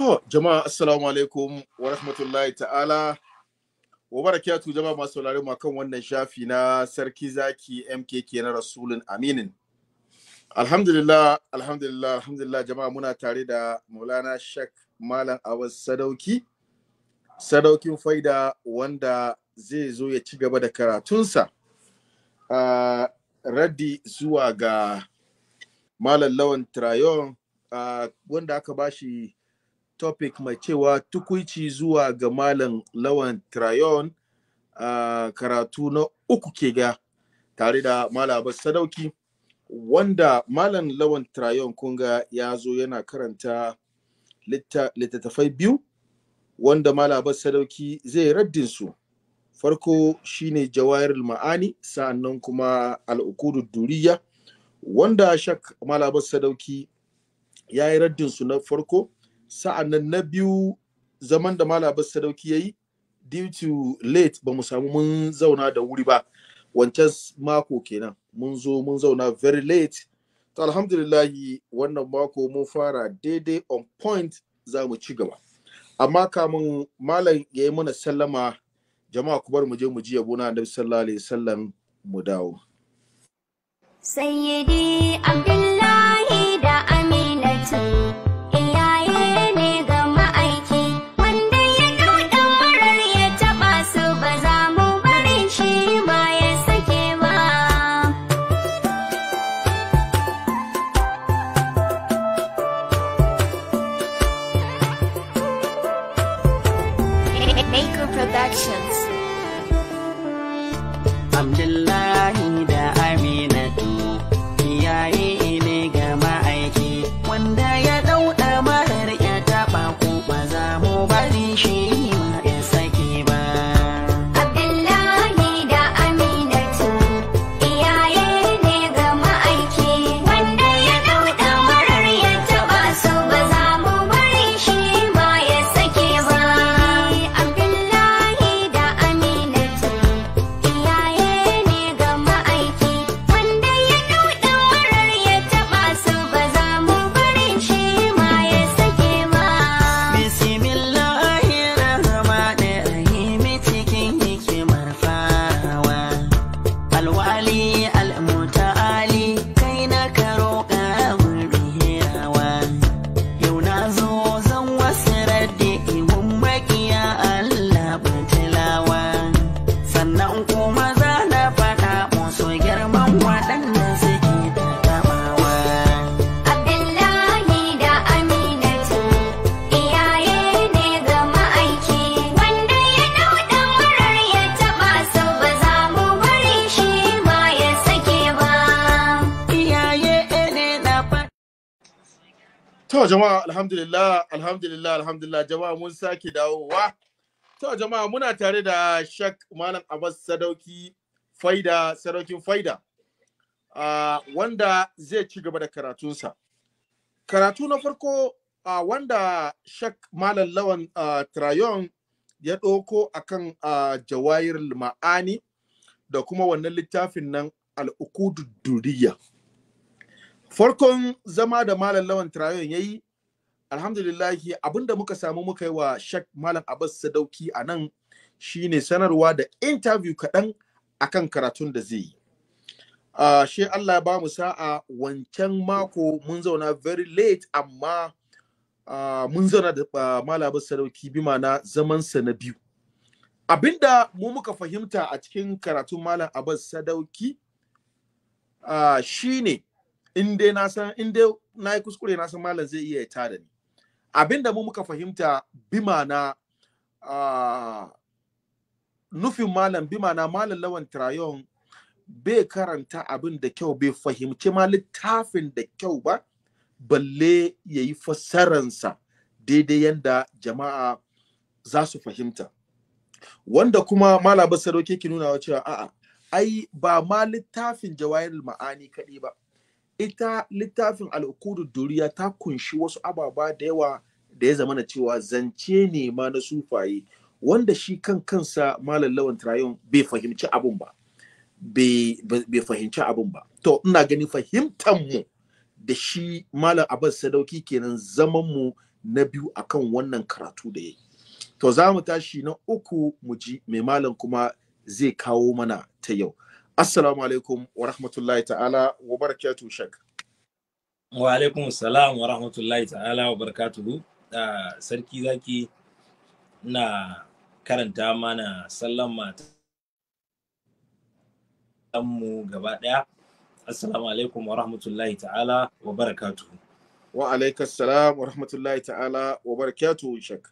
To, jama'a assalamu alaikum wa rahmatullahi ta'ala. Wa barakatu jama'a masu saurare mu kan wannan shafi na Sarki Zaki MKK na Rasulun Aminin. Alhamdulillah, alhamdulillah, alhamdulillah jama'a muna tare da Maulana Shek Malam Awas Sadauki. Sadaukin faida wanda zai zo ya ci gaba da karatunsa. Uh, raddi zuwa ga Malam Lawan Trayon wanda aka bashi topic mai cewa tukuici zuwa ga malam lawan trayon a karatu na uku ke ga tare da malabar sadauki wanda malam lawan trayon kunga ya zo yana karanta littattafai biyu wanda malabar sadauki zai raddin su farko shine jawahir ma'ani sa'annan kuma al'ukudu duriya wanda shak malabar sadauki ya yi raddin su na farko sa'annan na biyu zaman da mala bas sadauki yayi due to late ba mu samu mun zauna da wuri ba wancan mako kenan mun zo mun zauna very late to alhamdulillah wannan mako mun fara daidai on point za mu ci gaba amma kamun malam ya yi mana sallama jama'a ku bar mu je mu ji yabo na annabi sallallahu alaihi wasallam mu dawo sayyidi abdullahi jama'a alhamdulillah alhamdulillah alhamdulillah jama'a mun sake dawowa to jama'a muna tare da shak malam abbas sadauki faida sadaukin faida uh, wanda zai ci gaba da karatunsa karatu na farko uh, wanda shak malam lawan uh, trayon ya ɗauko akan uh, jawahir ma'ani da kuma wannan littafin nan al'ukudu duriya farkon zama da malam lawan trayon yayi alhamdulillahi abinda muka samu muka yi wa shak malam abbas sadauki a nan shine sanarwa da interview kaɗan akan karatun da zai yi uh, shi allah ya ba mu sa'a wancan mako mun zauna very late amma uh, mun zauna da uh, malam abbas sadauki bi mana zamansa na biyu abinda mu muka fahimta a cikin karatun malam abbas sadauki uh, shine in na in dai na yi kuskure na san malam zai iya ya tada ni abinda mu muka fahimta bima na nufin malam bima na malam lawan trayon bai karanta abin da kyau bai fahimci ma littafin da kyau ba balle ya yi fassaransa daidai yadda jama'a za su fahimta wanda kuma malam sadauki ke nuna cewa a'a ai ba ma littafin jawahirul ma'ani kaɗai ba ita littafin al'ukudu duriya ta kunshi wasu ababa da yawa da ya zama na cewa zance ne ma na sufaye wanda shi kan kansa malam lawan trayon bai fahimci abun ba bai fahimci abun ba to ina gani fahimtar mu da shi malam abbas sadauki kenan zaman mu na biyu akan wannan karatu da yayi to za mu tashi na uku mu ji mai malam kuma zai kawo mana ta yau Assalamu alaikum wa rahmatullahi ta'ala wa barakatu shak. Wa alaikum salam wa rahmatullahi ta'ala wa barakatuhu. Uh, sarki zaki na karanta mana sallama ta mu gaba daya. Assalamu alaikum wa rahmatullahi ta'ala wa barakatuhu. Wa alaikas salam wa rahmatullahi ta'ala wa barakatuhu shak.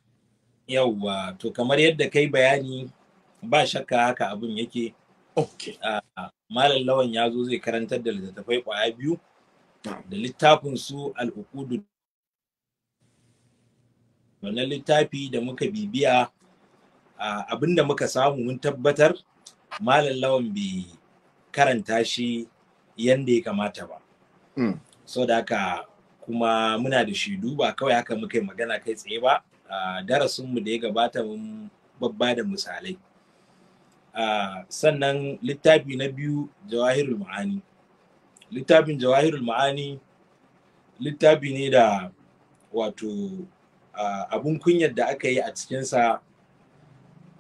Yawwa, to kamar yadda kai bayani ba shakka haka abun yake. Ah, Malam Lawan ya zo zai karantar da littattafai kwaya biyu da littafin su al'ukudu wannan littafi da muka bibiya abinda muka samu mun tabbatar Malam Lawan bai karanta shi yanda ya kamata ba. Hmm. So da haka kuma muna da shaidu ba kawai haka muka yi magana kai tsaye ba ah, darasinmu da ya gabata mun babba da misalai. sannan littafi na biyu jawahirul ma'ani littafin jawahirul ma'ani littafi ne da wato abun kunyar da aka yi a cikinsa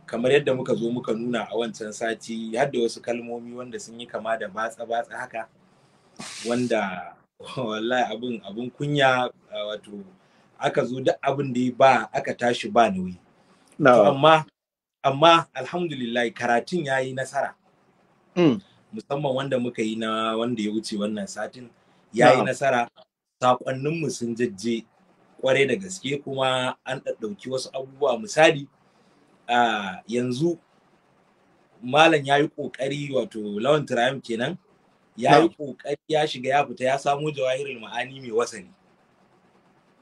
kamar yadda muka zo muka nuna a wancan sati hadda wasu kalmomi wanda sun yi kama da batsa-batsa haka wanda wallahi abun abun kunya wato aka zo duk abin da ya ba aka tashi ba nauyi amma amma alhamdulillah karatun ya yi nasara mm. musamman wanda muka yi na wanda ya wuce wannan satin ya yi nasara saƙonninmu sun jajje kwarai da gaske kuma an ɗauki wasu abubuwa misali yanzu malam ya yi ƙoƙari wato lawan tirayim kenan ya yi ƙoƙari ya shiga ya fita ya samu jawahirin ma'ani mai wasani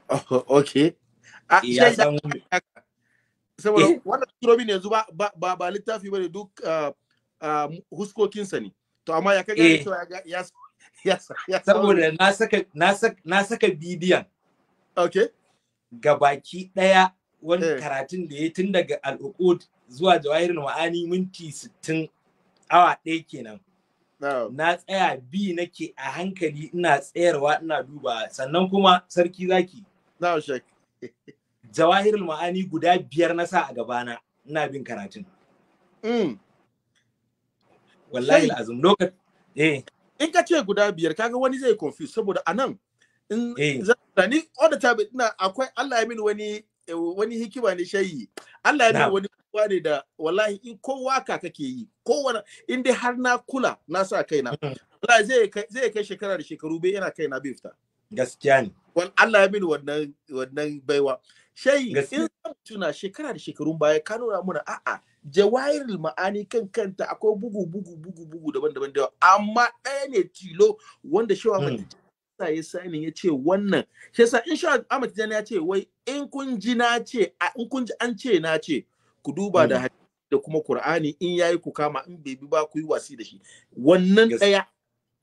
oh, ok ah, eh, saboda eh. wannan ne yanzu ba ba ba littafi duk ah, ah, huskokinsa ne to amma ya kaga eh. cewa ya ya saboda na saka na saka na saka bidiyon okay ga baki daya wani eh. karatun da ya tun daga al'ukud zuwa jawahirin ma'ani minti 60 awa ɗaya kenan na tsaya bi nake a hankali ina tsayarwa ina duba sannan kuma sarki zaki jawahirul ma'ani guda biyar na sa a gabana ina bin karatun mm. wallahi azum lokaci eh in ka ce guda biyar kaga wani zai confuse saboda anan in eh. zani all the time ina akwai Allah ya min wani eh, wani hikima ne shayi Allah ya min wani kowa ne da wallahi in kowa ka kake yi kowa in dai har na kula na sa kaina mm. wallahi zai zai kai shekara da shekaru bai yana kaina bai fita gaskiya ne Allah ya min wannan wannan baiwa shayi in tuna shekara da shekarun baya ka nuna muna a'a jawairul ma'ani kan kanta akwai bugu bugu bugu bugu daban-daban da amma ɗaya ne tilo wanda shewa hmm. mai sa ya sani ya ce wannan shi yasa in sha Ahmad Tijani ya ce wai in kun ji na ce in kun ji an ce na ce ku duba da hmm. da kuma Qur'ani in yayi ku kama in bai bi ba ku yi wasi da shi wannan ɗaya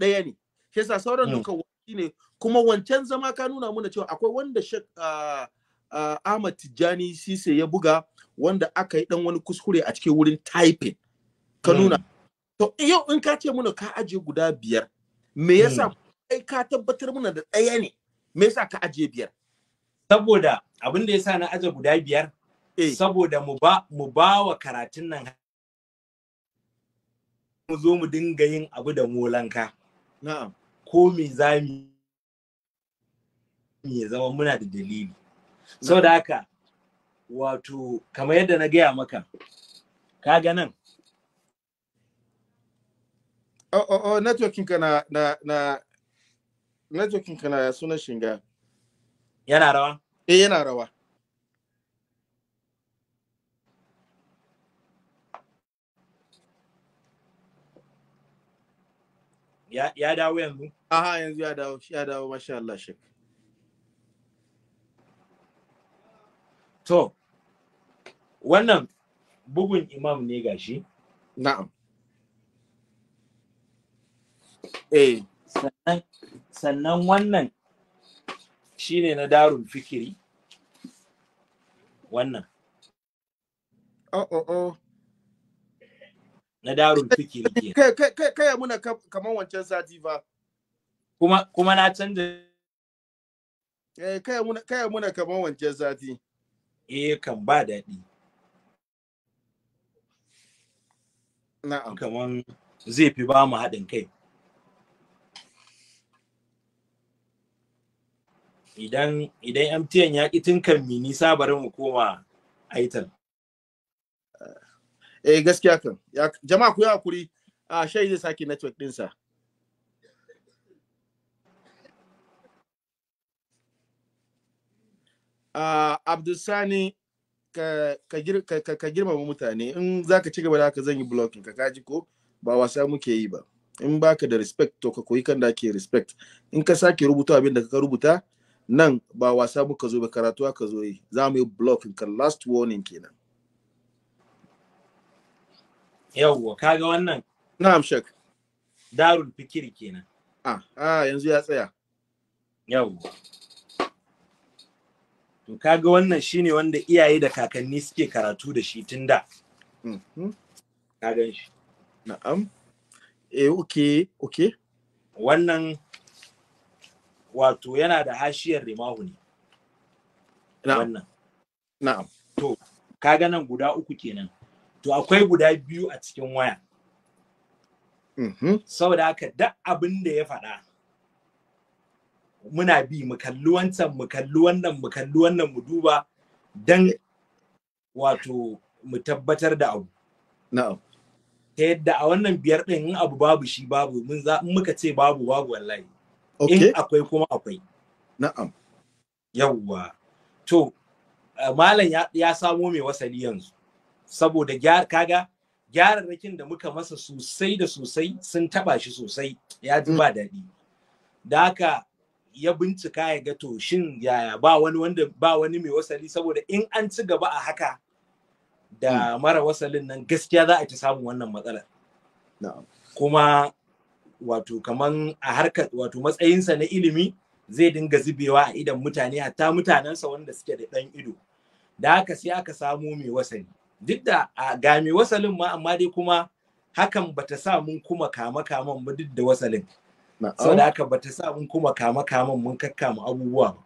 ɗaya ne shi yasa sauran hmm. duka wani ne kuma wancan zama ka nuna muna cewa akwai wanda ah, uh, Ahmad Tijjani Sise ya buga wanda aka yi dan wani kuskure a cikin wurin typing ka hmm. nuna to yau in ka ce muna ka aje guda biyar me yasa hmm. kai ka tabbatar muna da ɗaya ne me yasa ka aje biyar saboda abin da yasa na aje guda biyar eh. saboda mu ba mu ba wa karatun nan mu zo mu dinga yin abu da molanka na'am ko me za mu ya zama muna da dalili da haka wato kamar yadda na gaya maka kaga nan oh, oh, oh, networking ka na na networking na sunan shinga yana rawa eh yana rawa ya dawo yanzu aha yanzu ya dawo ya dawo masha Allah shek to wannan bugun imam ne gashi na'am eh sannan sannan wannan shine na darun fikiri wannan oh oh oh na darun fikiri kai kai kai muna kamar wancan sati ba kuma kuma na canza eh kai muna kai muna kamar wancan sati eh kan ba daɗi kaman zai fi ba mu haɗin kai idan idan MTN ya ƙi tun mi nisa bari mu koma aitan eh gaskiya kan jama'a ku yi hakuri a ah, shai zai sake network ɗinsa. uh, ah, abdulsani ka, ka, ka, ka, girmama mutane in za ka ci gaba da haka zan yi blocking ka kaji ko ba wasa muke yi ba in baka da respect to ka koyi kan da ke respect in ka sake rubuta abin da ka rubuta nan ba wasa muka zo ba karatu ka zo yi za mu yi blocking ka last warning kenan yawwa kaga wannan na'am shek darul fikiri kenan ah, ah yanzu ya tsaya yawwa to kaga wannan shine wanda iyaye da kakanni suke karatu da shi tun da mm-hmm. gan shi na'am eh oke. oke. wannan wato yana da hashiyar rimahu ne wannan na'am to kaga nan guda uku kenan to akwai guda biyu a cikin waya mm-hmm. saboda haka duk abin da ya faɗa muna bi mu kalli wancan mu kalli wannan mu kalli wannan mu duba dan wato mu tabbatar da abu na'am ta yadda a wannan biyar din in abu babu shi babu mun za in muka ce babu babu wallahi in akwai kuma akwai na'am yawwa to eh, malam ya samo mai wasali yanzu saboda kaga gyararrakin da muka masa sosai da sosai sun taba shi sosai ya ji mm. ba daɗi da haka ya bincika ya ga to shin yaya ba wani wanda ba wani mai wasali saboda in an ci gaba a haka da hmm. mara wasalin nan gaskiya za a ci samun wannan matsalar kuma wato kaman a harka wato matsayinsa na ilimi zai dinga zubewa a idan mutane hatta mutanensa wanda suke da ɗan ido da haka sai aka samu mai wasali duk da ga mai wasalin ma amma dai kuma hakan bata sa mun kuma kama kaman ba duk da wasalin Sau da bata sa mun kuma kama kaman mun kakkama abubuwa ba.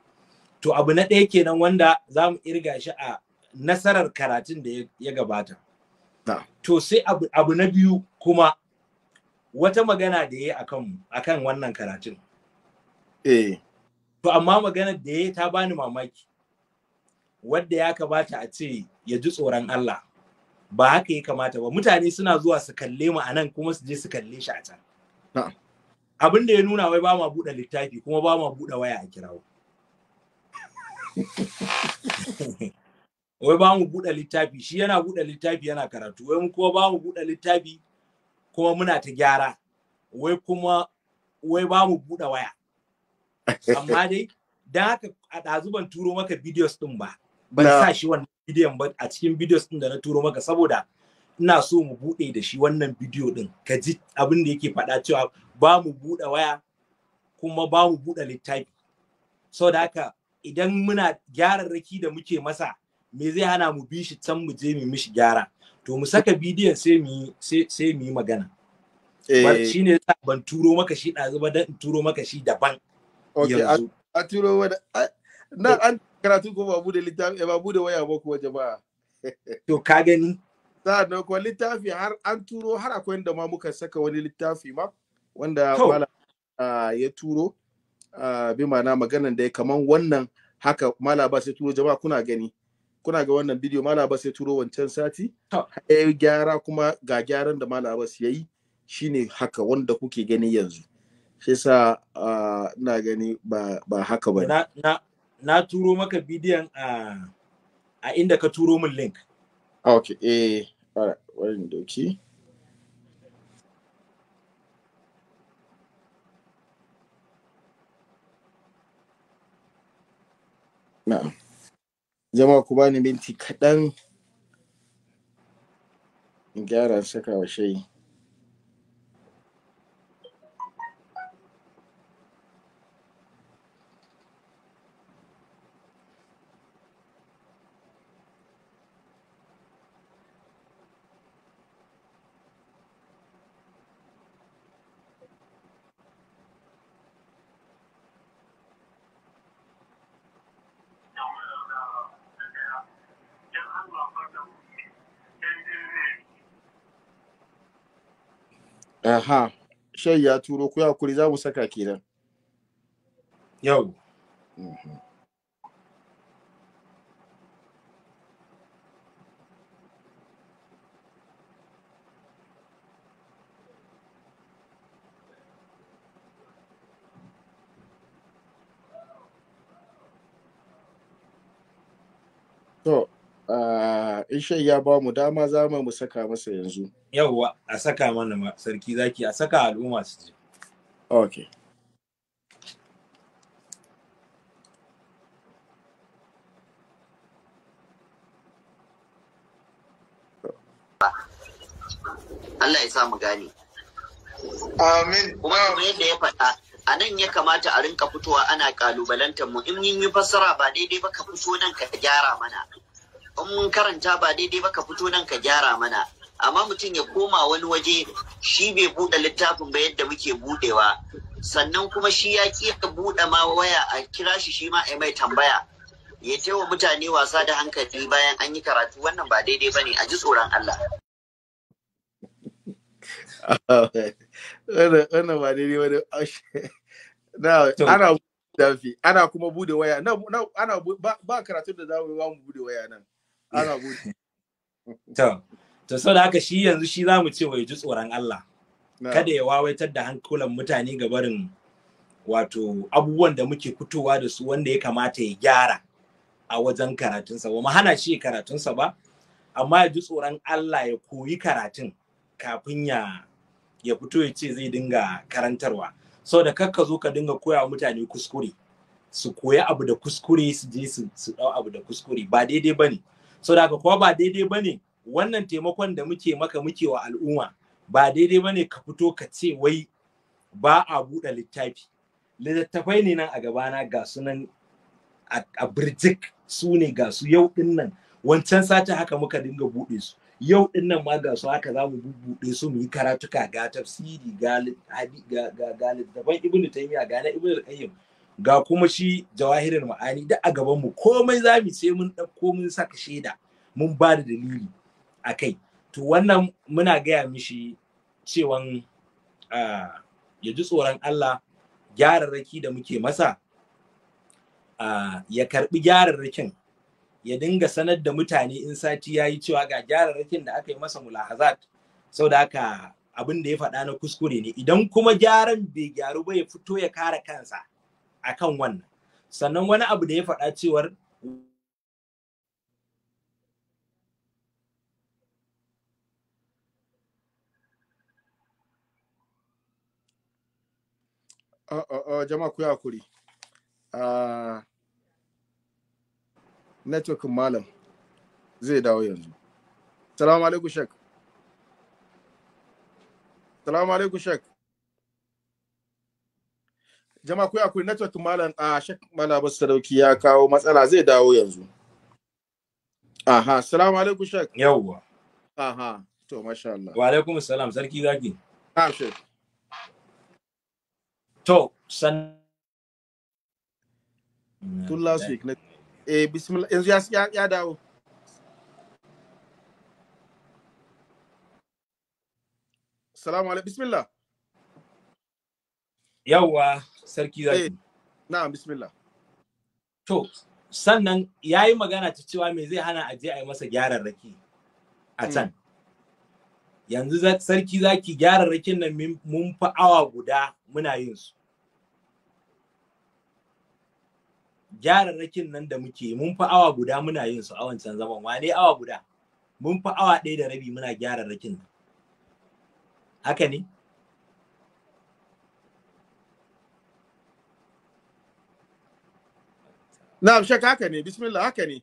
To abu na ɗaya kenan wanda za mu irga shi a nasarar karatun da ya gabata. To sai abu na biyu kuma wata magana da ya yi a kan wannan karatun. Eh. To amma magana da ya yi ta bani mamaki. Wadda ya kamata a ce ya ji tsoron Allah. Ba haka ya kamata ba. Mutane suna zuwa su kalle mu a nan kuma su je su kalle shi a can. abin da ya nuna wai ba ma buɗe littafi kuma ba ma buɗe waya a kirawo wai ba mu buɗe littafi shi yana buɗe littafi yana karatu wai mu kuma ba mu buɗe littafi kuma muna ta gyara wai kuma wai ba mu buɗe waya amma dai dan haka a ɗazuban turo maka videos ɗin ba ban sa shi wannan bidiyon ba a cikin videos ɗin da na turo maka saboda ina so mu buɗe da shi wannan bidiyo ɗin ka ji abin da yake faɗa cewa ba mu buɗe waya kuma ba mu buɗe littafi saboda haka idan muna gyararraki da muke masa me zai hana mu bi shi can mu je mu mishi gyara to mu saka bidiyon sai mu sai mu yi magana eh. shi ne ban turo maka shi ɗazu ba in turo maka shi daban yanzu a turo wani na an karatu ko babu da littafi babu da waya ba kuwa jama'a to ka gani sa'an nan kuwa littafi har an turo har akwai inda ma muka saka wani littafi ma wanda malam ah, ya turo ah, bi ma'ana maganan da ya kaman wannan haka malam ba sai turo jama'a kuna gani kuna ga wannan bidiyo malam Abbas ya turo wancan sati ya yi gyara kuma ga gyaran da malam Abbas ya yi shine haka wanda kuke gani yanzu shi sa ah, ina gani ba ba haka ba na na, na turo maka bidiyon a a inda ka turo min link okay eh all right doki Na'am. ku bani minti kaɗan in gyara saka wa shayi. aha shai ya turo ku ya kuri za mu saka kenan yau mm -hmm. Ishai ya ba mu dama za mu saka masa yanzu. Yawwa, a saka mana sarki zaki, a saka al'umma su ji. Okay. Allah ya sa mu gane. Amin. Kuma kuma yadda ya faɗa, a nan ya kamata a rinka fitowa ana kalubalantar mu in yin yi fassara ba daidai ba ka fito nan ka gyara mana. in mun karanta ba daidai ba ka fito nan ka gyara mana amma mutum ya koma wani waje shi bai buɗe littafin ba yadda muke buɗewa sannan kuma shi ya ki ya buɗe ma waya a kira shi shi ma a mai tambaya ya taiwa mutane wasa da hankali bayan an yi karatu wannan ba daidai ba ne a ji tsoron Allah. Wannan ba daidai wani ne. ana kuma bude waya ana ba karatun da za mu buɗe waya nan. ana to to so da haka shi yanzu shi za mu ce wai ji tsoron Allah kada ya wawaitar da hankulan mutane ga barin wato abubuwan da muke fitowa da su wanda ya kamata ya gyara a wajen karatunsa Wa hana shi karatunsa ba amma ya ji tsoron Allah ya koyi karatun kafin ya ya fito ya ce zai dinga karantarwa sau da kakka zo ka dinga koya mutane kuskure su koya abu da kuskure su je su dau abu da kuskure ba daidai ba ne so da kuwa ba daidai ba ne wannan taimakon da muke maka muke wa al'umma ba daidai ba ne ka fito ka ce wai ba a buɗe littafi littattafai ne nan a gabana ga su nan a birjik su ne ga su yau ɗin nan wancan sata haka muka dinga buɗe su yau ɗin nan ma ga su haka za mu buɗe su mu yi karatuka ga tafsiri ga littattafan ibnu taymiya ga na ibnu al ga kuma shi jawahirin ma'ani da a gaban mu komai za mu ce mun ɗauko mun saka shaida mun ba da dalili a kai to wannan muna gaya mishi cewan ya ji tsoron Allah gyararraki da muke masa ya karbi gyararrakin ya dinga sanar da mutane in sati ya yi cewa ga gyararrakin da aka yi masa mulahazat sau da haka abin da ya faɗa na kuskure ne idan kuma gyaran bai gyaru ba ya fito ya kare kansa akan wannan sannan wani abu da ya faɗa cewar Oh, oh, oh, jama'a ku hakuri uh, malam zai dawo yanzu salamu alaikum shek salamu alaikum shek jama'a kuya akwai network malam a ah, shek malabar sadauki ya kawo matsala zai dawo yanzu aha salamu alaikum shek yawwa aha to masha Allah wa alaikum salam, sarki zaki ha shek to san tun last week eh bismillah yanzu ya ya dawo Salamu alaikum bismillah yawwa sarki zaki eh, na bismillah to sannan ya yi magana ta cewa me zai hana aje a yi masa raki a hmm. can yanzu sarki zaki rakin nan mun fi awa guda muna yin su rakin nan da muke mun fi awa guda muna yin su a wancan zaman wane awa guda mun fi awa ɗaya da rabi muna rakin nan haka ne na shaka haka ne bismillah haka ne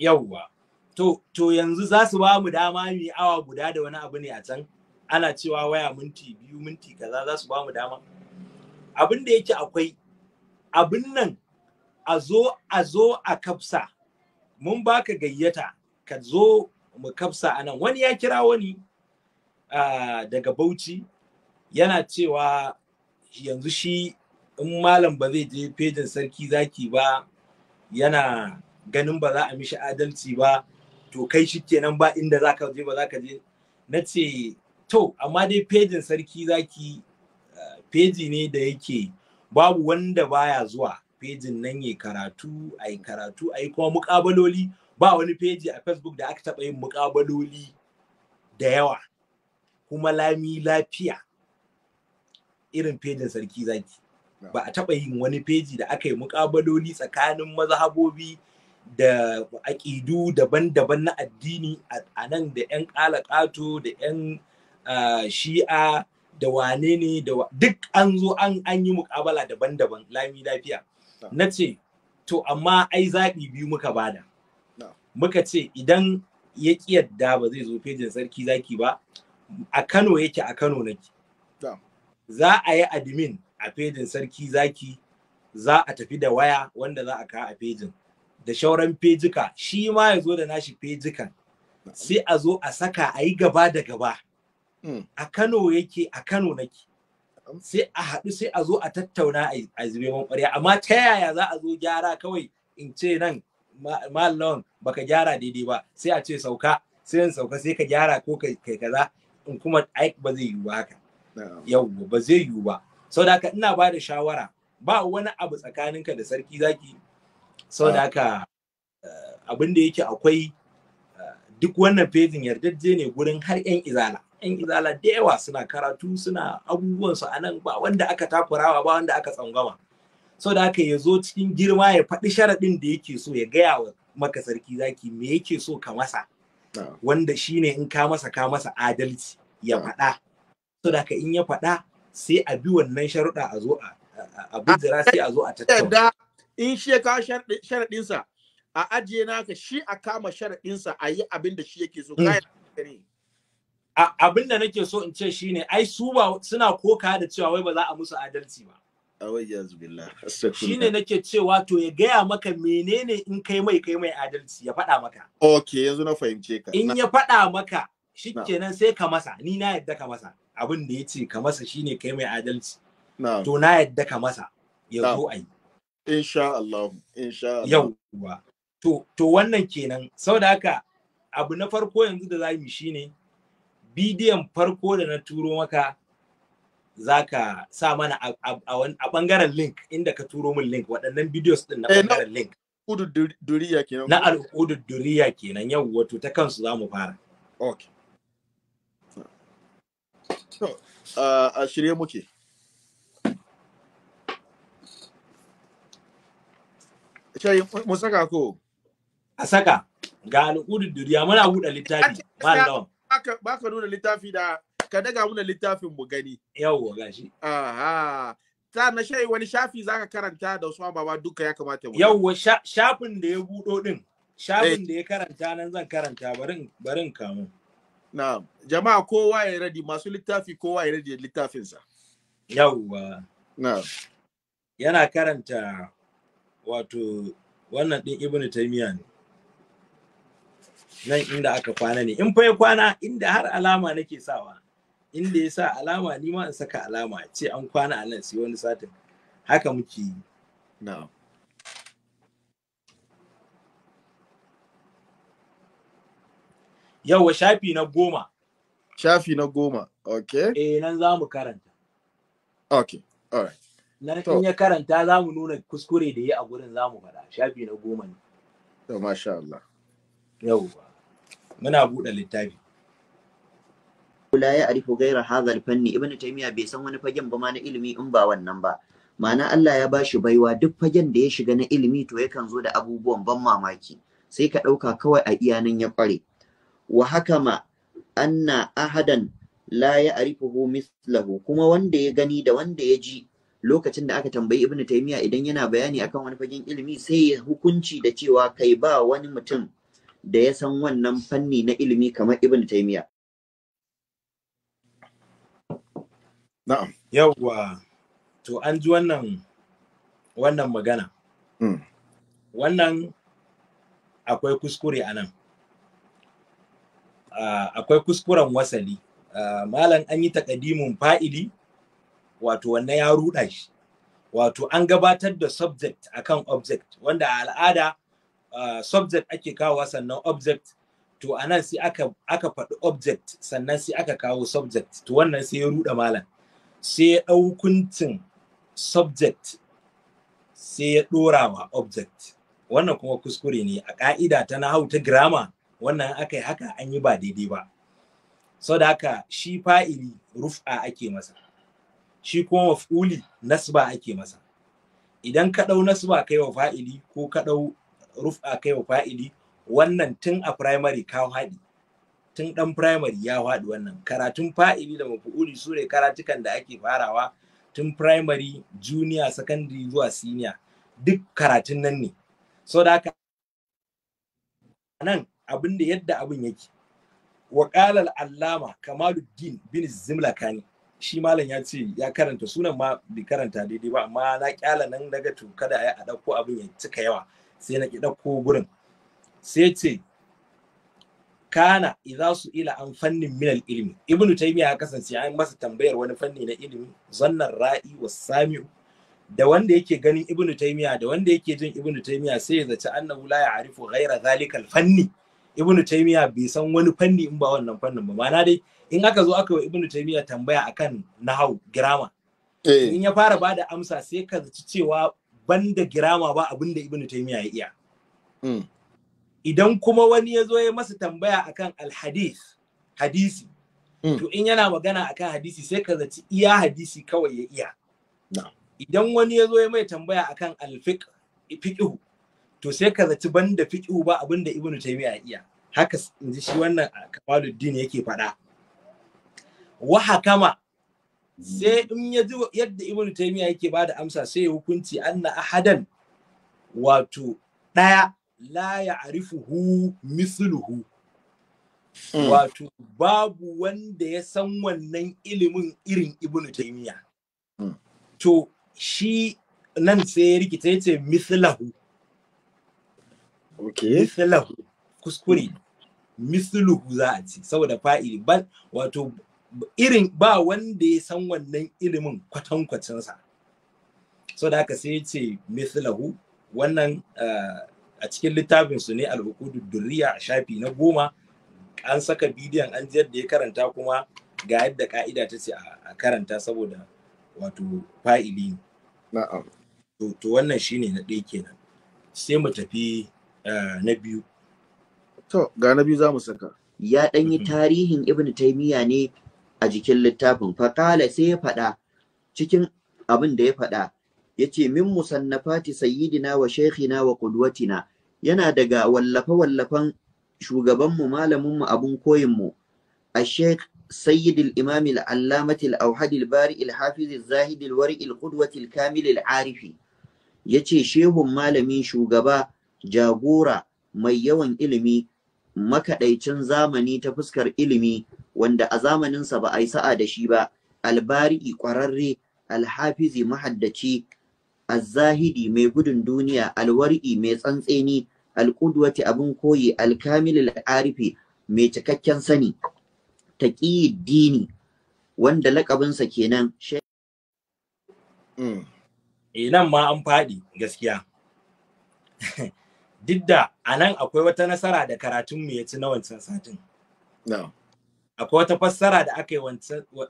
yawwa to to yanzu za su ba mu dama ne awa guda da wani abu ne a can ana cewa waya minti biyu minti kaza za su ba mu dama abin da yake akwai abin nan a zo a zo a kafsa mun baka gayyata ka zo mu kafsa anan wani ya kira wani ah, daga bauchi yana cewa yanzu shi in malam ba zai je fejin sarki zaki ba yana ganin ba za a mishi adalci ba to kai shi kenan ba inda za ka je ba za je na ce to amma dai fejin sarki zaki feji eh, ne da yake babu wanda baya zuwa fejin nan ya karatu a yi karatu a yi kuma mukabaloli ba wani feji a facebook da aka taɓa yin mukabaloli da yawa kuma lami lafiya irin fejin sarki zaki ba a taɓa yin wani feji da aka yi muƙabaloli tsakanin mazhabobi da aƙidu daban-daban na addini a nan da 'yan ƙalaƙato da 'yan shi'a da wane ne da duk an zo an yi muƙabala daban-daban lami lafiya na ce to amma ai zaɓi biyu muka bada muka ce idan ya yadda ba zai zo fejin sarki zaki ba a kano yake a kano nake za a yi admin a fejin sarki zaki za a tafi da waya wanda za a kawo a fejin da shauran fejika shi ma ya zo da nashi fejikan sai a zo a saka a yi gaba da gaba hmm. a kano yake a kano nake hmm. sai a haɗu sai a zo a tattauna a zube man ƙwarya amma ta yaya za a zo gyara kawai in ce nan mallon baka gyara daidai ba sai a ce sauka sai in sauka sai ka gyara ko kai kaza in kuma aik ba zai yiwu haka yau ba zai yiwu ba sau da ina ba da shawara ba wani abu tsakaninka da sarki zaki sau da ka eh, abin da yake akwai eh, duk wannan fejin yardajje ne gurin har 'yan izala 'yan izala da yawa suna karatu suna abubuwansu a nan ba wanda aka takurawa ba wanda aka tsangwama sau da ka ya zo cikin girma ya faɗi sharaɗin da yake so ya gaya wa maka sarki zaki me yake so ka masa wanda shine in ka masa ka masa adalci ya faɗa sau da ka in ya faɗa sai a bi wannan sharuɗa a zo a bujira sai a zo a tattauna in shi ya kawo sharaɗinsa a ajiye naka shi a kama sharaɗinsa a yi abin da shi yake so hmm. kayan abin da nake so in ce shi ne, ai su ba suna koka da cewa wai ba za a musu adalci ba shine nake cewa to ya gaya maka menene in kai mai kai mai adalci ya faɗa maka ok yanzu na fahimce ka in ya faɗa maka shikenan sai ka masa ni na yadda ka masa abin da ya ce ka masa shine kai mai adalci to na yadda ka masa ya zo a yi insha Allah insha Allah yauwa to to wannan kenan saboda haka abu na farko yanzu da zamu shine bidiyon farko da na turo maka zaka sa mana a bangaren link inda ka turo min link waɗannan videos din na bangaren eh, link duriya kenan na al'udu duriya kenan yau wato ta kansu zamu fara okay a shirye muke shayi mu saka ko a saka ga al'udin duriya muna buɗe littafi ba lawan ba ka nuna littafi da ka daga muna littafin mu gani yawwa gashi aha ta na shayi wani shafi zaka karanta da su Baba duka ya kamata mu yawwa shafin da ya buɗo din shafin eh. da ya karanta nan zan karanta barin barin kamun na jama'a kowa ya radi masu littafi kowa ya radi littafinsa yawwa na yana karanta wato wannan din ibnu taymiya ne nan inda aka kwana ne in fa ya kwana inda har alama nake sawa inda ya sa alama ni ma in saka alama ce an kwana a nan sai wani satin haka muke yi na'am yawa shafi na goma shafi na goma ok eh nan za mu karanta ok alright nan in ya karanta za mu nuna kuskure da ya a gurin za mu faɗa shafi na goma ne to masha Allah ba. muna buɗe littafi Kula ya arifu gairar hazar fanni Ibn taymiya bai san wani fagen ba ma na ilimi in ba wannan ba ma'ana Allah ya bashi baiwa duk fagen da ya shiga na ilimi to yakan zo da abubuwan ban mamaki sai ka ɗauka kawai a iyanin ya ƙware wa ma anna ahadan la ya'rifuhu mislahu kuma wanda ya gani da wanda ya ji lokacin da aka tambayi ibnu taymiya idan yana bayani akan wani fagen ilimi sai ya hukunci da cewa kai ba wani mutum da ya san wannan fanni na ilimi kamar ibnu taymiya na'am yawwa to an ji wannan wannan magana hmm. wannan akwai kuskure anan. Ah, akwai kuskuren wasali ah, malam an yi takadimin fa'ili wato wannan ya ruɗa shi wato an gabatar da subject akan object wanda a al'ada ah, subject ake kawo sannan object to a nan sai aka faɗi object sannan sai aka kawo subject to wannan sai ya ruɗa malam sai ya ɗau hukuncin subject sai ya ɗora ma object wannan kuma kuskure ne a ƙa'ida ta nahau ta grammar wannan aka yi haka an yi ba daidai ba sau da haka shi fa'ili rufa ake masa shi kuma maf'uli nasba ake masa idan ka ɗau nasba kai wa fa'ili ko ka ɗau rufa kai wa fa'ili wannan tun a primary ka haɗi tun ɗan primary ya haɗi wannan karatun fa'ili da maf'uli su ne karatukan da ake farawa tun primary junior secondary zuwa senior duk karatun nan ne so da haka nan abin da yadda abin yake wa qala allama kamaluddin bin zimlakani shi malam ya ce ya karanta sunan ma bi karanta daidai ba amma na kyala nan daga to kada ya a ɗauko abin ya cika yawa sai na ki ɗauko gurin sai ce kana idza su ila an fannin minal ilmi ibnu taymiya ya kasance an masa tambayar wani fanni na ilimi zannan ra'i was sami'u da wanda yake ganin ibnu taymiya da wanda yake jin ibnu taymiya sai ya zaci annahu la ya'rifu ghayra zalikal fanni ibnu taymiya bai san wani fanni in ba wannan fannin ba ma'ana dai in aka zo aka yi ibnu taymiya tambaya akan nahau girama eh. in ya fara ba da amsa sai ka zaci cewa banda girama ba abin da ibnu taymiya ya iya hmm. idan kuma wani ya zo ya masa tambaya akan alhadis, hadisi hmm. to in yana magana akan hadisi sai ka zaci iya hadisi kawai ya iya idan wani ya zo ya mai tambaya akan alfiqh fiqhu to sai ka zaci banda fiqhu ba abin da ibnu taymiya iya haka inji shi wannan kamaluddin yake faɗa wa hakama sai in ya yadda ibnu taymiya yake ba da amsa sai ya hukunci anna ahadan wato ɗaya la ya'rifuhu misluhu hmm. wato babu wanda ya san wannan ilimin irin ibnu taymiya hmm. to shi nan sai ya rikita yace mislahu Okay. Mislahu kuskure. Hmm. Misluhu za a ce saboda fa'ili bal wato irin ba wanda ya san wannan ilimin kwatankwacinsa. So da haka sai ce mislahu wannan eh, a cikin littafinsu ne al'ukudu durriya a shafi na goma an saka bidiyon an jiyar da ya karanta kuma ga yadda ka'ida ta ce a karanta saboda wato fa'ili. Na'am. To wannan shine na ɗaya kenan. Sai mu tafi Ah, na biyu to ga na biyu za mu saka ya ɗan yi mm-hmm. tarihin ibn taimiyya ne a jikin littafin faƙala sai ya faɗa cikin abin da ya faɗa ya ce min musannafati sayyidina wa shekina wa ƙudwatina yana daga wallafe-wallafen shugabanmu malaminmu abun koyinmu a sheikh sayyidil imamil allamatil auhadil bari'il hafizil zahidil wari'il ƙudwatil kamilil arifi ya ce shehun malami shugaba jagora mai yawan ilimi makaɗaicin zamani ta fuskar ilimi wanda a zamaninsa ba a yi sa'a da shi ba albari'i ƙwararre alhafizi mahaddaci azzahidi mai gudun duniya alwar'i mai tsantseni alƙudwati abin koyi alkamilil arifi mai cikakken sani taƙi dini wanda laƙabinsa kenan mm. eh, nan ma an faɗi gaskiya duk da a nan akwai wata nasara da karatunmu ya ci na wancan satin. Akwai wata fassara da aka yi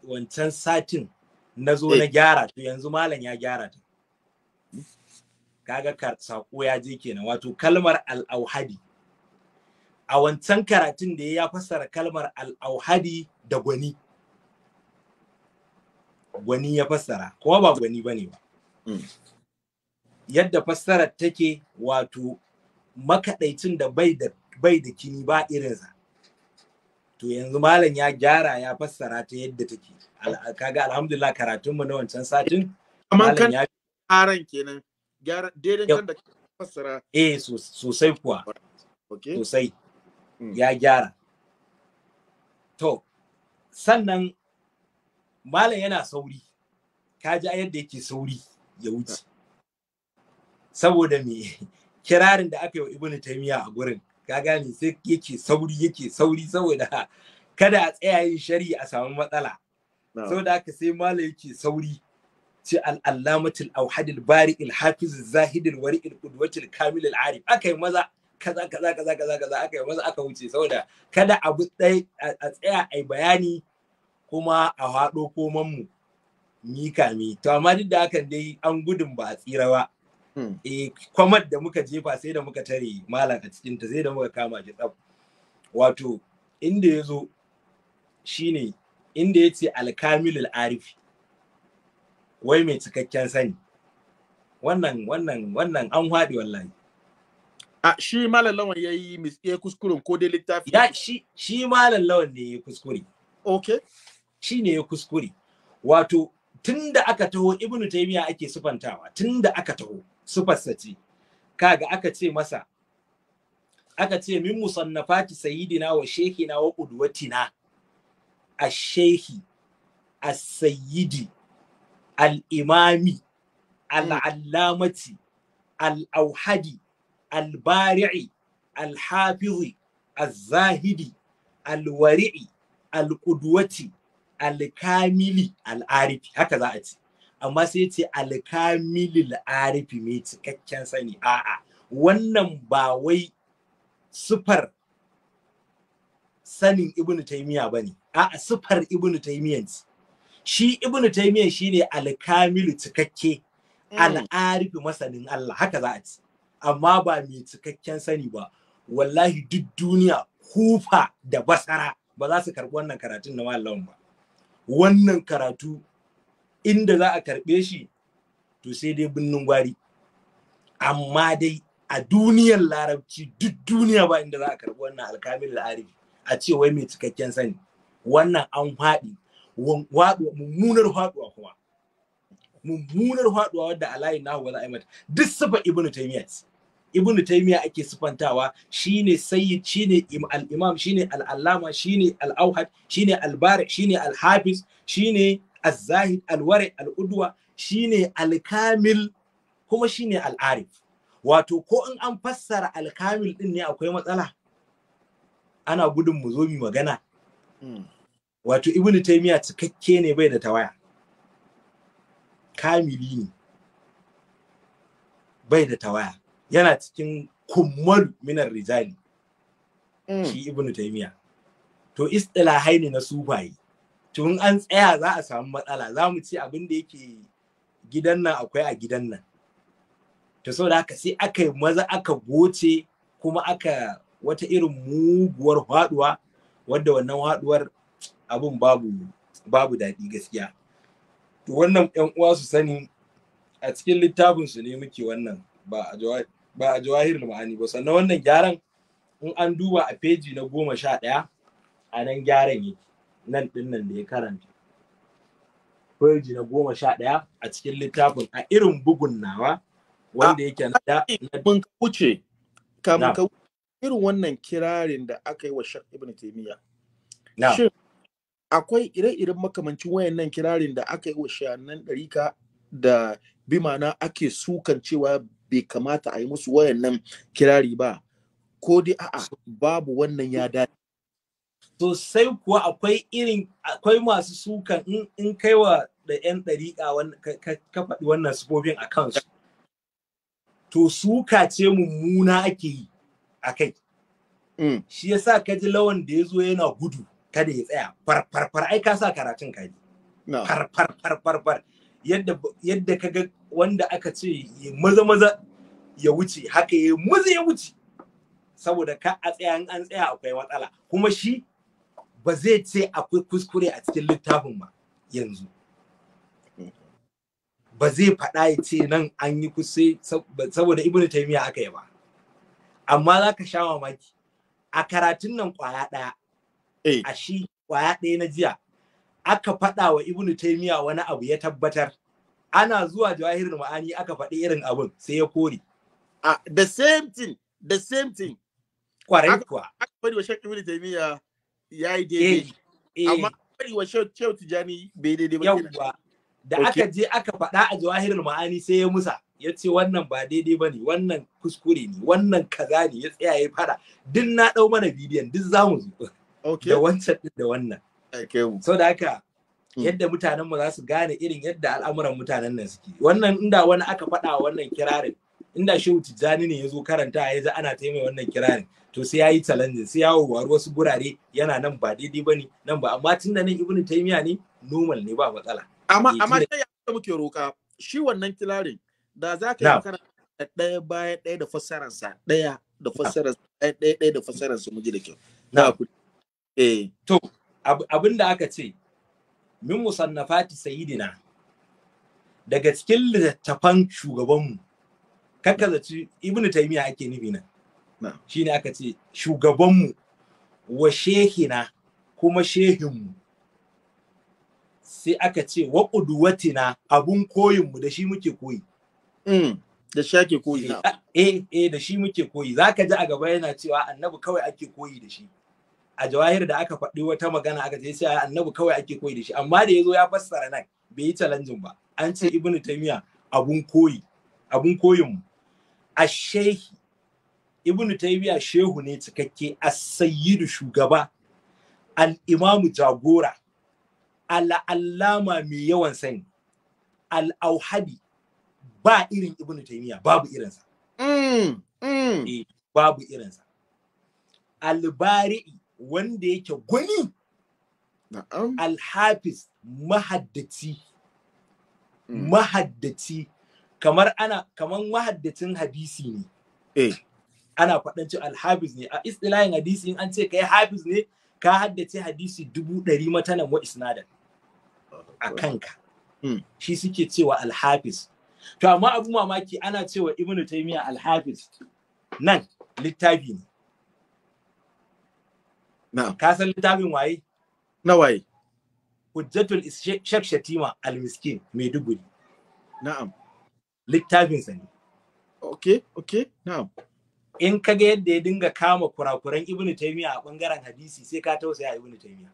wancan satin na zo na eh. gyara to yanzu malam ya gyara ta. Kaga sako ya je kenan wato kalmar al'auhadi. A wancan karatun da ya fassara kalmar al'auhadi da gwani. Gwani ya fassara, kuma ba gwani ba ne ba. Hmm. Yadda fassara take wato makaɗaicin da bai da bai da kini ba irinsa to yanzu malam ya gyara ya fassara ta yadda take kaga alhamdulillah karatunmu na wancan satin malam kan karan kenan gyara daidai kan da fassara eh sosai kuwa sosai hmm. ya gyara to sannan malam yana sauri ka ji yadda yake sauri ya wuce ah. saboda me kirarin da aka yi wa ibnu taymiya a gurin ka gane sai yake sauri yake sauri saboda kada a tsaya yin shari a samu matsala saboda haka sai malam yake sauri ce allamatul auhadil bari hafiz zahidil wari qudwatil kamil arif akai maza kaza kaza kaza kaza kaza akai maza aka wuce saboda kada abu dai a tsaya ai bayani kuma a haɗo koman mu mi to amma duk da hakan dai an gudun ba a tsira ba Hmm. eh kwamar da muka jefa sai da muka tare malam a cikin ta sai da muka kama shi tsaf wato inda ya zo shine inda ya alkamilul arifi wai mai cikakken sani wannan wannan wannan an haɗe wallahi a shi malam lawan ya yi ya kuskuren ko dai littafi ya shi shi malam lawan ne ya kuskure okay shi ne ya kuskure wato tunda aka taho ibnu taymiya ake sufantawa tunda aka taho sufarsa sati, kaga aka ce masa aka ce min musannafati sayyidina wa shekina wa udwatina a shehi a sayyidi al-imami al-allamati al-auhadi al-bari'i al-hafizi al-zahidi al-wari'i al-qudwati al-kamili al-arifi haka za a ce amma sai ce alkamilil arifi mai cikakken sani a'a wannan ba wai sufar sanin ibnu taymiya bane a'a sufar ibnu taymiya shi ibnu taymiya shine alkamilu cikakke mm. al'arifi masanin Allah haka za a ci amma ba mai cikakken sani ba wallahi duk duniya kufa da basara ba za su karɓi wannan karatun na malamin ba wannan karatu inda za a karɓe shi to sai dai birnin gwari amma dai a duniyar larabci duk duniya ba inda za a karɓi wannan alkamin la'arifi a ce wai mai cikakken sani wannan an haɗi mummunar haɗuwa kuma mummunar haɗuwa wadda alayi na wala aimat duk sifa ibnu taymiya ibnu taymiya ake sifantawa shine sayyid shine al-imam shine al-allama shine al awhad shine al-bari shine al-hafiz shine az-zahid al-wari al-udwa shine al kuma shine al-arif wato ko in an fassara al ɗin ne akwai matsala ana gudun mu zo mi magana wato ibnu taymiya cikakke ne bai da tawaya kamili ne bai da tawaya yana cikin kummal minar rijali shi ibnu taymiya to istilahai ne na sufaye Tun an tsaya za a samu matsala za mu ci abin da yake gidan nan akwai a gidan nan to saboda haka sai aka maza aka goce kuma aka wata irin muguwar haduwa wadda wannan haduwar abin babu babu daɗi gaskiya to wannan yan uwa su sani a cikin littafin su ne muke wannan ba a ba jawahir ma'ani ba sannan wannan gyaran in an duba a feji na goma sha ɗaya a nan gyaran yake nan nan da ya karanta kwaji na goma sha ɗaya a cikin littafin a irin bugun nawa wanda yake na da mun wuce kamun ka irin wannan kirarin da aka yi wa Shak Ibn Taymiya. shin akwai ire-iren makamancin wayannan kirarin da aka yi wa shayannan ɗarika da bimana ake sukan cewa bai kamata a yi musu wayannan kirari ba ko dai a'a babu wannan ya dace sosai kuwa akwai irin akwai masu sukan in kai wa da 'yan ɗariƙa ka faɗi wannan sufofin a kansu to suka ce mummuna ake yi a kai mm. shi yasa ka ji lawan da ya zo yana gudu kada ya tsaya farfarfar ai ka sa karatun kaji Farfarfarfar. yadda ka ga wanda aka ce maza maza ya wuce haka ya maza ya wuce saboda ka a tsaya an tsaya akwai matsala kuma shi ba zai ce akwai kuskure a cikin littafin ma yanzu ba zai faɗa ya ce nan an yi kusa saboda ibnu taimiya aka yi ba amma za ka sha mamaki a karatun nan kwaya ɗaya eh. a shi kwaya ɗaya na jiya aka faɗa wa ibnu taimiya wani abu ya tabbatar ana zuwa jawahirin ma'ani aka faɗi irin abun sai ya kore ah, the same thing the same thing kwarai kuwa aka faɗi wa shakki ibnu taimiya ya yi eh, daidai eh. amma bari wa shehu tijani bai daidai ba yawwa da aka je aka faɗa a jawahirul ma'ani sai ya musa ya ce wannan ba daidai ba ne wannan kuskure ne wannan kaza ne ya tsaya ya fara duk na ɗau mana bidiyon duk za mu zo da wancan da wannan so da haka hmm. yadda mutanen mu za su gane irin yadda al'amuran mutanen nan suke wannan inda wani aka faɗa wannan kirarin inda shehu tijjani ne ya zo karanta ya ji ana taimai wannan kirarin to sai yayi challenge sai yawo war wasu gurare yana nan ba daidai bane nan ba amma da nan ibn taymiya ne normal ne ba matsala amma eh, amma sai ya muke roka shi wannan kilarin da za ka yi karanta ɗaya bayan ɗaya da sa ɗaya da fassararsa ɗaya ɗaya da fassarar mu ji da kyau na ku eh to abin da aka ce min musannafati sayyidina daga cikin littattafan shugabanmu kakkazaci ibnu taymiya ake nufi nan shine aka ce shugabanmu wa shehina kuma shehinmu sai aka ce wa ƙuduwatina abun koyinmu da shi muke koyi mm, da shi ake koyi na eh, eh eh da shi muke koyi zaka ji a gaba yana cewa annabi kawai ake koyi da shi a jawahir da aka faɗi wata magana aka ce sai annabi kawai ake koyi da shi amma da yazo ya fassara nan bai yi challenge ba an ce ibnu taymiya abun koyi abun koyin mu shehi. ibnu taymiya shehu ne cikakke as-sayyidu shugaba al jagora al-allama mai yawan sani al-auhadi ba irin ibnu taymiya babu irinsa mm, mm. Eh, babu irinsa al-bari'i wanda yake gwani al-hafiz mahaddaci mm. mahaddaci kamar ana kamar mahaddacin hadisi ne eh. ana faɗan cewa alhabis ne a istilahin hadisi in an ce kai hafiz ne ka haddace hadisi dubu ɗari matanan wa isnadan a kanka hmm. shi suke cewa alhafiz to amma abu mamaki ana cewa ibn taymiya alhafiz nan littafi ne na'am ka san littafin waye na waye hujjatul shek shatima almiskin maiduguri na'am Littafin sani. okay okay na'am in ka ga yadda ya dinga kama kurakuran ibnu taymiya a bangaren hadisi sai ka tausaya ibnu taymiya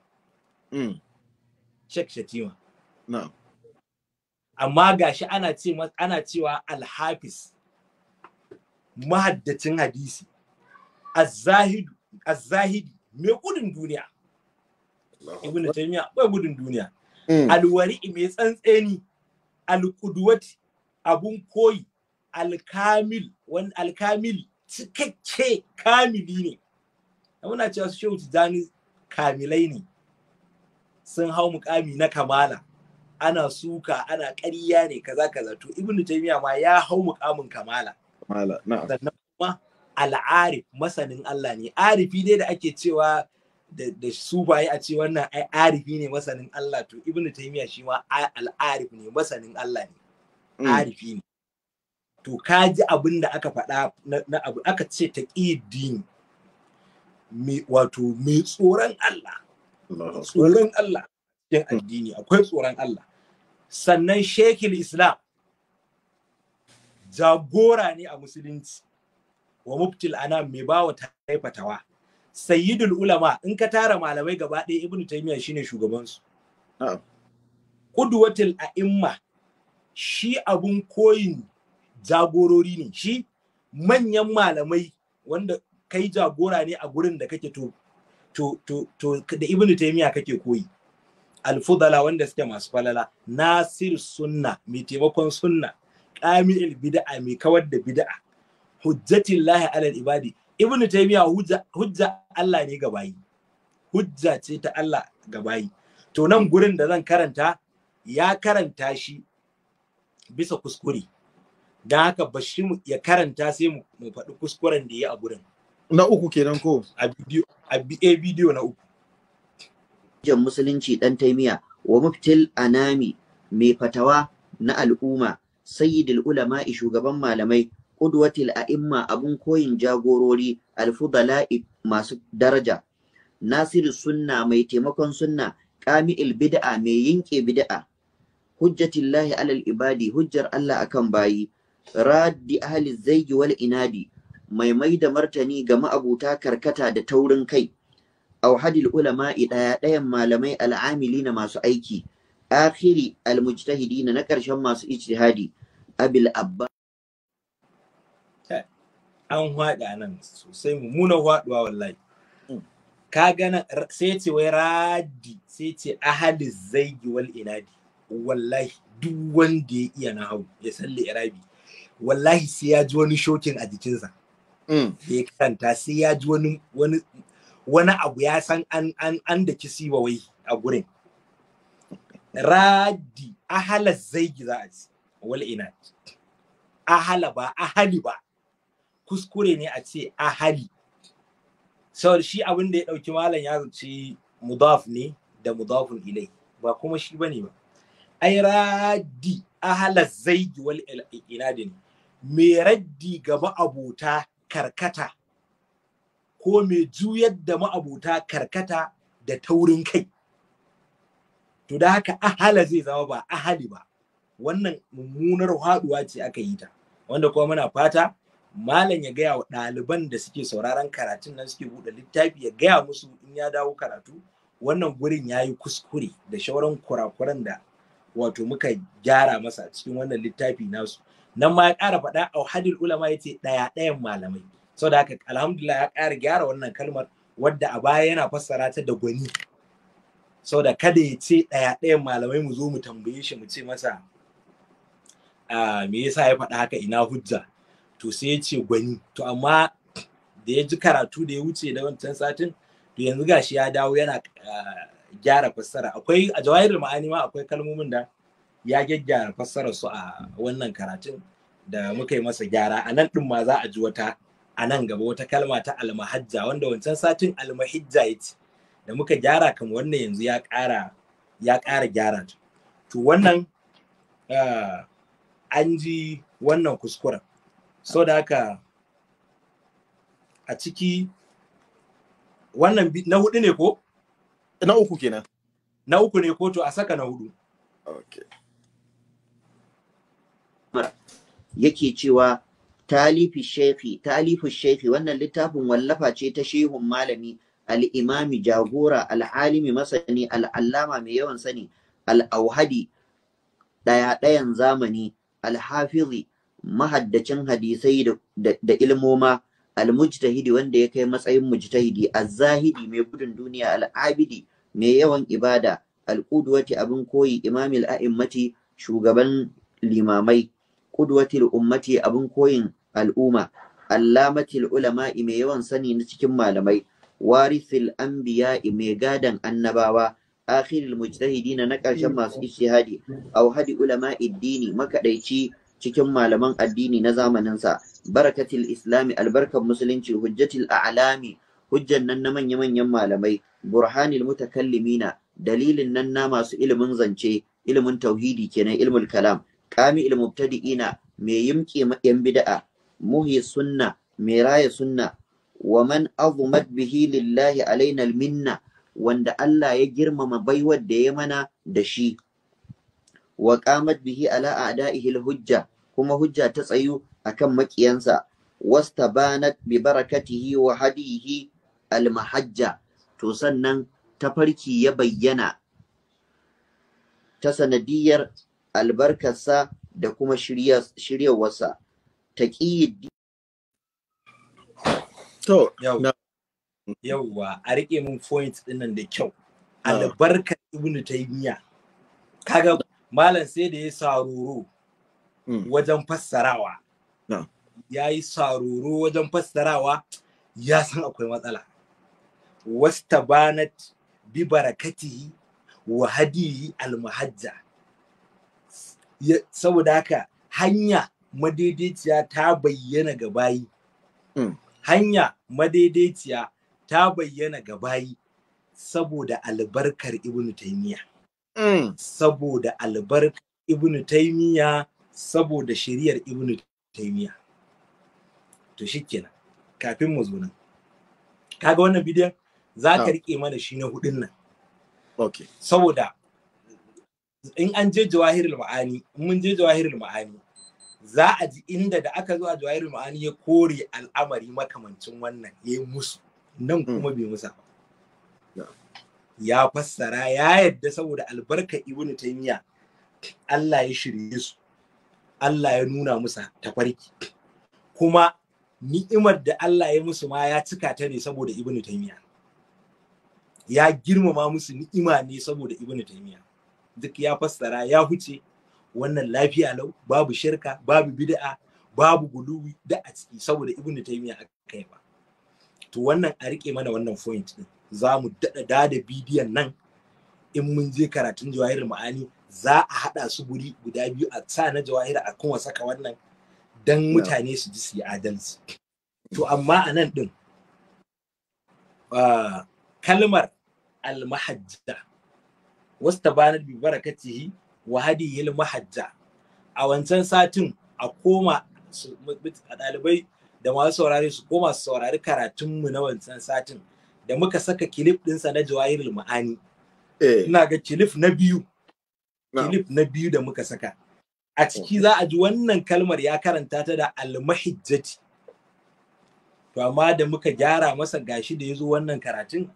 mm. shek shatima amma gashi ana ce ana cewa alhafis mahaddacin hadisi azzahidu zahidi mai gudun duniya ibnu taymiya bai gudun duniya hmm. alwari mai tsantseni alqudwati abun koyi alkamil wani alkamil cikakke kamili ne muna cewa su shehu tijjani kamilai ne sun hau mukami na kamala ana suka ana ƙarya ne kaza kaza to ibnu taymiya ma ya hau mukamin kamala kamala na'am sannan kuma al'arif masanin Allah ne arifi dai da ake cewa da su baye a ce wannan ai arifi ne masanin Allah to ibnu taymiya shi ma al'arif ne masanin Allah ne mm. arifi ne to kaji abinda abin da aka faɗa na abu aka ce ta ƙidin wato mai tsoron Allah tsoron Allah cikin hmm. addini akwai tsoron Allah sannan shekil islam jagora ne a musulunci wa mubtil ana mai bawa wa taifatawa sayyidul ulama in ka tara malamai gaba ɗaya ibnu taymiya shine shugabansu kudwatul a'imma shi abun koyin jagorori ne shi manyan malamai wanda kai jagora ne a gurin da kake to to to to da ibnu taymiya kake koyi alfudala wanda suke masu falala nasir sunna mai taimakon sunna kamil bid'a mai kawar da bid'a hujjatillahi ala ibadi ibnu taymiya hujja hujja Allah ne ga bayi hujja ce ta Allah ga bayi to nan gurin da zan karanta ya karanta shi bisa kuskure da haka bashi ya karanta sai mu faɗi kuskuren da ya a gurin na uku kenan ko a bidiyo a eh, bidiyo na uku jan musulunci ɗan taimiya wa muftil anami mai fatawa na al'umma sayyidul ulama'i shugaban malamai qudwatil a'imma abun koyin jagorori alfudala'i masu daraja nasiru sunna mai taimakon sunna ƙami'il bid'a mai yinke bid'a hujjatillahi alal ibadi hujjar Allah akan bayi raddi ahli zaigi wal inadi mai mai da martani ga ma'abuta karkata da taurin kai hadil ulama'i ɗaya ɗayan malamai al'amili na masu aiki akhiri almujtahidi na ƙarshen masu ijtihadi abil abba an hwaɗa nan sosai mummunan hwaɗuwa wallahi mm. ka gana sai ce wai raddi sai ce ahli zaigi wal inadi wallahi duk wanda ya iya na hau ya salli irabi wallahi sai ya ji wani shokin a jikinsa mm. da kanta sai ya ji wani wani wani abu ya san an an an da kisi wa wai a gurin radi ahala zaigi za a ci wal ina ahala ba ahali ba kuskure ne a ce ahali saboda shi abin da ya dauki malam ya zaci mudaf ne da mudafun ilai ba kuma shi bane ba ai radi ahala gi wal ina ne mai raddi ga ma'abota karkata ko mai juyar da ma'abota karkata da taurin kai to da haka ahala zai zama ba ahali ba wannan mummunar haɗuwa ce aka yi ta wanda kuma muna fata malam ya gaya wa ɗaliban da suke sauraron karatun nan suke buɗe littafi ya gaya musu in ya dawo karatu wannan gurin ya yi kuskure da shauran kurakuran da wato muka gyara masa cikin wannan littafi nasu nan ma ya ƙara faɗa a hadil ulama ya ce ɗaya ɗayan malamai sau da haka alhamdulillah ya ƙara gyara wannan kalmar wadda a baya yana fassara ta da gwani sau da kada ya ce ɗaya ɗayan malamai mu zo mu tambaye shi mu ce masa me yasa ya faɗa haka ina hujja to sai ya ce gwani to amma da ya ji karatu da ya wuce da wancan satin to yanzu gashi ya dawo yana eh, gyara fassara akwai a jawahirul ma'ani ma akwai kalmomin da ya gyaggyara fassarar su a wannan karatun da muka yi masa gyara a nan ɗin ma za a ji wata a nan gaba wata kalma ta almahajja wanda wancan satin almahajja ya da muka gyara kan wannan yanzu ya ƙara ya ƙara gyara ta to wannan ah, an ji wannan kuskuren so da haka a ciki wannan na hudu ne ko na uku kenan na uku ne ko to a saka na hudu okay. Umar yake cewa talifi shekhi talifu wannan littafin wallafa ce ta shehun malami al'imami jagora al'alimi masani al'allama mai yawan sani al'auhadi ɗaya-ɗayan zamani alhafizi mahaddacin hadisai da ilmoma almujtahidi wanda ya kai matsayin mujtahidi azzahidi mai gudun duniya al'abidi mai yawan ibada al'uduwati, abin koyi imamil a'immati shugaban limamai qudwatil ummati abin koyin al'umma allamatil ulama'i mai yawan sani na cikin malamai warithil anbiya mai gadan annabawa akhiril mujtahidina na ƙarshen masu ijtihadi aw hadi ulama dini makadaici cikin malaman addini na zamanin zamaninsa barakatil islami albarkar musulunci hujjatil a'lami hujjan nan na manya-manyan malamai burhanil mutakallimina dalilin nan na masu ilimin zance ilimin tauhidi kenan ilmul kalam jami'il ina, mai yimke yan bid'a muhi sunna mai raya sunna wa man azumat bihi lillahi alaina minna wanda Allah ya girmama baiwar da ya mana da shi wa qamat bihi ala a'da'ihi hujja kuma hujja ta tsayu akan makiyansa wastabanat bi barakatihi wa hadihi almahajja to sannan tafarki ya bayyana ta sanadiyar albarkarsa da kuma shiryawarsa taqiyyid to yawwa a riƙe min point ɗinnan da kyau ah. albarkar ibnu taymiya kaga ah. malam sai da ya saroro hmm. wajen fassarawa ya yi saroro wajen fassarawa ya san akwai matsala wasta banat bi barakatihi wa al almahajja saboda haka hanya madaidaiciya ta bayyana ga bayi hmm. hanya madaidaiciya ta bayyana ga bayi saboda albarkar ibnu taymiya hmm. saboda albarkar ibnu taymiya saboda shiriyar ibnu taymiya to shikenan kafin mu zo nan kaga wannan bidiyon za ka rike mana shi na hudun nan okay saboda in an je jawahirul ma'ani mun je jawahirul ma'ani za a ji inda da aka zo a jawahirul ma'ani ya kore al'amari makamancin wannan ya yi musu nan hmm. kuma bai musa ba ya fassara ya yadda saboda albarka ibnu taymiya Allah ya shirye su Allah ya nuna musa tafarki kuma ni'imar da Allah ya musu ma ya cika ta ne saboda ibnu taymiya ya girmama musu ni'ima ne saboda ibnu taymiya duk ya fassara ya huce wannan lafiya lau babu shirka babu bid'a babu guluwi da a ciki saboda ibnu taymiya aka ba to wannan a rike mana wannan point din za mu daɗa da bidiyon nan in mun je karatun jawahir ma'ani za a haɗa su guri guda biyu a sa na jawahir a kuma saka wannan dan mutane su ji su yi adalci to amma a nan ɗin ah, kalmar Al almahajja banar bi barakatihi wa hadiyil mahajja a wancan satin a koma a ɗalibai da masu saurari su koma su saurari karatunmu na wancan satin da muka saka kilif ɗinsa na jawahirul ma'ani eh. ina ga kilif na biyu kilif na biyu da muka saka a ciki za a ji wannan kalmar ya karanta ta da almahijjati to amma da muka gyara masa gashi da ya zo wannan karatun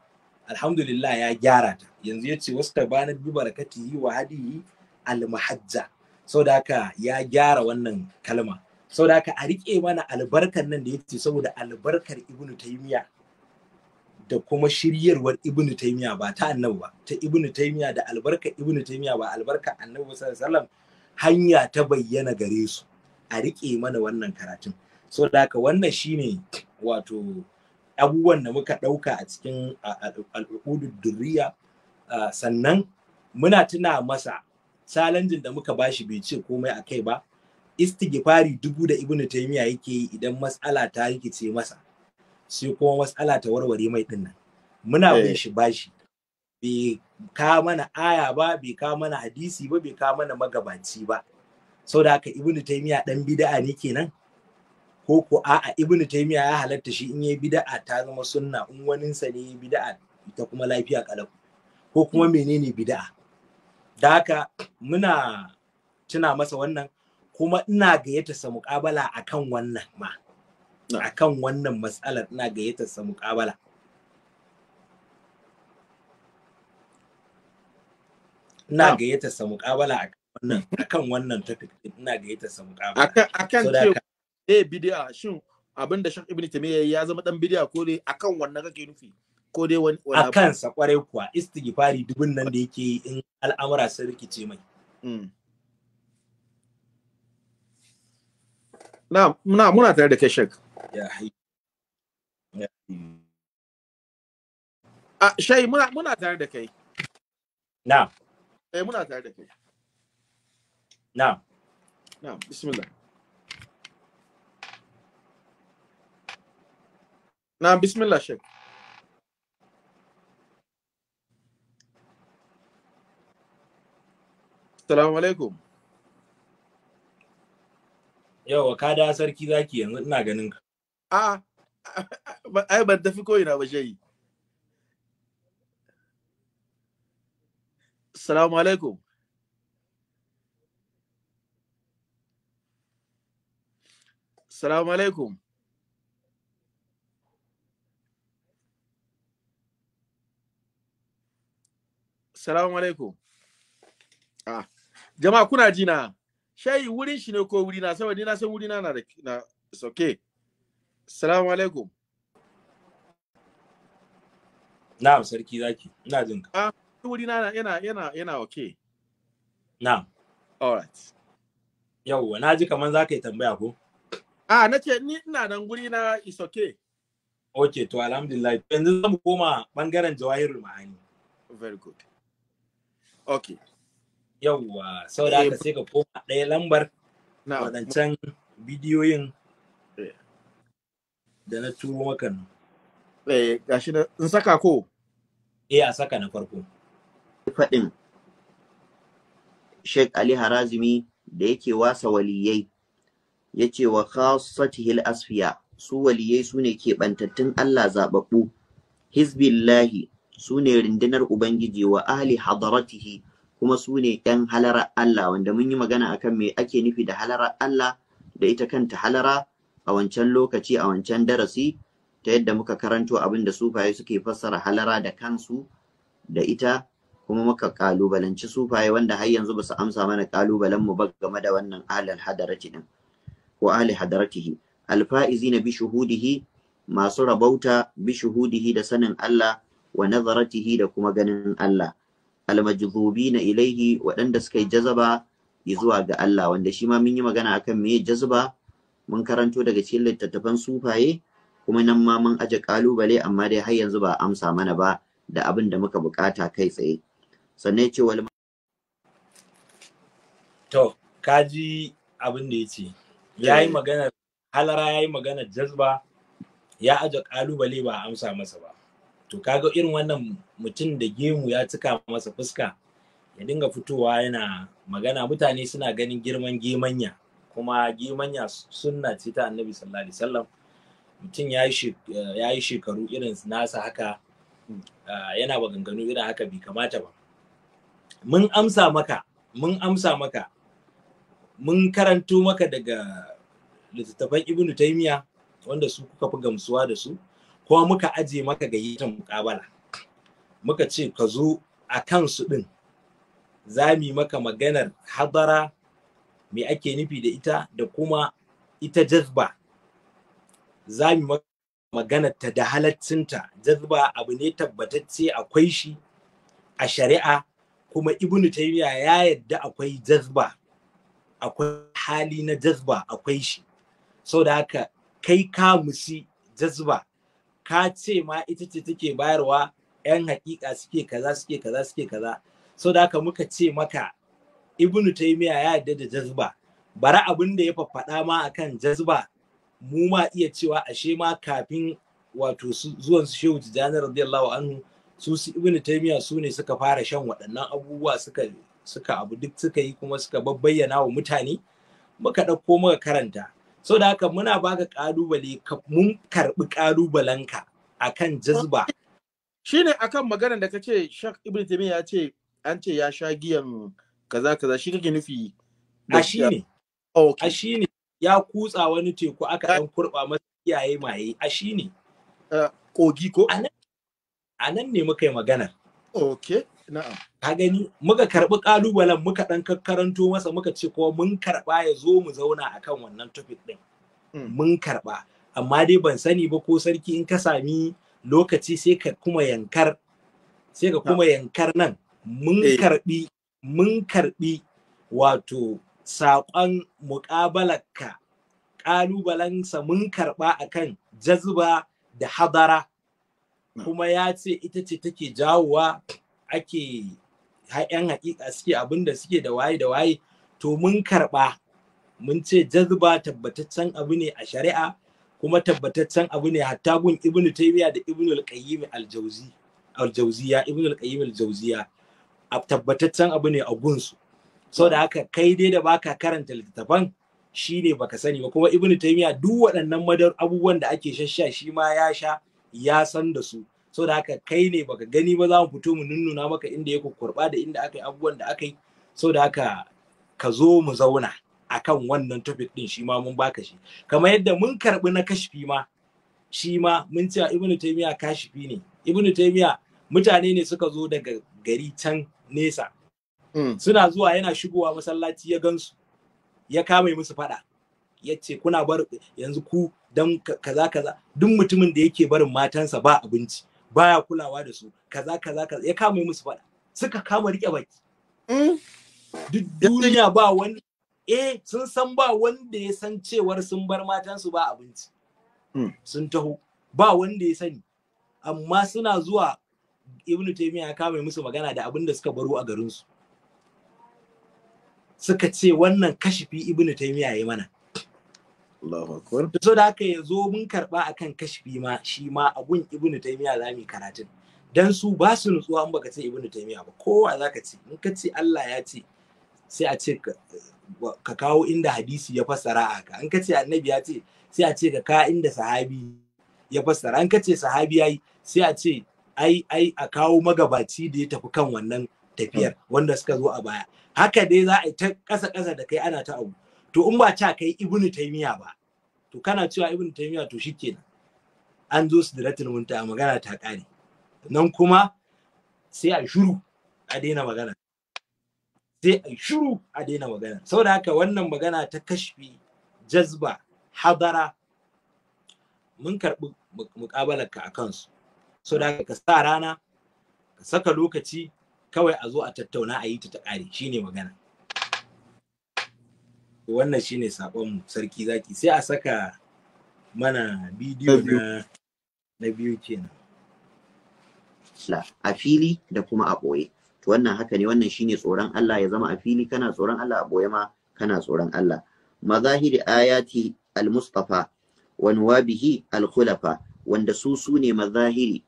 alhamdulillah ya gyara ta yanzu ya ce wasu tabanar bi yi wa hadihi almahajja sau da haka ya gyara wannan kalma sau da haka a riƙe mana albarkar nan da ya ce saboda albarkar ibnu taymiya da kuma shiryarwar ibnu taymiya ba ta annabi ba ta ibnu taymiya da albarkar ibnu taymiya ba albarka annabi sallallahu alaihi hanya ta bayyana gare su a riƙe mana wannan karatun so da haka wannan shine wato abubuwan da muka ɗauka a cikin al'udun duriya sannan muna tuna masa challenging da muka bashi bai ce komai a kai ba istighfari dubu da ibnu taymiya yake yi idan mas'ala ta rikice masa sai kuma matsala ta warware mai din nan muna eh. bin shi bashi bai ka mana aya ba bai ka mana hadisi ba bai ka mana magabaci ba saboda haka ibnu taymiya dan bid'a ne kenan ko ko a'a ibnu taymiya ya halatta shi in yayi bid'a ta zama sunna in sa ne bid'a ta kuma lafiya kalau ko kuma hmm. menene bid'a da haka muna tuna masa wannan kuma ina gayyata sa muqabala akan wannan ma akan wannan matsalar ina gayyata sa muqabala ina gayyata sa muqabala akan wannan akan wannan topic ina gayyata sa muqabala akan akan me eh, bidiya shin abin da shakibini ta mai ya zama dan bidiya ko dai akan wannan kake nufi ko dai wani wani kansa kwarai kuwa istighfari dubun nan da yake in al'amura sun rikice mai hmm. na muna muna tare da kai shek. ya hai a shai muna muna tare da kai na eh muna tare da kai na na bismillah Na bismillah Sheikh. Assalamu alaikum. Yawa ka da sarki zaki yanzu ina ganin ka. A ai ban tafi ko ina ba shayi. Assalamu alaikum. Assalamu alaikum. Salamu alaikum. Ah. Jama'a kuna jina. Shai Shayi wurin shi ne ko wuri na saboda na san wuri na na da na it's okay. Salamu alaikum. Na'am sarki zaki. Ina jin ka. Ah, wuri na yana yana yana okay. Na'am. All right. Yawwa, na ji kaman za ka yi tambaya ko? Ah, na ce ni ina nan wuri na it's okay. Okay, to alhamdulillah. Yanzu zamu koma bangaren jawahirul ma'ani. Very good. okay yawwa sau da aka eh, sai ka koma ɗaya lambar waɗancan bidiyoyin eh. da na turo maka nan eh gashi na in saka ko eh a saka na farko faɗin Sheikh Ali Harazimi da yake wasa waliyai ya ce wa khasatihil asfiya su waliyai su ne keɓantattun Allah zaɓaɓɓu hizbillahi su ne rundunar Ubangiji wa ahli hadaratihi kuma su ne ‘yan halarar Allah wanda mun yi magana a kan me ake nufi da halarar Allah da ita kanta halara a wancan lokaci a wancan darasi ta yadda muka karanto abin da sufaye suke fassara halara da kansu da ita kuma muka kalubalanci sufaye wanda har yanzu ba su amsa mana kalubalen mu ba game da wannan ahli hadarati din ko ahli hadaratihi alfa'izina bi shuhudihi masu rabauta bi shuhudihi da sanin Allah wa nazaratihi da kuma ganin Allah na ilaihi waɗanda suka yi jazaba zuwa ga Allah wanda shi ma mun yi magana akan me jazaba mun karanto daga cikin littattafan sufaye kuma nan ma mun aje kalubale amma dai har yanzu ba amsa mana ba da abin da muka bukata kai tsaye sannan ce wal to kaji abin da yace yayi eh. magana halara yayi magana jazba ya aje kalubale ba amsa masa ba to kaga irin wannan mutum da gemu ya cika masa fuska ya dinga fitowa yana magana mutane suna ganin girman gemanya kuma gemanya sunna ce ta annabi sallallahu alaihi wasallam mutum ya yi shekaru irin nasa haka yana maganganu irin haka bai kamata ba mun amsa maka mun amsa maka mun karanto maka daga littattafan ibnu taimiya wanda su kuka fi gamsuwa da su ko muka aje maka gayyatar muƙabala muka ce ka zo a kansu ɗin za mu maka maganar hadara me ake nufi da ita da kuma ita jazba za mu maka maganar ta da halaccinta jazba abu ne tabbatacce akwai shi a shari'a kuma ibnu taymiya ya yadda akwai jazba akwai hali na jazba akwai shi saboda haka kai ka musi jazba ka ce ma ita ce take bayarwa yan haƙiƙa suke kaza suke kaza suke kaza so da haka muka ce maka ibnu taymiya ya yarda da jazba bara abin da ya faffaɗa ma akan jazba mu ma iya cewa ashe ma kafin wato zuwan su shehu tijani radiyallahu anhu su su ibnu taymiya su ne suka fara shan waɗannan abubuwa suka suka abu duk suka yi kuma suka bayyana wa mutane muka ɗauko muka karanta so da haka muna baka kalubale mun karbi kalubalenka akan jazba shine akan maganar da kace shak Ibn Taymiyyah ya ce an ce ya sha giyan kaza kaza shi kake nufi a shine okay. a shine ya kutsa wani teku aka dan kurba masa iyaye maye a shine eh, kogi ko anan ne muka yi maganar okay ka gani muka karbi kalubalen muka dan karanto masa muka ce ko mun karba ya zo mu zauna akan wannan topic din hmm. mun karba amma dai ban sani ba ko sarki in ka sami lokaci sai ka kuma yankar sai ka kuma yankar nan mun eh. karbi mun karbi wato saƙon muƙabalarka ƙalubalensa mun karba akan jazba da hadara kuma ya ce ita ce take jawowa ake yan haƙiƙa suke abin da suke da waye da waye to mun karɓa mun ce jazba tabbataccen abu ne a shari'a kuma tabbataccen abu ne hatta gun ibn taymiya da ibn al-qayyim al ibn al-qayyim al tabbataccen abu ne a gun su saboda haka kai dai da baka karanta littattafan shine baka sani ba kuma ibn taymiya duk waɗannan madar abubuwan da ake shashsha shi ma ya sha ya san da su so da haka kai ne baka gani ba za mu fito mu nunnuna maka inda ya kurba da inda aka yi abubuwan da aka yi so da haka ka zo mu zauna akan wannan topic din shi ma mun baka shi kamar yadda mun karbi na kashfi ma shi ma mun cewa ibnu taymiya kashfi ne ibnu taymiya mutane ne suka zo daga gari can nesa hmm. suna zuwa yana shigowa masallaci ya gansu ya kame musu fada ya ce kuna bar yanzu ku dan kaza kaza duk mutumin da yake barin matansa ba abinci baya kulawa da su kaza kaza kaza ya kama musu faɗa suka kama rike baki mm. duk duniya ba wani eh sun san ba wanda ya san cewar sun bar matansu ba abinci hmm. sun taho ba wanda ya sani amma suna zuwa ibnu taymiya ya kama musu magana da abin da suka baro a garinsu suka ce wannan kashifi ibnu taymiya ya mana Allahu akbar. da haka zo mun karba akan kashfi ma shi ma abun Ibn Taymiyyah zamu karatun. Dan su ba su nutsuwa in baka ce ibnu Taymiyyah ba. Kowa ka ce in ka ce Allah ya ce sai a ce ka kawo inda hadisi ya fassara haka. In ka ce Annabi ya ce sai a ce ka inda sahabi ya fassara. In ka ce sahabi yayi sai a ce ai ai a kawo magabaci da ya tafi kan wannan tafiyar hmm. wanda suka zo a baya. Haka dai za a yi ta kasa kasa da kai ana ta abu. to in ba ca kai ibnu taymiya ba to kana cewa ibnu taymiya to shikenan an zo su da munta magana ta kare nan kuma sai a shuru a daina magana sai a shuru a daina magana saboda haka wannan magana ta kashfi jazba hadara mun karɓi muƙabalarka a kansu saboda da ka sa rana ka saka lokaci kawai a zo a tattauna a yi ta ta kare shine magana to wannan shine sakon mu sarki zaki sai a saka mana bidiyo na na biyu kenan a fili da kuma a ɓoye to wannan haka ne wannan shine tsoron Allah ya zama a fili kana tsoron Allah a ɓoye ma kana tsoron Allah mazahiri ayati al-mustafa wa nuwabihi al-khulafa wanda su su ne mazahiri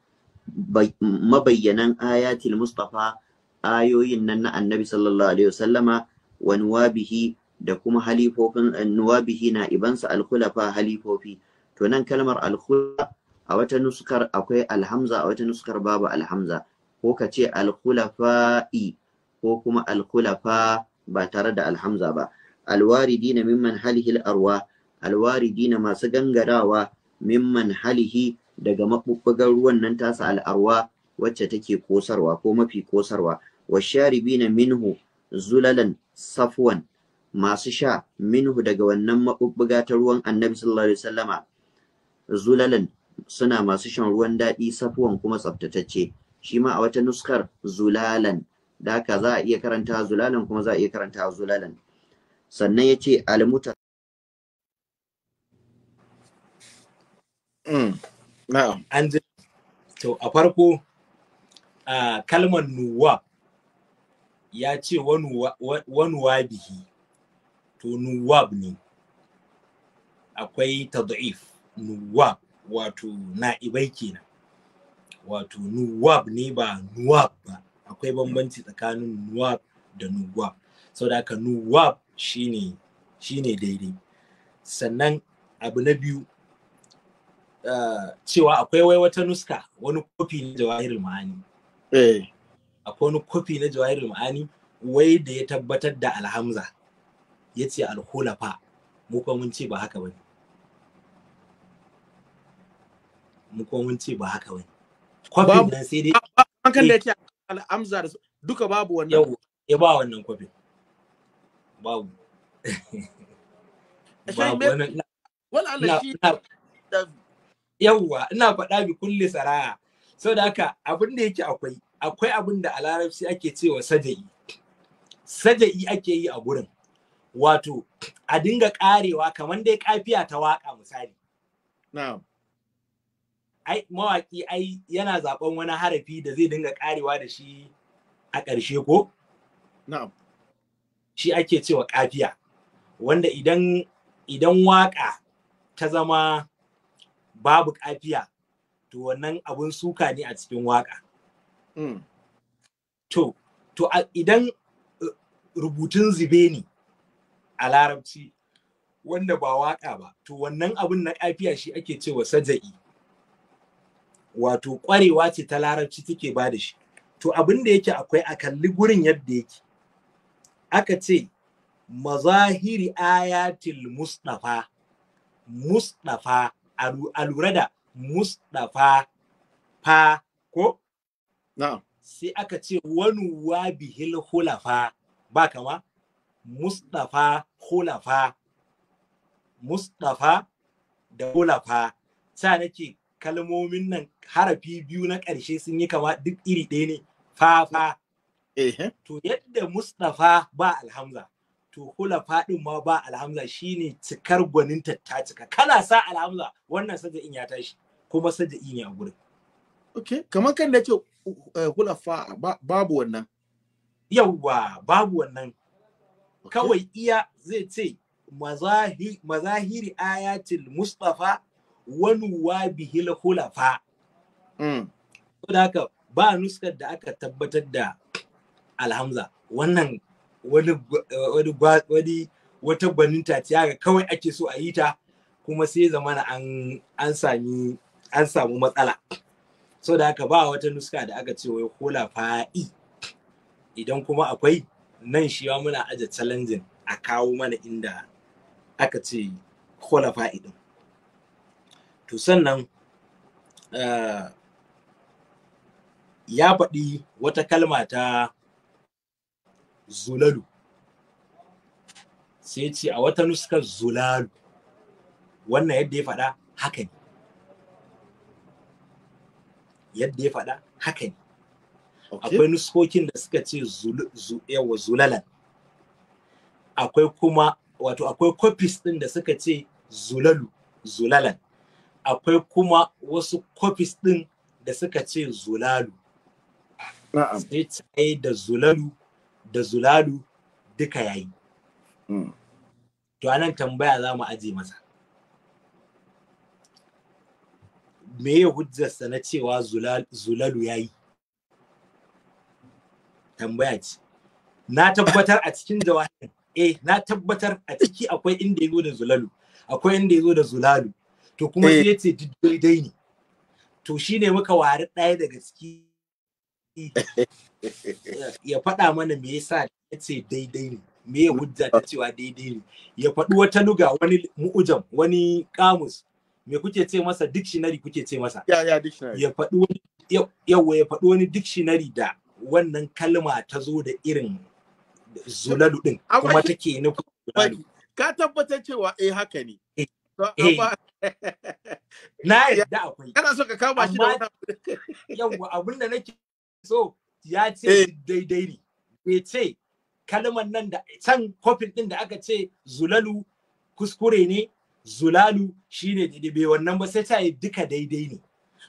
mabayyanan al mustafa ayoyin nan na annabi sallallahu alaihi wasallama wa nuwabihi da kuma halifofin nuwabihi na ibansa alkhulafa halifofi to nan kalmar alkhula a wata nuskar akwai alhamza a wata nuskar babu alhamza ko ka ce alkhulafa'i ko kuma alkhulafa ba tare da alhamza ba alwaridi na mimman halihil arwa alwaridi na masu gangarawa mimman halihi daga maɓuɓɓugar ruwan nan tasa al'arwa wacce take kosarwa ko mafi kosarwa wa na minhu zulalan safwan masu sha minhu daga wannan maɓuɓɓuga ta ruwan annabi sallallahu alaihi wasallama zulalan suna masu shan ruwan daɗi safuwan kuma tsaftatacce shi ma a wata nuskar zulalan da haka za a iya karanta zulalan kuma za a iya karanta zulalan sannan ya ce almuta mm, na'am an ji to a farko kalmar nuwa ya ce wanuwa bihi Wato nuwab ne akwai tad'if nuwab wato na'ibai kenan wato nuwab ne ba nuwab ba akwai bambanci tsakanin nuwab da nuwab saboda haka nuwab shine shine daidai sannan abu na biyu ah, cewa akwai wai wata nuska wani kofi na jawahirul ma'ani eh. akwai wani kofi na jawahirul ma'ani wai da ya tabbatar da alhamza ya ce alhulafa mu kuma mun ce ba haka bane mu kuma mun ce ba haka bane kwafin nan sai dai an da eh. yake al'amza duka babu wannan yau ya ba wannan kwafin babu yawwa ina faɗa bi kulli saraya sau da haka abin da yake akwai akwai abin da a larabci ake cewa saja'i saja'i ake yi a gurin wato a dinga karewa kamar dai kafiya ta waka misali na'am ai mawaki ai yana zaben wani harafi da zai dinga karewa da shi a ƙarshe ko na'am shi ake cewa kafiya wanda idan idan waka ta zama babu kafiya to wannan abun suka ne a cikin waka mm. to to idan eh, rubutun zube ne a larabci wanda ba waka ba to wannan abin na kafiya shi ake cewa saja'i wato ƙwarewa ce ta larabci take ba da shi to abin da yake akwai a kalli gurin yadda yake aka ce mazahiri ayatil mustafa mustafa a da mustafa fa ko sai aka ce wani bihil hulafa ba kama Mustafa Hulafa Mustafa da Hulafa sa nake kalmomin nan harafi biyu na ƙarshe sun yi kama duk iri ɗaya ne fa fa to yadda Mustafa ba alhamza to Hulafa din ma ba alhamza shine cikar gwanin ta cika kana sa alhamza wannan in ya tashi kuma in ya gurin okay kamar kan da ce eh, Hulafa babu wannan yawwa babu wannan kawai iya zai ce mazahiri ayatul mustafa wa bihil hulafa hmm. da haka ba nuskar da aka tabbatar da alhamza wannan wani wata gwaninta ga kawai ake so a yi ta kuma sai zamana an an samu matsala so da haka ba wata nuska da aka ce wai hulafa'i idan kuma akwai nan shi ma muna aje challenging a kawo mana inda aka ce kwalafa idan, to sannan eh, ya faɗi wata kalma ta zulalu sai ce a wata nuskar zulalu wannan yadda ya faɗa haka yadda ya faɗa haka ne akwai nuskokin da suka ce yawa zulalan akwai kuma wato akwai copies ɗin da suka ce zulalu zulalan akwai kuma wasu copies ɗin da suka ce zulalu sai tsaye da zulalu da zulalu duka yayi hmm. to anan tambaya za mu aje masa me ya hujjarsa na cewa zulalu yayi tambaya ce na tabbatar a cikin jawabin eh na tabbatar a ciki akwai inda yazo da zulalu akwai inda yazo da zulalu to kuma eh. sai yace ce daidai ne to shine muka wari ɗaya daga ciki ya faɗa mana me yasa yace ce daidai ne me ya hujja ta cewa daidai ne ya faɗi wata luga wani mu'ujam wani kamus me kuke ce masa dictionary kuke ce masa ya ya dictionary ya faɗi wani yau ya faɗi wani dictionary da wannan kalma ta zo da irin zulalu din kuma take nufin zulalu ka tabbatar cewa eh haka ne eh. Eh. na yadda akwai kana so ka kama shi da wata yawa abin da nake so ya ce eh. daidai ne bai ce kalmar nan da can kofin din da aka ce zulalu kuskure ne zulalu shine daidai bai wannan ba sai ta yi duka daidai ne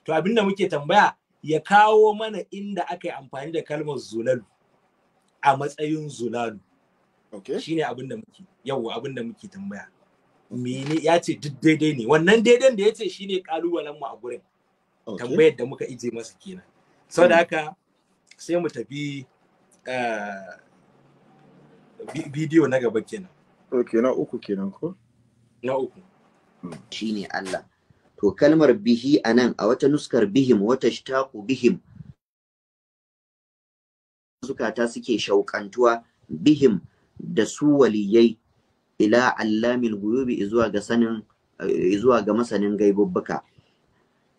to abin da muke tambaya ya kawo mana inda aka yi amfani da kalmar zulalu a matsayin zulalu okay. shi ne abinda muke yau abinda muke tambaya mene ya ce duk daidai ne wannan daidan da ya ce shine kalubalen mu a gurin tambayar da muka ije masa kenan sau da hmm. haka sai mu tafi bidiyo eh, na gaba kenan ok na uku kenan ko na uku hmm. Shi ne Allah to kalmar bihi a nan, a wata nuskar bihim wata ku bihim zukata suke shauƙantuwa bihim da su waliyai ila allamil guyubi zuwa ga sanin zuwa ga masanin gaibubbuka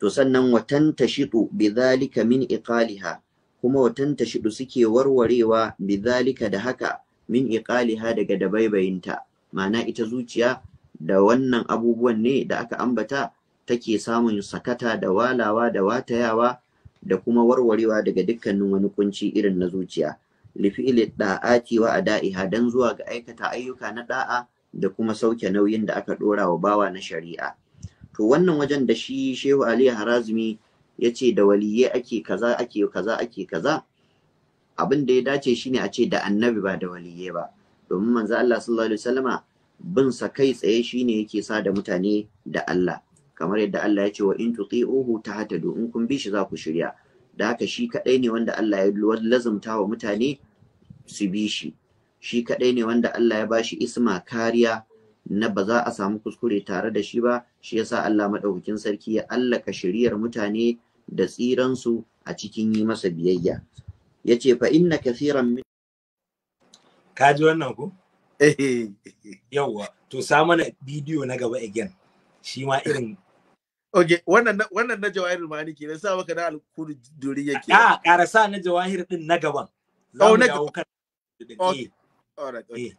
to sannan watan tashidu bidhalika min iqaliha kuma watan tashidu suke warwarewa bidhalika da haka min iqaliha daga dabaibayinta ma'ana ita zuciya da wannan abubuwan ne da aka ambata take samun sakata da walawa da watayawa da kuma warwarewa daga dukkanin wani kunci irin na zuciya lifi'il da'ati wa ada'iha dan zuwa ga aikata ayyuka na da'a da kuma sauke nauyin da aka dora wa bawa na shari'a to wannan wajen da shi Shehu Ali Harazmi ya ce da waliye ake kaza ake kaza ake kaza abin da ya dace shine a ce da annabi ba da waliye ba domin manzo Allah sallallahu alaihi wasallama bin sa kai tsaye shine yake sa da mutane da Allah kamar yadda Allah ya ce wa in tuti'uhu tahtadu in kun bi shi za ku shirya da haka shi kadai ne wanda Allah ya lazumta wa mutane su bi shi shi kadai ne wanda Allah ya bashi isma kariya na ba za a samu kuskure tare da shi ba shi yasa Allah madaukakin sarki ya allaka shiriyar mutane da tsiran su a cikin yi masa biyayya yace fa inna kaseeran min ka wannan ko eh. yawwa to sa mana bidiyo na gaba again shi ma irin Oke, wannan na ma ma'ani ke na sa maka na alkuru duri yake. A ah, ƙara sa na jawahir din na gaban. Za oh, mu dawo kan. Eh. Eh.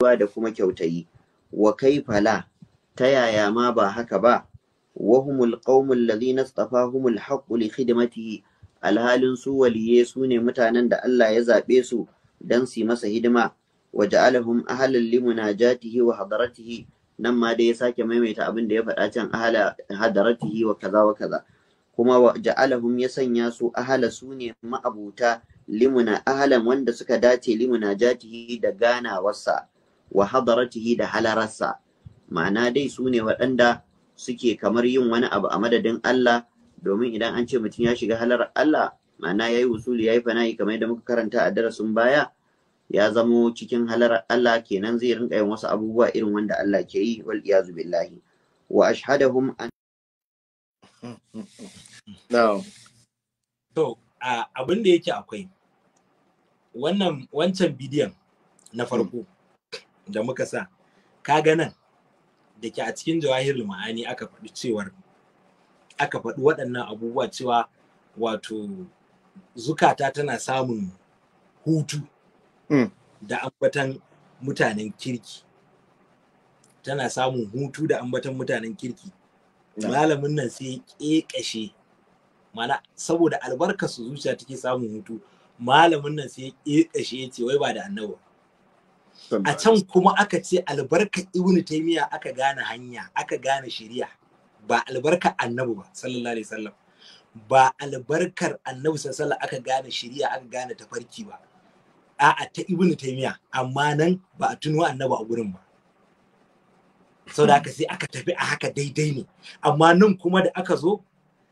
da kuma kyautayi. Wa kai fala ta yaya ma ba haka ba. Wahumul qaumul tsafa istafahumul haqqu li khidmatihi alhalin su waliye su ne mutanen da Allah ya zaɓe su don su yi masa hidima wa ja'alahum ahlan li munajatihi wa hadaratihi nan ma dai ya sake maimaita abin da ya faɗa can ahala hadaratihi wa kaza wa kaza kuma wa ja'alahum ya sanya su ahala su ne ma'abuta limuna ahalan wanda suka dace limuna jatihi da ganawarsa wa hadaratihi da halararsa ma'ana dai su ne waɗanda suke kamar yin wani abu a madadin Allah domin idan an ce mutum ya shiga halar Allah ma'ana ya yi yayi ya yayi fana'i kamar yadda muka karanta a darasin baya ya zamo cikin halar Allah kenan zai rinka yin wasu abubuwa irin wanda Allah ke yi wal iyazu billahi wa ashhadahum an now to abin da yake akwai wannan wancan bidiyon na farko da muka sa kaga nan dake a cikin jawahirul ma'ani aka faɗi cewar aka faɗi waɗannan abubuwa cewa wato zukata tana samun hutu Mm. da ambatan mutanen kirki tana samun hutu da ambatan mutanen kirki malamin nan sai ya kashe. mana saboda albarkar su zuciya take samun hutu malamin nan sai ya kashe ya ce wai ba da annaba a can kuma aka ce albarkar ibnu taymiya aka gane hanya aka gane shari'a ba albarkar annabi ba sallallahu alaihi wasallam ba albarkar annabi sallallahu aka gane shari'a aka gane tafarki ba a'a ta ibnu taymiya amma nan ba a tuno annabi a gurin ba sau da aka sai aka tafi a haka daidai ne amma nan kuma da aka zo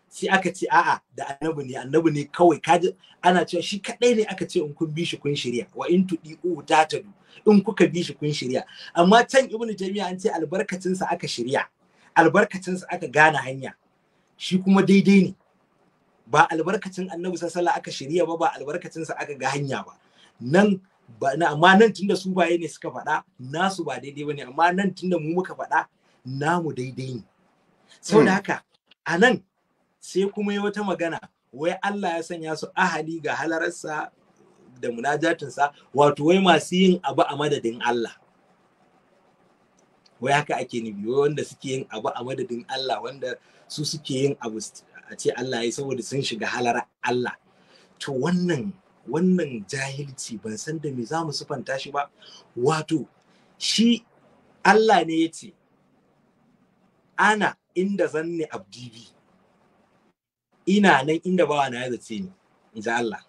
sai aka ce a'a da annabi ne annabi ne kawai kaji ana cewa shi kadai ne aka ce in kun bi shi kun shirya wa in tudi u du? in kuka bi shi kun shirya amma can ibnu taymiya an ce albarkacin sa aka shirya albarkacin sa aka gane hanya shi kuma daidai ne ba albarkacin annabi sallallahu aka shirya ba ba albarkacin sa aka ga hanya ba nan amma nan tunda su baye ne suka faɗa nasu ba daidai ba ne amma nan tunda mu muka faɗa namu daidai ne sau da hmm. haka a nan sai kuma yi wata magana wai Allah ya sanya su ahali ga halararsa da munajatinsa wato wai masu yin abu a madadin Allah wai haka ake nufi wanda suke yin abu a madadin Allah wanda su suke yin abu a ce Allah ya saboda sun shiga halar Allah to wannan wannan jahilci ban san da me za mu sufanta shi ba wato shi Allah ne ya ce ana inda zanne abdibi ina nan inda bawa na ya zace ni inji Allah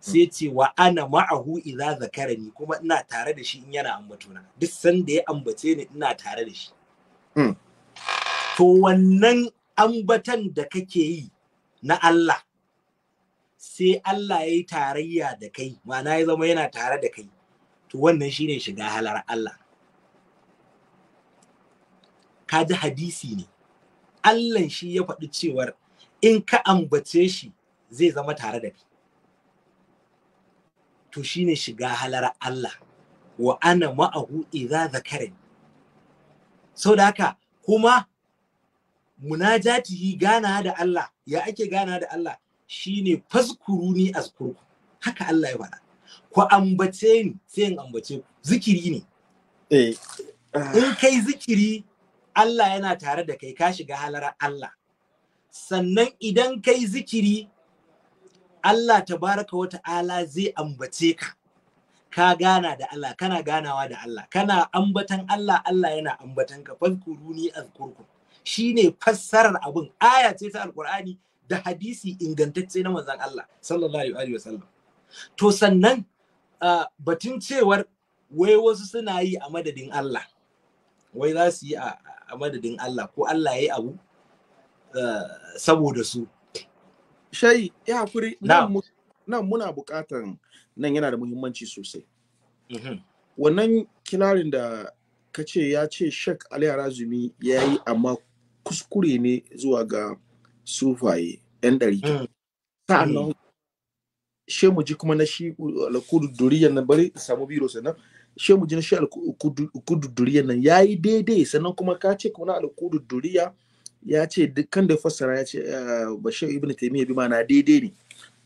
sai ce wa ana ma'ahu idza zakarani kuma ina tare da shi in yana ambatona duk sanda ya ambace ni ina tare da shi hmm. to wannan ambatan da kake yi na Allah sai Allah ya yi tarayya da kai ma'ana ya zama yana tare da kai to wannan shi ne shiga halar Allah ka ji hadisi ne Allah shi ya faɗi cewar in ka ambace shi zai zama tare da kai to shi ne shiga halar Allah wa ana ma'ahu idza zakarani sau da haka kuma munajatihi gana da Allah ya ake gana da Allah shine ni azkurku haka Allah ya faɗa ku ambace ni sai in ambace ku zikiri ne eh in kai zikiri Allah yana tare da kai ka shiga halar Allah sannan idan kai zikiri Allah tabaraka wa ta'ala zai ambace ka ka gana da Allah kana ganawa da Allah kana ambatan Allah Allah yana ambatan ka fazkuruni azkurku shine fassarar abin aya ce ta alqur'ani da hadisi ingantacce na manzon Allah sallallahu alaihi sallam, to sannan batun cewar wai wasu suna yi a madadin Allah wai za su yi a madadin Allah ko Allah ya yi abu saboda su shayi ya hakuri nan muna bukatan nan yana da muhimmanci sosai mhm. wannan Kilarin, da ka ce ya ce shak ali harazumi ya yi amma kuskure ne zuwa ga sufaye yan ɗari mm. sa'annan mm. she mu ji kuma na shi duriyan nan bari samu biro sannan she mu ji na shi duriyan nan ya yi daidai sannan kuma ka ce kuma na duriya ya ce dukkan da fassara ya ce eh, bashir ibn taimiyya bi na daidai ne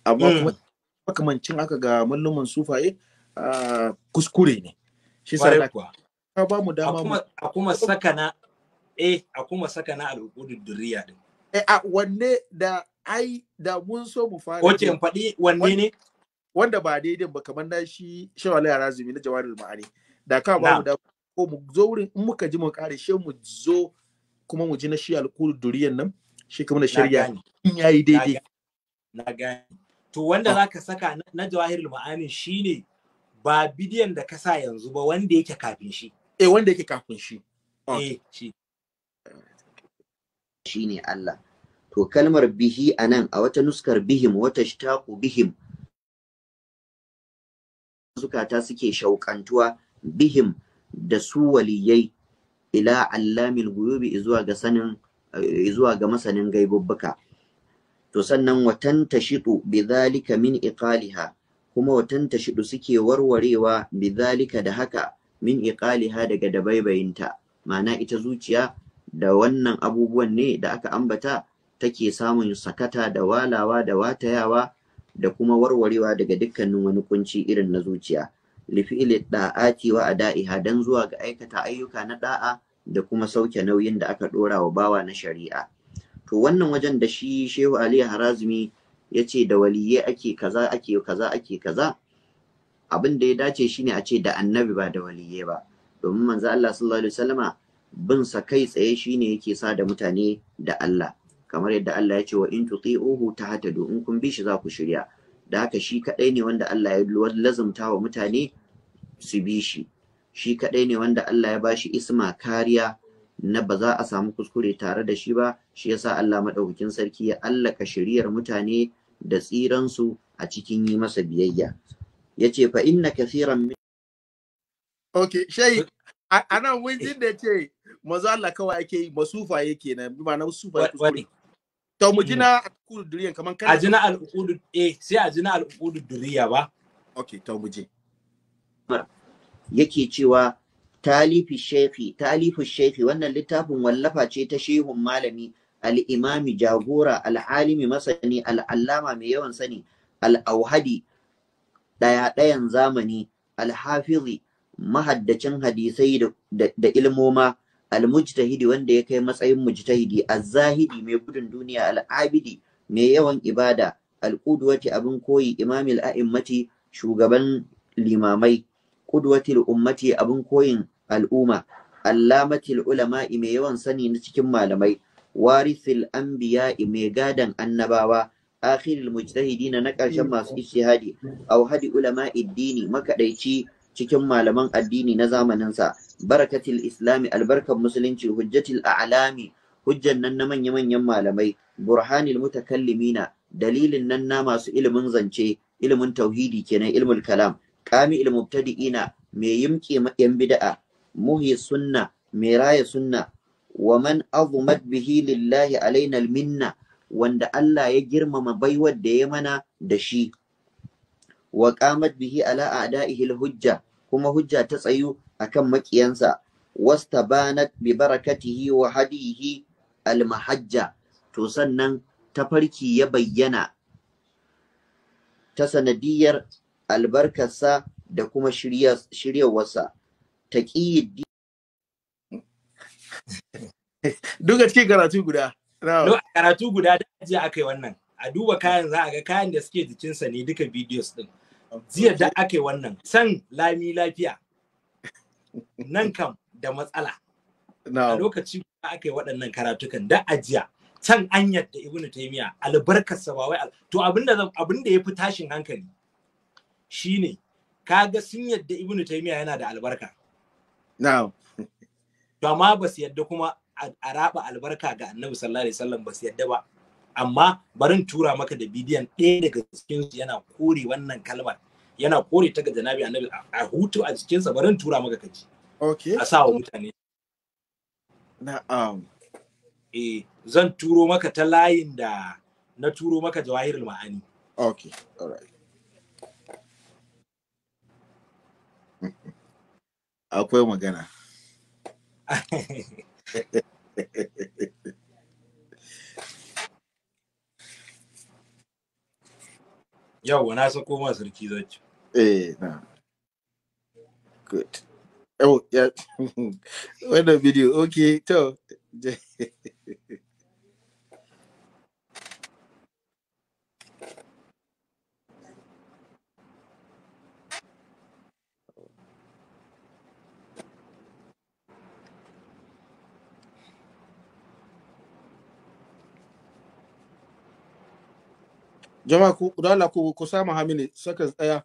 amma mm. kuma makamancin aka ga malluman sufaye ah, kuskure ne shi sa ka ba mu dama a kuma sakana eh a kuma din Eh, a wanne da ai da mun so mu fara ok in faɗi wanne ne wanda ba daidai ba kamar na shi shawala yara zumi na jawarul ma'ani da ka ba mu da ko mu zo wurin in muka ji mu kare she mu zo kuma mu ji na shi alkur duriyan nan shi kuma na shari'a in yayi daidai na gani to wanda ah. zaka saka na jawahirul ma'ani shine ba bidiyon da ka sa yanzu ba wanda yake kafin shi eh wanda yake kafin shi eh shi shine Allah to kalmar bihi a nan, a wata nuskar bihim wata shtaqu bihim zukata suke shauƙantuwa bihim da su waliyai ila allamil guyubi zuwa ga sanin zuwa ga masanin gaibubbuka to sannan watan tashidu bidhalika min iƙaliha, kuma watan shiɗu suke warwarewa bidhalika da haka min iƙaliha daga dabaibayinta ma'ana ita zuciya da wannan abubuwan ne da aka ambata take samun sakata da walawa da watayawa da kuma warwarewa daga dukkanin wani kunci irin na zuciya lifi'il da'ati wa ada'iha dan zuwa ga aikata ayyuka na da'a da kuma sauke nauyin da aka dora wa bawa na shari'a to wannan wajen da shi Shehu Ali Harazmi ya ce da waliye ake kaza ake kaza ake kaza abin da ya dace shine a ce da annabi ba da waliye ba domin manzo Allah sallallahu alaihi wasallama bin sa kai tsaye shine yake sa da mutane da Allah kamar yadda Allah ya ce wa in tuti'uhu tahtadu in kun bi shi za ku shirya da haka shi kadai ne wanda Allah ya lazumta wa mutane su bi shi shi kadai ne wanda Allah ya bashi isma kariya na ba za a samu kuskure tare da shi ba shi yasa Allah madaukakin sarki ya allaka shiriyar mutane da tsiransu a cikin yi masa biyayya yace fa inna kathiran min okay shay ana da maza Allah kawai ake yi masufa yake na, bi ma'ana masufa yake kuskure to mu jina al'ukudu duriyan kaman kana ajina al'ukudu eh sai ajina al'ukudu duriya ba okay to mu je yake cewa talifi shefi talifu shefi wannan littafin wallafa ce ta shehun malami al'imami jagora al'alimi masani al'allama mai yawan sani al'auhadi ɗaya-ɗayan zamani alhafizi mahaddacin hadisai da ilmoma almujtahidi wanda ya kai matsayin mujtahidi az-zahidi mai gudun duniya al-abidi mai yawan ibada al-qudwati abin koyi imamil a'immati shugaban limamai qudwatil ummati abin koyin al'umma Allamati ulama'i mai yawan sani na cikin malamai warithil anbiya mai gadan annabawa akhiril mujtahidina na ƙarshen masu ishihadi aw hadi ulama'i dini makadaici cikin malaman addini na zamaninsa barakatil islami albarkar musulunci hujjatil a'lami hujjan nan na manya-manyan malamai burhanil mutakallimina dalilin nan na masu ilimin zance ilimin tauhidi kenan ilmul kalam kami ilmubtadi'ina mai yimke yan bid'a muhi sunna mai raya sunna wa man azumat bihi lillahi alaina minna wanda Allah ya girmama baiwar da ya mana da shi wa qamat bihi ala a'da'ihi hujja kuma hujja ta tsayu akan makiyansa wastabanat bi barakatihi wa hadihi almahajja to sannan tafarki ya bayyana ta sanadiyar albarkarsa da kuma shiryawarsa ta duka cikin karatu guda no karatu guda da ajiye aka yi wannan a duba kayan za a ga kayan da suke jikinsa ne duka videos din jiya da ake wannan san lami lafiya nan kam da matsala a lokaci da ake waɗannan karatukan da ajiya can an yadda ibn taymiya albarkar ba wai to abinda abinda ya fi tashin hankali shine kaga sun yadda ibn taymiya yana da albarka to amma ba su yadda kuma a raba albarka ga annabi sallallahu alaihi wasallam ba su yadda ba amma barin tura maka da bidiyon ɗaya daga cikin yana kore wannan kalmar yana kore ta ga janabi annabi a hutu a jikinsa barin tura maka kaji okay a sa wa mutane na'am eh zan turo maka ta layin da na turo maka jawahirul ma'ani okay all right akwai magana Yawwa na sako ma sarki zaki. Eh na. Good. Oh, yeah. Wannan video, okay, to. jama'a ku dala ku ku sama hamini seconds daya eh,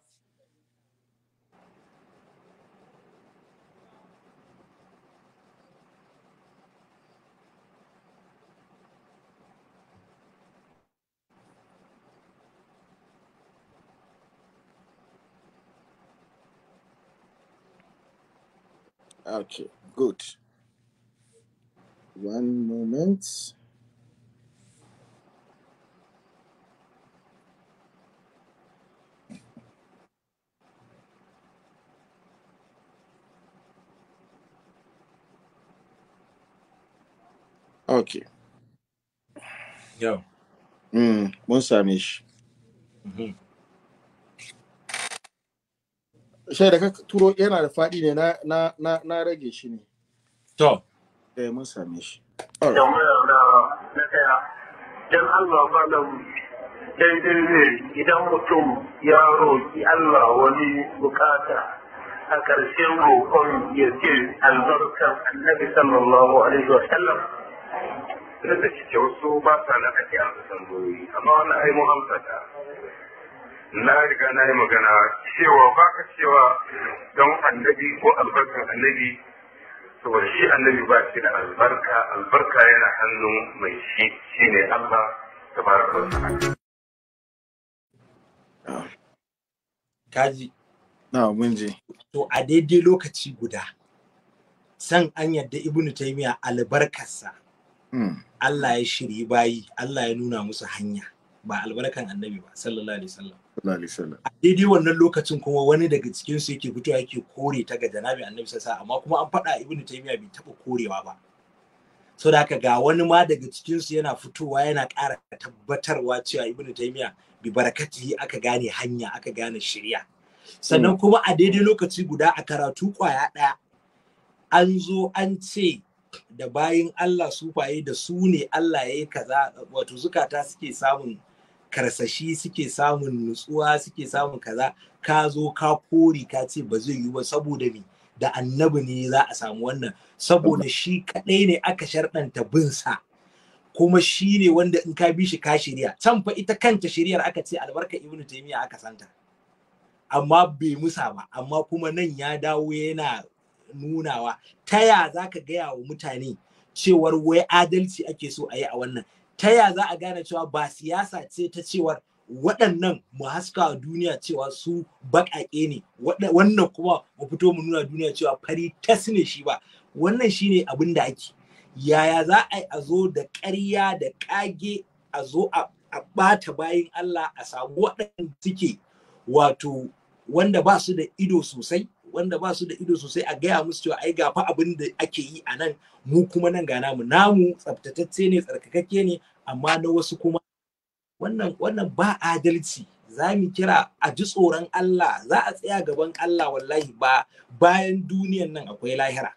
Okay, good. One moment. ok yau mun hmm, same shi shai da ka turo yana da faɗi ne na rage shi ne to eh mun same shi Allah daidai ne idan mutum ya roƙi Allah wani bukata a ƙarshen roƙon ya ce albarkar annabi sallallahu alaihi wa sallam duk da cike wasu ba sa na ake amsa tambayoyi amma wannan ai mun amsa ta na riga na yi magana cewa ba ka cewa don annabi ko albarkar annabi saboda shi annabi ba shi da albarka albarka yana hannun mai shi shi ne Allah tabaraka wa ta'ala kaji na mun ji to a daidai lokaci guda san an yadda ibnu taymiya albarkarsa Mm. Allah ya shiri bayi Allah ya nuna musu hanya ba albarkan annabi ba sallallahu alaihi wasallam a daidai wannan lokacin kuma wani daga cikin su yake fitowa yake kore ta ga janabi annabi sa amma kuma an faɗa ibn taymiya bai taba korewa ba so da haka ga wani ma daga cikin su yana fitowa yana ƙara tabbatarwa cewa ibn taymiya bi barakatihi aka gane hanya aka gane shirya sannan mm. kuma a daidai lokaci guda a karatu kwaya ɗaya an zo an ce da bayan Allah sufaye da su ne Allah ya yi kaza wato zukata suke samun karsashi suke samun nutsuwa suke samun kaza ka zo ka kori ka ce ba zai yi ba saboda ni, da annabi ne za a samu wannan saboda shi kadai ne aka sharɗanta bin sa kuma shi ne wanda in ka bi shi ka shirya can fa ita kanta shiryar aka ce albarka ibnu taymiya aka santa amma bai musa ba amma kuma nan ya dawo yana nunawa ta ya za ka gaya wa mutane cewar wai adalci ake so a yi a wannan Taya za a gane cewa ba siyasa ce ta cewar waɗannan mu haska duniya cewa su baƙaƙe ne wannan kuma mu fito mu nuna duniya cewa fari tas ne shi ba wannan shi ne abin da ake yaya za a yi a zo da ƙarya da ƙage a zo a ɓata bayan Allah a samu waɗanda suke wato wanda ba su da ido sosai wanda ba su da ido sosai a gaya musu cewa ai gafa abin da ake yi a nan mu kuma nan ga namu namu tsaftatacce ne tsarkakakke ne amma na wasu kuma wannan wannan ba adalci za mu kira a ji tsoron Allah za a tsaya gaban Allah wallahi ba bayan duniyan nan akwai lahira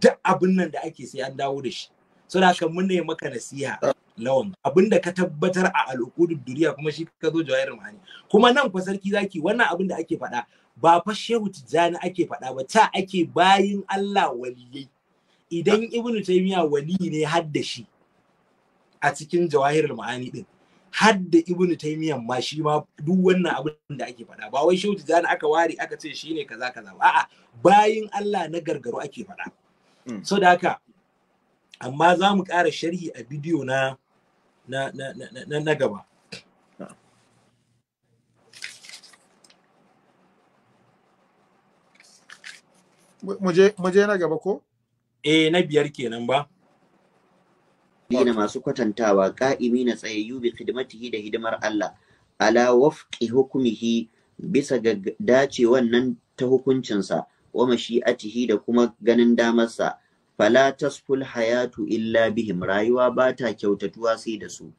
duk abin nan da ake sai an dawo da shi so da kan mun maka nasiha lawan abin da ka tabbatar a al'ukudud duniya kuma shi ka zo jawairin ma'ani kuma nan fa sarki zaki wannan abin da ake faɗa ba fa shehu tijjani ake faɗa ba ta ake bayin Allah waliyai idan ibnu taymiya wali ne hadda shi a cikin jawahirul ma'ani din hadda ibnu taymiya ma shi ma duk wannan abin da ake faɗa ba wai shehu tijjani aka ware aka ce shine kaza kaza ba a'a bayin Allah na gargaro ake faɗa hmm. so da haka amma za mu ƙara sharhi a bidiyo na na na na gaba muje na gaba ko eh na biyar kenan ba Dina masu kwatantawa ƙa'imi na tsayayyu bi khidmatihi da hidimar Allah ala wafqi bisa ga dacewan nan ta hukuncinsa wa mashi'atihi da kuma ganin damarsa fala tasful hayatu illa bihim rayuwa ba ta kyautatuwa sai da su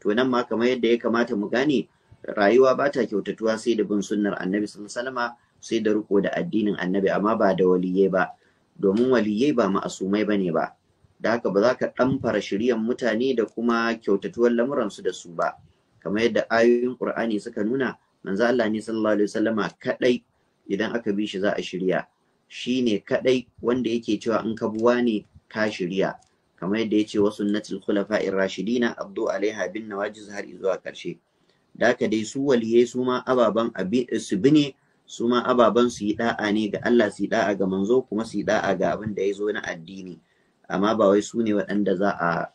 to nan ma kamar yadda ya kamata mu gane rayuwa ba ta kyautatuwa sai da bin sunnar annabi sallallahu alaihi wasallama sai da riko da addinin annabi amma ba da waliyai ba domin waliyai ba ma'asumai bane ba da haka ba za ka ɗamfara shiryan mutane da kuma kyautatuwar lamuransu da su ba kamar yadda ayoyin qur'ani suka nuna manzo Allah ne sallallahu alaihi wasallama kadai idan aka bi shi za a shirya shine kadai wanda yake cewa in ka buwa ne ka shirya kamar yadda ya ce wa sunnatul khulafa'ir rashidina abdu alaiha bin nawajiz har zuwa karshe da haka dai su waliyai su ma ababan su bine su ma ababen su yi da'a ne ga Allah su yi da'a ga manzo kuma su yi da'a ga abin da ya zo na addini amma ba wai su ne waɗanda za a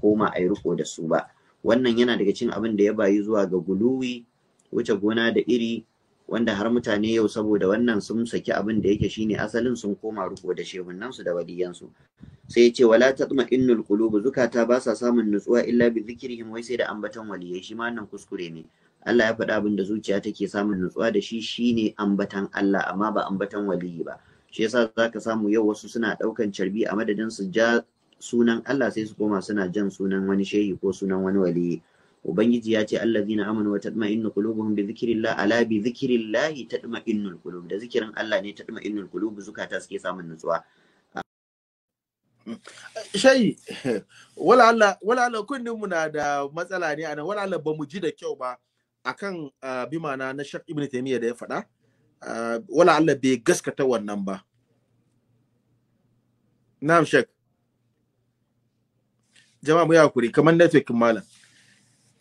koma a yi riko da su ba wannan yana daga cikin abin da ya bayi zuwa ga guluwi wuce gona da iri wanda har mutane yau saboda wannan sun saki abin da yake shine asalin sun koma riko da su da su sai ya ce wala tatma'innul qulub zukata ba sa samun nutsuwa illa bi zikrihim wai sai da ambaton waliyai shi ma wannan kuskure ne Allah ya faɗa abin da zuciya take samun nutsuwa da shi shine ambatan Allah amma ba ambatan waliyi ba shi yasa zaka samu yau wasu suna ɗaukan carbi a madadin su ja sunan Allah sai su koma suna jan sunan wani shehi ko sunan wani waliyi ubangiji ya ce allazina amanu wa tatma'innu qulubuhum bi dhikrillah ala bi dhikrillah tatma'innu qulub da zikirin Allah ne tatma'innul qulub zukata suke samun nutsuwa shayi wala Allah wala Allah kunnin mu na da matsala ne anan wala Allah bamu ji da kyau ba akan ah, bi ma'ana na shak Ibn Taimiyya da ya faɗa ah, wala Allah bai gaskata wannan ba na'am shak. jama'a mu ya hakuri kamar network malam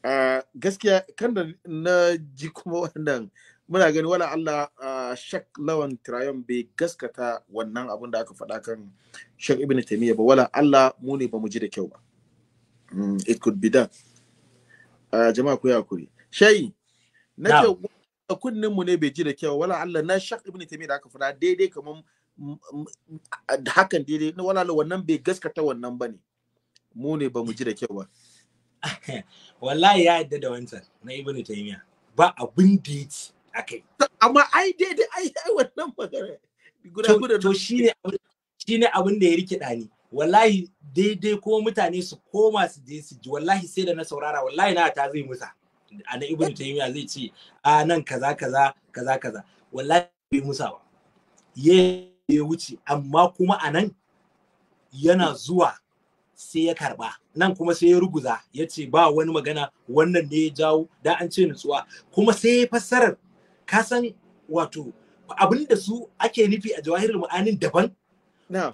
ah, gaskiya kan da na ji kuma wannan muna gani wala Allah shak Lawan Trayon bai gaskata wannan abin da aka faɗa kan shak Ibn Taimiyya ba wala Allah mu ne ba mu ji da kyau ba hmm, it could be done jama'a ku ya hakuri shayi na ce kunnin mu ne bai ji da kyau wala Allah na shak ibn taymiya da aka fara daidai kaman mm, mm, hakan daidai na wala wannan bai gaskata wannan bane mu ne ba mu ji da kyau ba wallahi ya yadda da wancan na ibn taymiya ba abin da ya ci akai amma ai daidai ai ai wannan magana guda guda to shine shine abin da ya rike dani wallahi daidai ko mutane su koma su je su ji wallahi sai da na saurara wallahi na ta zai musa a na ibn taymiya zai ce a nan kaza kaza kaza kaza wallahi bai musa ba ya ya wuce amma kuma a nan yana zuwa sai ya karba nan kuma sai ya ruguza ya ce ba wani magana wannan ne ya jawo da an ce nutsuwa kuma sai ya fassarar ka san wato abin da su ake nufi a jawahirul ma'anin daban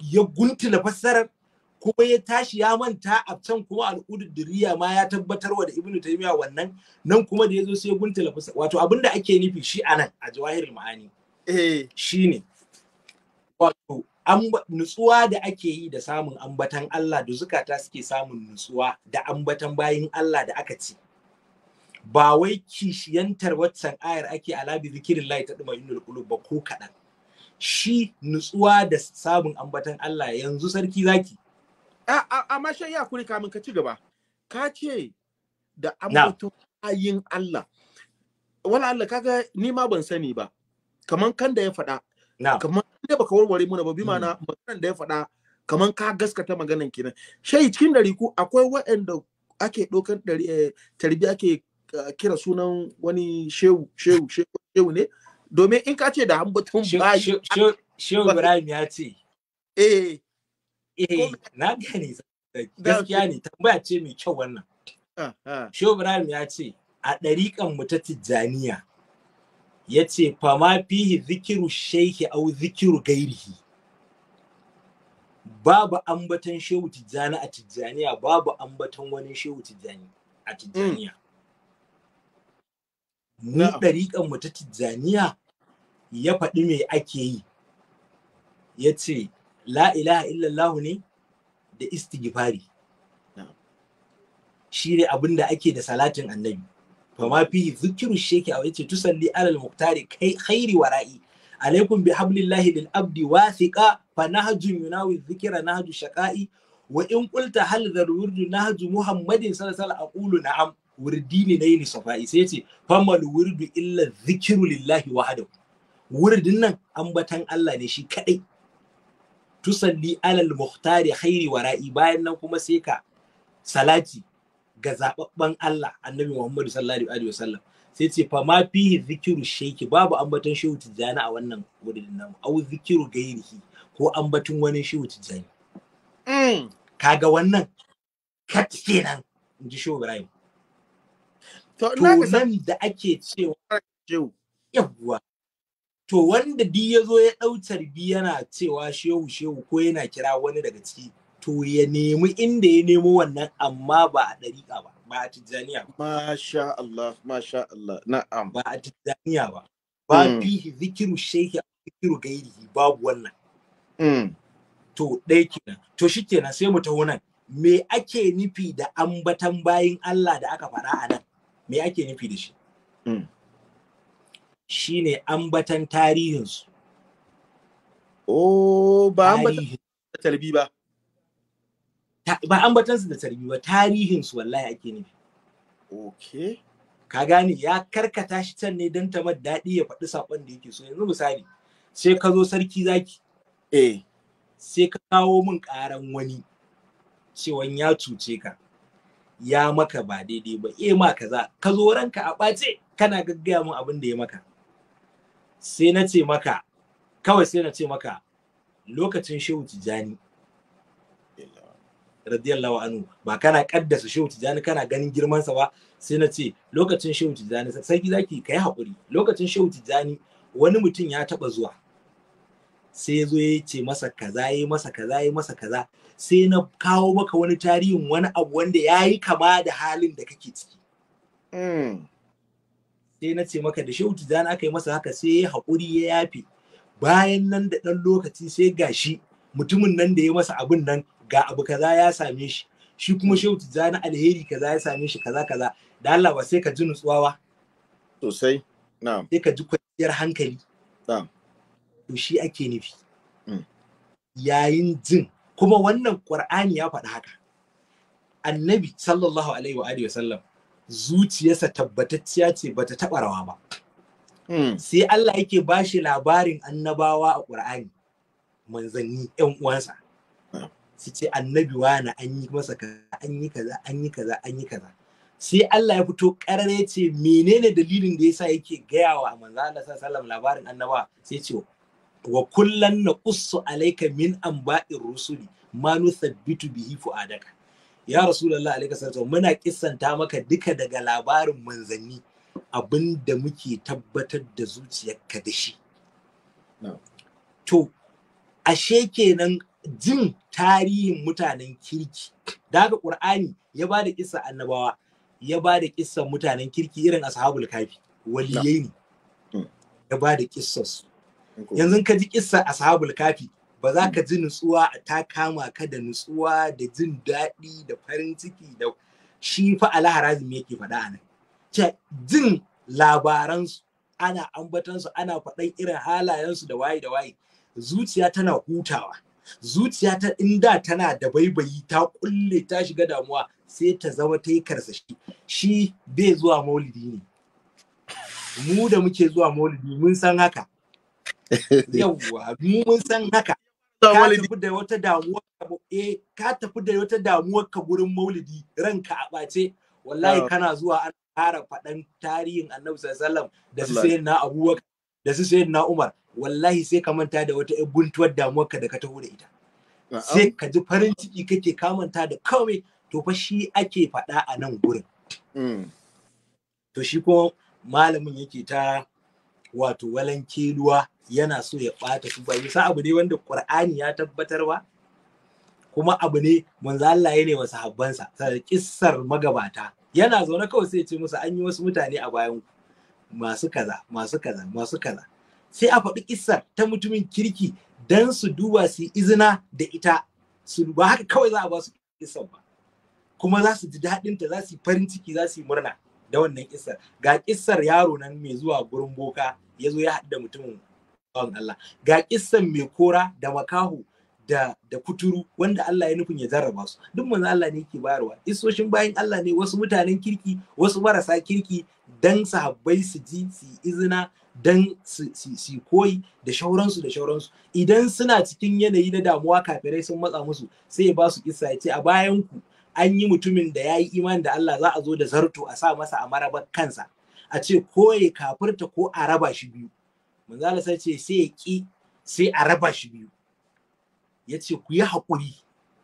ya guntula fassarar kuma ya tashi ya manta a can kuma al'uduriya ma ya tabbatar wa da ibnu taymiya wannan nan kuma da ya zo sai guntula wato abin da ake nufi shi anan a jawahirul ma'ani eh shine wato nutsuwa da ake yi da samun ambatan Allah da zukata suke samun nutsuwa da ambatan bayin Allah da aka ci ba wai kishiyantar waccan ayar ake alabi zikirin lai ta ɗuma yunar ba ko kaɗan shi nutsuwa da samun ambatan Allah yanzu sarki zaki amma shan ya kuri kamun ka ci gaba ka ce da ambato ayin Allah wala Allah kaga ni ma ban sani ba kaman kan da ya faɗa kaman da baka warware muna ba bi mana hmm. maganar da ya faɗa kaman ka gaskata maganan kenan shai cikin dari ku akwai waɗanda ake ɗaukar eh, tarbiya ake eh, kira sunan wani shehu shehu shehu ne domin in ka ce da ambaton bayi shehu Ibrahim ya ce eh eh na gane gaskiya ne tambaya ce mai kyau wannan ah, ah. shehu ibrahim ya ce a ɗariƙan mu ta tijjaniya ya ce fama fihi zikiru shehi au zikiru gairihi babu ambatan shehu tijjani a tijjaniya babu ambatan wani shehu tijjani a tijjaniya hmm. mu ɗariƙan mu ta tijjaniya ya faɗi me ake yi ya ce la ilaha illallah ne da istighfari shi ne abin da ake da salatin annabi fa ma fi zikiru sheki a yace tusalli alal muktari kai khairi wara'i alaikum bi hablillahi lil abdi wathiqa fa nahju yunawi zikra nahju shaqa'i wa in qulta hal dhal wurdu nahju muhammadin sallallahu alaihi aqulu na'am wurdi ne nayi ni safa'i sai yace mal wurdu illa zikru lillahi wahdahu wurdin nan ambatan Allah ne shi kadai tusalli alal muhtari khairi wara'i bayan nan kuma sai ka salati ga zababban Allah annabi Muhammadu sallallahu alaihi sallam, sai ce fa ma fihi zikiru sheki babu ambaton shehu jana a wannan wurin nan au zikiru gairihi ko ambaton wani shehu tijjani mm. kaga wannan kat kenan in ji shehu Ibrahim to nan da ake cewa yawwa to wanda di ya zo ya ɗau tarbi yana cewa shehu shehu ko yana kira wani daga ciki to ya nemi inda ya nemo wannan amma ba a ɗariƙa ba ba a tijjaniya ba masha Allah masha Allah na'am ba a tijjaniya ba ba hmm. fihi zikiru shehi zikiru gairihi babu wannan hmm. to ɗaya kenan to shikenan sai mu taho nan me ake nufi da ambatan bayin Allah da aka faɗa a nan me ake nufi da shi hmm. shine ambatan tarihinsu. Oh, ba ambatan tarbi ba. Ba ambatansu da tarbi ba, tarihinsu wallahi ake ne. Okay. Ka gane ya karkata shi can ne don tamar daɗi ya faɗi saƙon da yake so. Yanzu misali, sai ka zo sarki zaki. Eh. Sai ka kawo mun ƙaran wani cewan ya cuce ka. Ya maka ba daidai ba, E, ma kaza, ka zo ranka a ɓace kana gaggaya min abin da ya maka. sai na ce maka kawai sai na ce maka lokacin shehu tijani radiyallahu anhu ba kana kaddasa shehu tijani kana ganin girmansa ba sai na ce lokacin shehu tijjani sarki zaki kai haƙuri lokacin shehu tijani wani mutum ya taɓa zuwa sai ya ya ce masa kaza ya masa kaza ya masa kaza sai na kawo maka wani tarihin wani abu wanda ya yi kama da halin da kake ciki. Hmm. sai na ce maka da shehu tijjani aka yi masa haka sai ya haƙuri ya yafe bayan nan da ɗan lokaci sai gashi mutumin nan da ya masa abin nan ga abu kaza ya same shi shi kuma shehu tijjani alheri kaza ya same shi kaza kaza da Allah ba sai ka ji nutsuwa ba sosai na'am sai ka ji kwanciyar hankali na'am to shi ake nufi mm. yayin jin kuma wannan qur'ani ya faɗi haka annabi sallallahu alaihi wa alihi wa sallam zuciyarsa tabbatacciya ce bata taɓa rawa ba hmm. sai Allah yake ba shi labarin annabawa a ƙur'ani manzanni ƴan uwansa su ce annabi wani an yi masa kaza an yi kaza an yi kaza an yi kaza sai Allah ya fito ƙarare ce menene dalilin da yasa yake gaya wa manzo Allah sallallahu labarin annaba sai ce wa kullan naqussu alayka min anba'ir rusuli ma nuthabbitu bihi fu'adaka ya rasulullah alaihi salatu muna kissanta maka duka daga labarin manzanni abinda muke tabbatar da zuciyarka da shi to ashe kenan jin tarihin mutanen kirki daga qur'ani ya ba da kissa annabawa ya ba da kissan mutanen kirki irin ashabul kafi waliyai ne hmm. ya ba da kissarsu yanzu ka ji kissa ashabul kafi ba za ka ji nutsuwa a ta kama ka da nutsuwa da jin daɗi da farin ciki da shi fa alharazim yake faɗa a nan jin labaransu ana ambatansu ana faɗan irin halayensu da waye da waye zuciya tana hutawa zuciya ta inda tana da baibayi ta kulle ta shiga damuwa sai ta zama ta yi karsashi shi bai zuwa maulidi ne mu da muke zuwa maulidi mun san haka yawwa mu mun san haka ka tafi da wata damuwa eh ka tafi da wata damuwar ka gurin maulidi ranka a ɓace wallahi kana zuwa an fara faɗan tarihin annabi sallallahu da su sai na da su na umar wallahi sai ka manta da wata guntuwar damuwar ka da ka taho da ita sai ka ji farin ciki kake kamanta da kawai to fa shi ake faɗa a nan gurin mm. to shi kuma malamin yake ta wato walankeluwa yana so ya ɓata su ba yasa abu ne wanda Qur'ani ya tabbatar ba kuma abu ne manzo Allah ya ne wa sahabbansa sai kissar magabata yana zaune kawai sai ya ce musu an yi wasu mutane a bayan masu kaza masu kaza masu kaza sai a faɗi kissar ta mutumin kirki dan su duba su izina da ita su ba haka kawai za a ba su kissar ba kuma za su ji daɗinta za su yi farin ciki za su yi murna da wannan kissar ga kissar yaro nan mai zuwa gurin boka ya zo ya haɗu da mutumin bawan Allah ga kissan mai kora da makahu da da kuturu wanda Allah ya nufin ya jarraba su duk manzo Allah ne yake bayarwa isoshin bayan Allah ne wasu mutanen kirki wasu marasa kirki dan sahabbai su ji su izina dan su koyi da shauransu da shauransu idan suna cikin yanayi na damuwa kafirai sun matsa musu sai ya ba su kissa ya ce a bayan ku an yi mutumin da ya yi iman da Allah za a zo da zarto a sa masa a marabar kansa a ce ko ya kafirta ko a raba shi biyu manzala sai ce sai ya ki sai a raba shi biyu ya ce ku yi haƙuri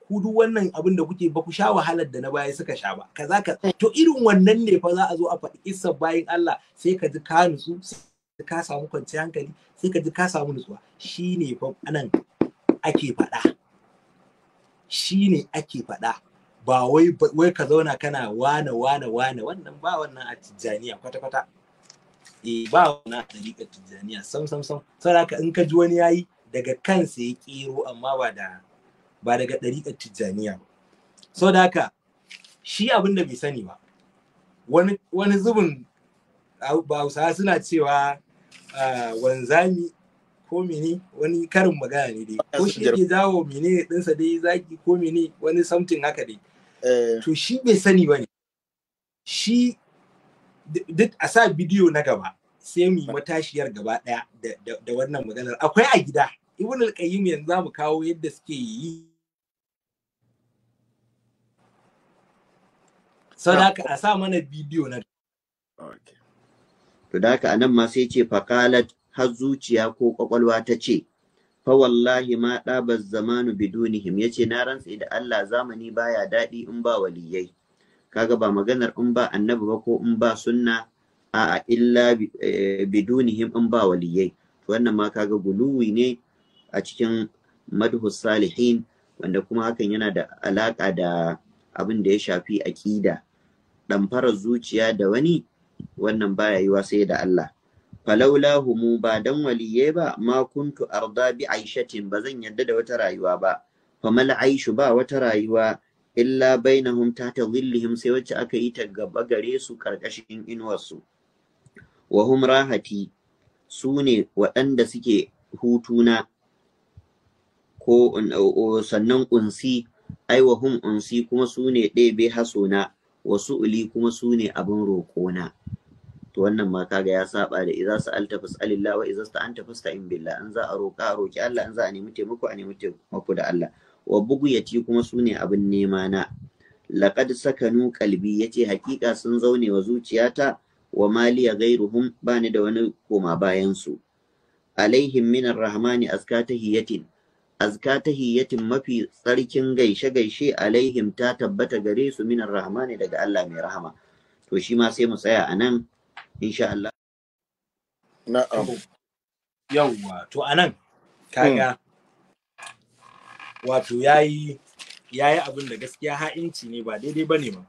ku duk wannan abin da kuke ba ku sha wahalar da na baya suka sha ba kaza ka to irin wannan ne fa za a zo a faɗi kissar bayin Allah sai ka ji ka nutsu sai ka samu kwanciyar hankali sai ka ji ka samu nutsuwa shine fa anan ake faɗa shine ake faɗa ba wai wai ka zauna kana wane wane wane wannan ba wannan a tijjaniya kwata kwata eh ba wani a ɗariƙar tijjaniya sam sam sam haka in ka ji wani yayi daga kansa ya kero, amma ba da ba daga ɗariƙar tijjaniya ba saboda haka shi abin da bai sani ba wani wani zubin hausawa suna cewa wanzami ko mene wani karin magana ne dai ko shi yake jawo mene ɗinsa dai zaki ko mene wani something haka dai eh. to shi bai sani ba ne shi duk a sa bidiyo na gaba sai mu yi matashiyar gaba daya da wannan maganar akwai a gida ibn al-qayyim yanzu zamu kawo yadda suke yi sadaka a sa mana bidiyo na to da haka anan ma sai ce faqalat har zuciya ko kwakwalwa ta ce fa wallahi ma ɗabar zamanu bidunihim yace na rantse da Allah zamani baya daɗi in ba waliyai kaga ba maganar in ba annabi ba ko in ba sunna a illa eh, bidunihim in ba waliyai wannan ma kaga guluwi ne a cikin madhus salihin wanda kuma hakan yana da alaka da abin da ya shafi aƙida ɗamfarar zuciya da wani wannan baya yiwa sai da Allah falaula humu ba dan waliye ba ma kuntu arda bi aishatin ba zan yadda da wata rayuwa ba mal aishu ba wata rayuwa illa bainahum tahta dhillihim sai wacce aka yi ta gaba gare su karkashin inuwarsu wa hum rahati su ne waɗanda suke hutuna ko sannan unsi ai wa hum unsi kuma su ne ɗebe hasona wasu uli kuma su ne abin roƙona to wannan ma kaga ya saba da idza sa'alta fas'alillah wa idza sta'anta fasta'in billah an za a roƙa a roki Allah an za a nemi taimako a nemi taimako da Allah wa buguyati kuma su ne abin nema na laqad sakanu qalbi yace hakika sun zaune wa zuciyata wa maliya ghairuhum bani da wani koma bayan su alaihim min rahmani azka tahiyatin azka tahiyatin mafi tsarkin gaishe gaishe alaihim ta tabbata gare su minar arrahmani daga Allah mai rahama to shi ma sai mu tsaya anan insha Allah na'am yawa to anan kaga hmm. wato ya yi abin da gaskiya ha'inci ne ba daidai ba ne ba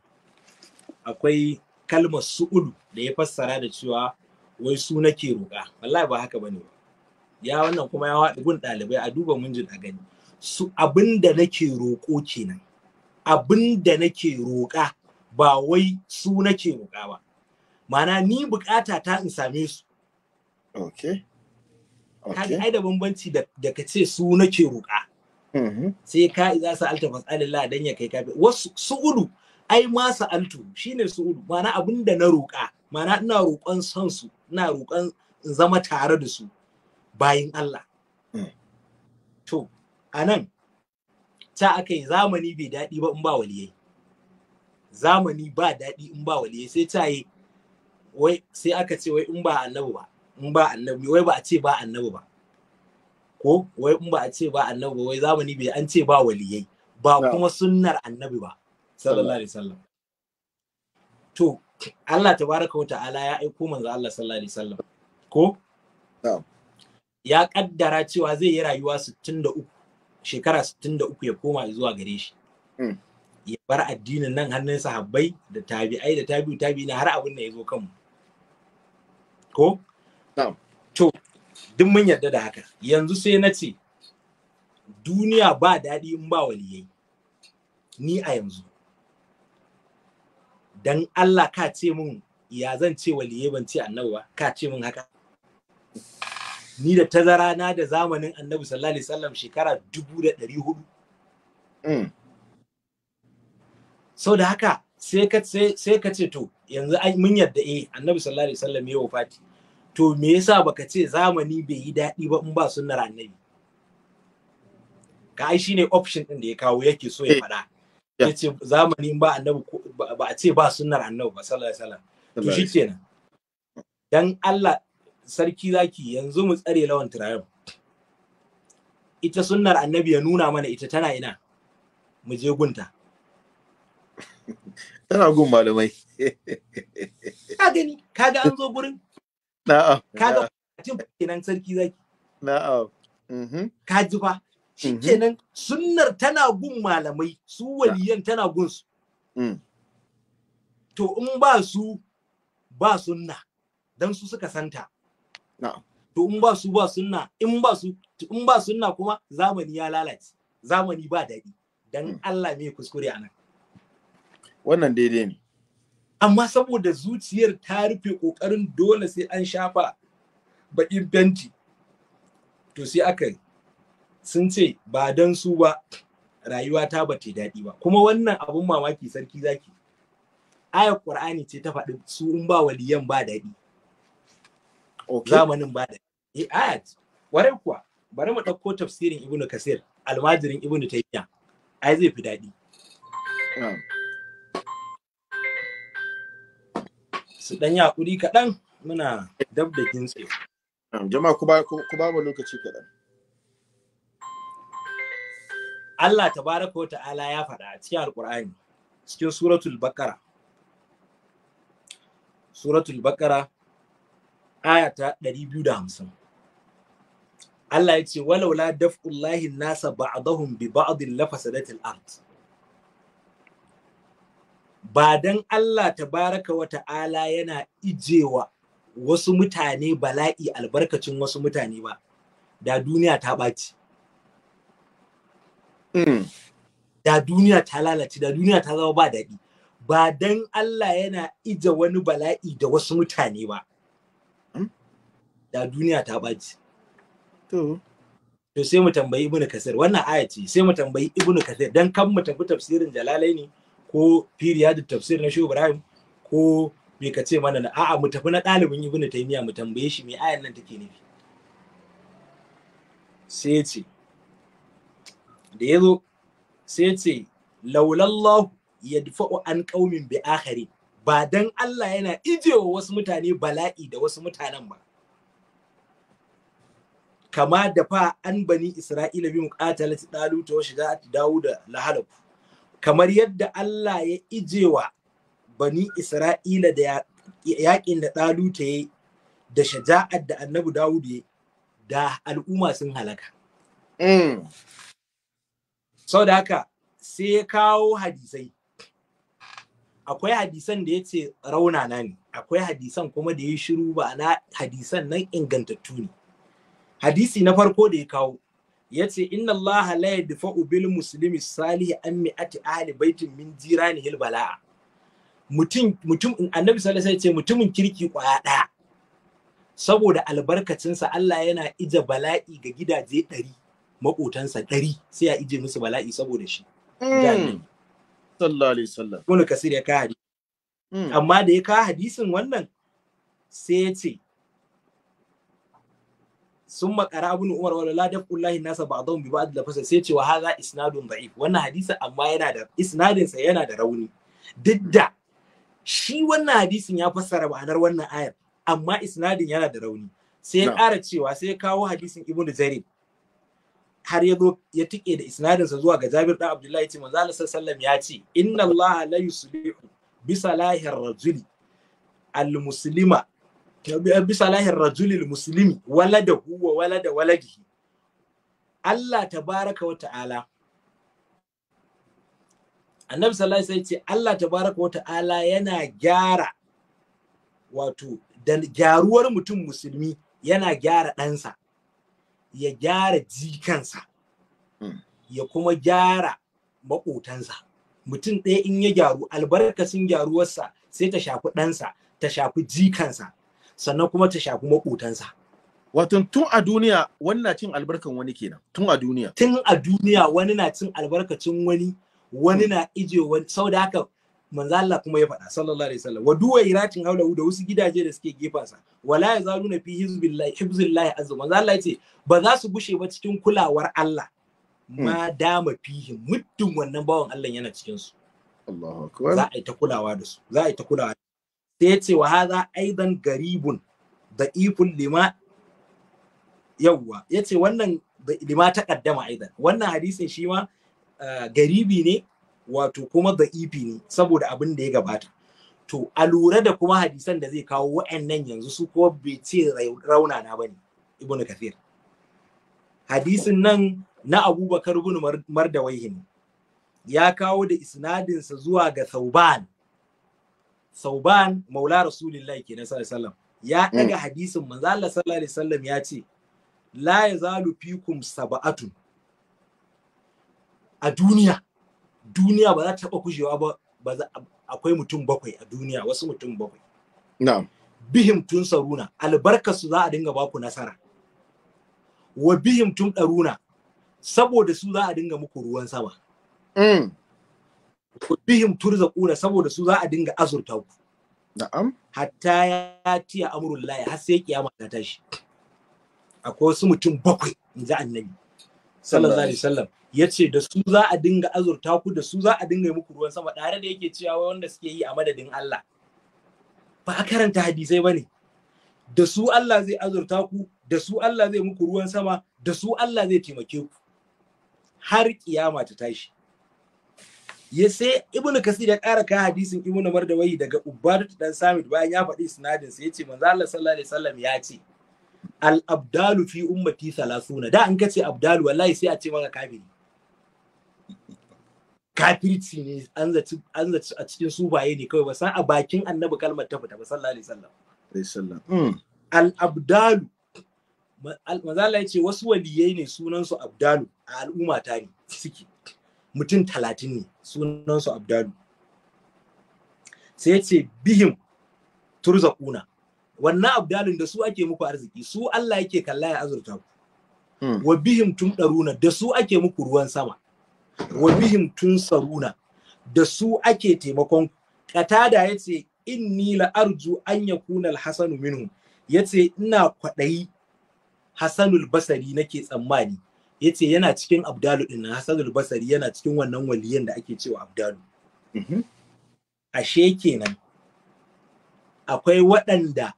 akwai kalmar su'ulu da ya fassara da cewa wai su nake roƙa wallahi ba haka bane ba ya wannan kuma ya waɗa gun ɗalibai a duba munjin a gani su abin da nake roƙo kenan abin da nake roƙa ba wai su nake roƙa ba ma'ana ni bukata ta in same su okay okay ai da bambanci da ka ce su nake roƙa Mm-hmm. sai ka iza sa'alta fas'alillah dan ya kai kafi wasu su'udu ai ma sa'altu shine su'udu ma'ana abinda na roƙa ma'ana ina roƙon son su ina roƙon in zama tare da su bayin Allah mm. to anan ta aka yi zamani bai daɗi ba in ba waliyai zamani ba daɗi in ba waliyai sai ta yi wai sai aka ce wai in ba annabi ba in ba annabi wai ba a ce ba annabi ba ko wai in ba a ce ba annabi wai zamani bai an ce ba waliyai ba kuma sunnar annabi ba sallallahu alaihi wasallam to Allah tabaraka wa ta'ala ya aiko manzo Allah sallallahu alaihi wasallam ko ya kaddara cewa zai yi rayuwa 63 shekara 63 ya koma zuwa gare shi hmm. ya bar addinin nan hannun sahabbai da tabi'ai da tabi'u tabi'ina har abin da ya zo kanmu ko to duk mun yarda da haka yanzu sai na ce duniya ba daɗi in ba waliyai ni a yanzu dan Allah ka ce min ya zan ce waliyai ban ce annabi ba ka ce min haka ni da tazara na da zamanin annabi sallallahu alaihi wasallam shekara dubu da ɗari hudu mm. sau da haka sai ka ce to yanzu mun yarda eh annabi sallallahu alaihi wasallam ya wufati to me yasa baka ce zamani bai yi daɗi ba in ba sunna annabi ka ai shine option din da ya kawo yake so ya eh, faɗa yace zamani in ba annabi ba a ce ba sunna annabi ba sallallahu alaihi wasallam to shikenan dan Allah sarki zaki yanzu mu tsare lawan turayen ita sunnar annabi ya nuna mana ita tana ina mu je gunta tana gun malamai ka gani kaga an zo gurin Na'am. Kaga jin kenan sarki zaki. Na'am. Mhm. Ka ji ba. Mhm. Shikenan sunnar tana gun malamai, su waliyan tana gun su. Mm. To in ba su ba sunna dan su suka santa. Na'am. To in ba su ba sunna, in ba su in ba sunna kuma zamani ya lalace. Zamani ba daɗi. Dan mm. Allah me kuskure anan. Wannan daidai ne. amma saboda zuciyar ta rufe ƙoƙarin dole sai an shafa baƙin fenti to sai aka sun ce ba don su ba rayuwa ta ba ta daɗi ba kuma wannan abun mamaki sarki zaki ayar ƙur'ani ce ta faɗi su in ba waliyan ba daɗi zamanin ba daɗi eh ayat warai kuwa bari mu ɗauko tafsirin ibnu kasir almajirin ibnu taymiya ai zai fi daɗi su dan yi hakuri kaɗan muna dab da kintse. Jama'a ku ba mu lokaci kaɗan. Allah tabaraka wa ta'ala ya faɗa a cikin Alƙur'ani cikin suratul Baqara. Suratul Baqara aya ta 250. Allah ya ce walaula daf'ullahi nasa ba'dahum bi ba'd lafasadatil ard. ba don Allah tabaraka wa ta'ala yana ijewa wasu mutane bala'i albarkacin wasu mutane ba da duniya ta ɓaci hmm. da duniya ta lalace da duniya ta zama ba daɗi ba don Allah yana ije wani bala'i da wasu mutane ba hmm. da duniya ta ɓaci. To. sai mu tambayi Ibn Kasir, wannan aya ce sai mu tambayi Ibn Kasir don kan mu tafi tafsirin Jalalai ne. ko periodic tafsir na Shehu Ibrahim ko me ka ce mana na a'a mu tafi na ɗalibin Ibn Taymiyyah mu tambaye shi me ayan nan take nufi sai ya ce da ya zo sai ya ce laulallahu yadfa'u an qaumin bi akhari ba dan Allah yana ijewa wasu mutane bala'i da wasu mutanen ba kama da fa an bani Isra'ila bi muqatalati daluta wa dawo da lahalaku kamar yadda Allah ya ijewa bani Isra'ila da yaƙin da ɗaluta ya yi da shaja'ar da annabi Dawud ya da al'umma sun halaka. Mm. Sau da haka sai ya kawo hadisai. Akwai hadisan da ya ce raunana ne, akwai hadisan kuma da ya shiru ba na hadisan nan ingantattu ne. Hadisi na farko da ya kawo yace inna allaha la yadfa'u bil muslimi salih an mi'ati ahli baitin min jiranihil bala'a mutum mutum annabi sallallahu alaihi wasallam mutumin kirki kwaya ɗaya. saboda albarkacinsa Allah yana ije bala'i ga gidaje ɗari maƙotansa ɗari sai ya ije musu bala'i saboda shi. Hmm. Sallallahu alaihi wasallam. Wani kasir ya ka hadisi. Hmm. Amma da ya ka hadisin wannan sai ya ce sun makara abin umar wala la dafqullahi nasa ba'dhum bi ba'd lafasa sai cewa haza isnadun da'if wannan hadisi amma yana da isnadin sa yana da rauni duk da shi wannan hadisin ya fassara ma'anar wannan ayar amma isnadin yana da rauni sai ya ƙara cewa sai ya kawo hadisin ibnu jarir har ya zo ya tike da isnadinsa zuwa ga Jabir dan Abdullahi ce manzo Allah sallallahu ya ce inna Allaha la yuslihu bi salahir rajuli al muslima bisa lahin rajulil muslimi wala da huwa wala da wala Allah tabaraka wa ta'ala annabi sallallahu alaihi ce Allah tabaraka wa ta'ala yana gyara wato da gyaruwar mutum musulmi yana gyara ɗansa ya gyara jikansa hmm. ya kuma gyara maƙotansa mutum ɗaya in ya gyaru albarkacin gyaruwarsa sai ta shafi ɗansa ta shafi jikansa sannan kuma ta shafi maƙotansa. Wato tun a duniya wani na cin albarkan wani kenan tun a duniya. Tun a duniya wani na cin albarkacin wani wani na ije wani sau da haka manzo Allah kuma ya faɗa sallallahu alaihi wasallam wa duwa iratin haulahu da wasu gidaje da suke gefansa wala ya zalu na fi hizbillahi hizbillahi azza manzo Allah ce, ba za su gushe ba cikin kulawar Allah hmm. ma dama fihi muddin wannan bawan Allah yana cikin su Allahu akbar za a yi ta kulawa da su za a yi ta kulawa sai ya ce wa hadha aidan garibun da'ifun lima yawwa ya ce wannan lima ta kaddama aidan wannan hadisin shi ma garibi ne wato kuma ifi ne saboda abin da ya gabata to a lura da kuma hadisan da zai kawo wa'annan yanzu su kuma bai ce rauna na bane ibnu kathir hadisin nan na abubakar ibn mardawaihin ya kawo da isnadinsa zuwa ga sauban sauban maula rasulillahi kenan sallallahu alaihi wasallam ya daga mm. hadisin manzo Allah sallallahu alaihi wasallam ya ce la yazalu fikum sab'atun a duniya duniya ba za ta taba kujewa ba akwai mutum bakwai a duniya wasu mutum bakwai na'am bihim tun saruna su za a dinga baku nasara wa bihim tun daruna saboda su za a dinga muku ruwan sama mm. bihim kuna saboda su za a dinga azurta ku na'am hatta ya tiya amrullahi har sai kiyama ta tashi akwai wasu mutum bakwai in ji annabi sallallahu alaihi wasallam yace da su za a dinga azurta ku da su za a dinga yi muku ruwan sama tare da yake cewa wanda suke yi a madadin Allah ba a karanta hadisai bane da su Allah zai azurta ku da su Allah zai muku ruwan sama da su Allah zai taimake ku har kiyama ta tashi ya sai ibn kasir ya ƙara kai hadisin ibn wayi daga ubadu dan samit bayan ya faɗi sinadin ya yace manzo Allah sallallahu alaihi wasallam ya ce al abdalu fi ummati salasuna da an kace abdalu wallahi sai a ce maka kafiri kafirci ne an zaci an zaci a cikin sufaye ne kawai ba san a bakin annabi kalmar ta fita ba sallallahu alaihi wasallam hmm. al abdalu manzo Allah yace wasu waliyai ne sunan su abdalu a al'umma ta ne suke mutum talatin ne sunansu abdalu sai ya ce bihim turzakuna wannan abdalun da su ake muku arziki su Allah yake kalla ya azurta ku hmm. wa bihim tun daruna da su ake muku ruwan sama wa bihim tun saruna da su ake taimakon katada ya ce inni la arju an yakuna alhasanu minhum ya ina kwaɗayi hasanul basari nake tsammani Ya ce yana cikin abdalu din hasanul basari yana cikin wannan waliyan da ake cewa abdalu mhm. ashe kenan akwai waɗanda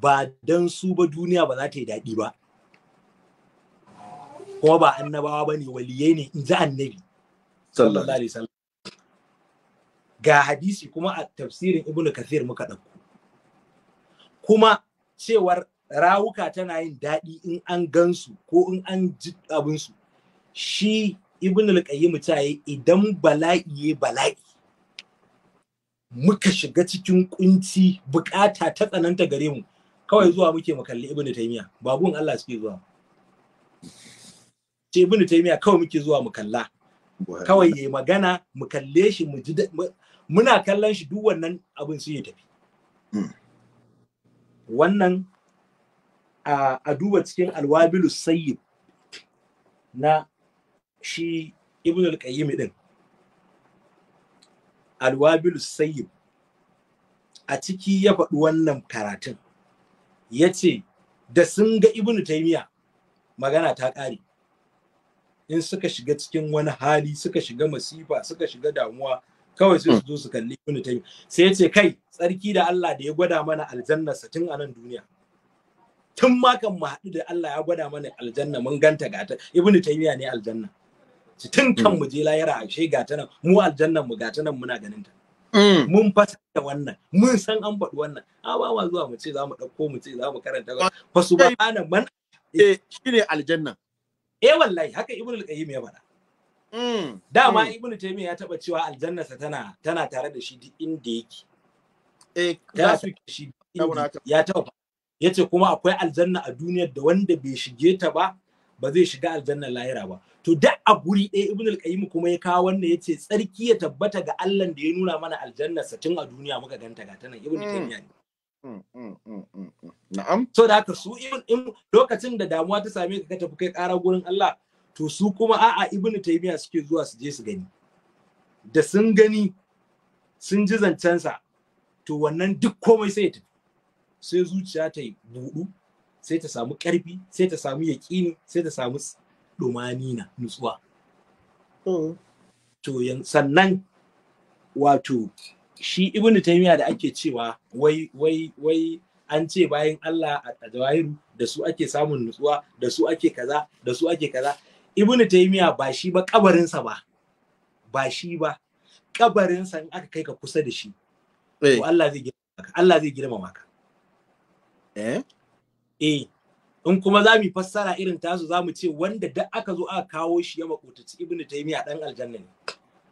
ba dan su ba duniya ba za ta yi daɗi ba kuma ba annabawa ba ne waliyai ne in ji annabi sallallahu ga hadisi kuma a tafsirin ibnu kathir muka ɗauko kuma cewar rawuka tana yin daɗi in an gansu ko in an ji abinsu shi ibn al-qayyim ta yi idan bala'i ya bala'i muka shiga cikin kunci bukata ta tsananta gare mu kawai zuwa muke mu kalli ibn taymiya babun Allah suke zuwa ce ibn taymiya kawai muke zuwa mu kalla kawai yayi magana mu kalle shi mu ji muna kallon shi duk wannan abin su ya tafi hmm. wannan a duba cikin alwabilu sayyib na shi ibn al-qayyim din alwabilu sayyib a ciki ya faɗi wannan karatun ya ce da sun ga ibn taymiya magana ta ƙare in suka shiga cikin wani hali suka shiga masifa suka shiga damuwa kawai sai su zo su kalli ibn taymiya sai ya ce kai tsarki da Allah da ya gwada mana aljanna satin a nan duniya tun ma kan mu haɗu da Allah ya gwada mana aljanna mun ganta gata ibnu taymiya ne aljanna tun kan mu mm. je layara ashe gata nan mu aljannan mu gata nan muna ganin ta mm. mun fasa da wannan mun san an faɗi wannan a ba ma zuwa mu ce za mu ɗauko mu ce za mu karanta fa subhana man eh, shine aljanna eh wallahi haka ibn al-qayyim ya faɗa mm. dama ibnu taymiya ya taba cewa sa tana tana tare da shi duk inda yake eh ya taba yace kuma akwai aljanna a duniyar da wanda bai shige ta ba ba zai shiga aljannar lahira ba to duk a guri ɗaya ibn al-qayyim kuma ya kawo wannan yace tsarki ya tabbata ga Allah da ya nuna mana aljannar sa tun a duniya muka ganta ga tana ibn mm. taymiya ne mm, mm, na'am to da haka su in lokacin da damuwa ta same ka ka tafi kai kara gurin Allah to su kuma a'a ibn taymiya suke zuwa su je su gani da sun gani sun ji zancensa to wannan duk komai sai ya tafi sai zuciya ta buɗu sai ta samu ƙarfi sai ta samu yaƙini sai ta samu ɗumanina nutsuwa mm. to sannan wato shi ibn taymiya da ake cewa wai wai wai an ce bayan Allah a jawahiru da su ake samun nutsuwa da su ake kaza da su ake kaza ibn taymiya ba shi ba kabarinsa ba ba shi ba kabarinsa in aka kai ka kusa da shi to eh. Allah zai girmama ka Allah zai girmama ka Eh? Eh. In kuma za mu fassara irin tasu za mu ce wanda duk aka zo aka kawo shi ya makotaci ibnu taymiya dan aljanna ne.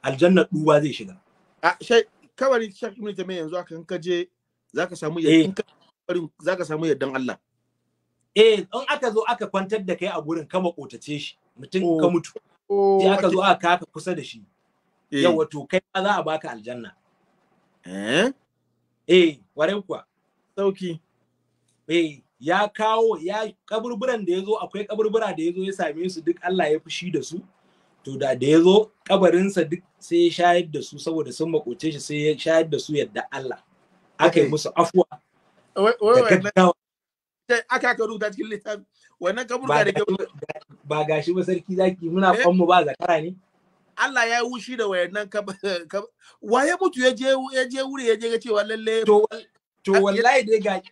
Aljanna duwa zai shiga. A shai kawari Sheikh ibnu taymiya yanzu aka ka je zaka samu yakin eh. zaka samu yardan Allah. Eh, in aka zo aka kwantar da kai a gurin ka makotace shi, mutum ka oh, mutu. Oh, sai aka zo aka kaka kusa da shi. Eh. Yawa to kai ma za a baka aljanna. Eh? Eh, ware kuwa. Sauki. Okay. eh ya kawo ya kaburburan da ya zo akwai kaburbura da ya zo ya same su duk Allah ya fushi da su to da da ya zo kabarinsa duk sai ya shayar da su saboda sun makoce shi sai ya shayar da su yadda Allah aka yi musu afuwa aka aka rubuta cikin littafi wannan kaburbura da ba gashi ba sarki zaki muna eh? kwanmu ba zakara ne Allah ya wushi da wayannan wa ya mutu ya je ya je wuri ya je ga cewa lalle to to ah, wallahi dai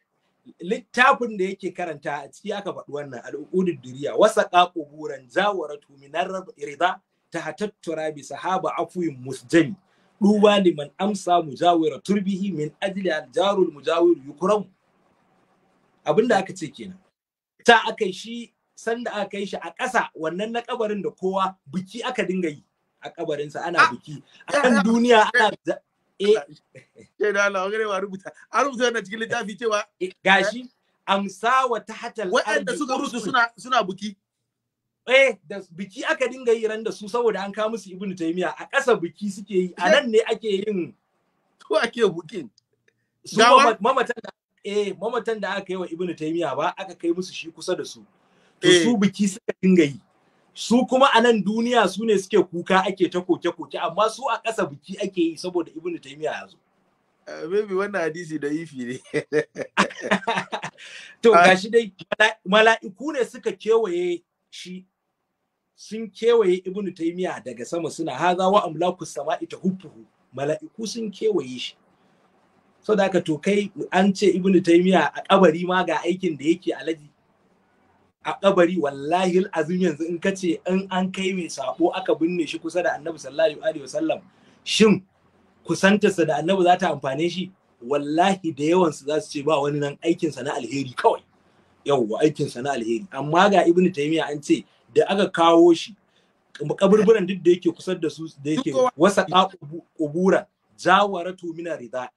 littafin da yake karanta a ciki aka faɗi wannan al'udud duriya wasa qaquburan jawaratu min irza ta tahatattura bi sahaba afwin musjami duba liman amsa mujawira turbihi min ajli aljarul mujawir yukram abinda aka ce kenan ta aka shi sanda aka kai shi a ƙasa wannan na kabarin da kowa biki aka dinga yi a kabarinsa ana ah! biki A kan duniya ana Eh, Sai da Allah wani ba rubuta. An rubuta wannan cikin littafi cewa. Eh, gashi amsa wa ta hatal. Waɗanda suka rusu suna suna buki. Eh da biki aka dinga yi ran da su saboda an kawo musu ibnu taymiya a ƙasa biki suke yi a nan ne ake yin. To ake bukin. Su mamatan da eh mamatan da aka yi wa ibnu taymiya ba aka kai musu shi kusa da su. To eh. su biki suka dinga yi. su kuma a nan duniya su ne suke kuka ake ta koke-koke amma su a ƙasa biki ake yi saboda ibnu taymiya ya zo eh, maybe wannan hadisi da ifi ne to ah. gashi dai mala'iku ne suka kewaye shi sun kewaye ibnu taymiya daga sama suna haza wa amlaku sama'i tahuffuhu mala'iku sun kewaye shi so da haka to kai an ce ibnu taymiya a kabari ma ga aikin da yake alaji a kabari wallahi azumi yanzu in kace in an kai mai sako aka binne shi kusa da annabi sallallahu alaihi wasallam shin kusantarsa da annabi za ta amfane shi wallahi da yawansu za su ce ba wani nan aikinsa na alheri kawai yawwa aikinsa na alheri amma ga ibnu taymiya an ce da aka kawo shi kaburburan duk da yake kusa da su da yake wasa kubura jawaratu mina rida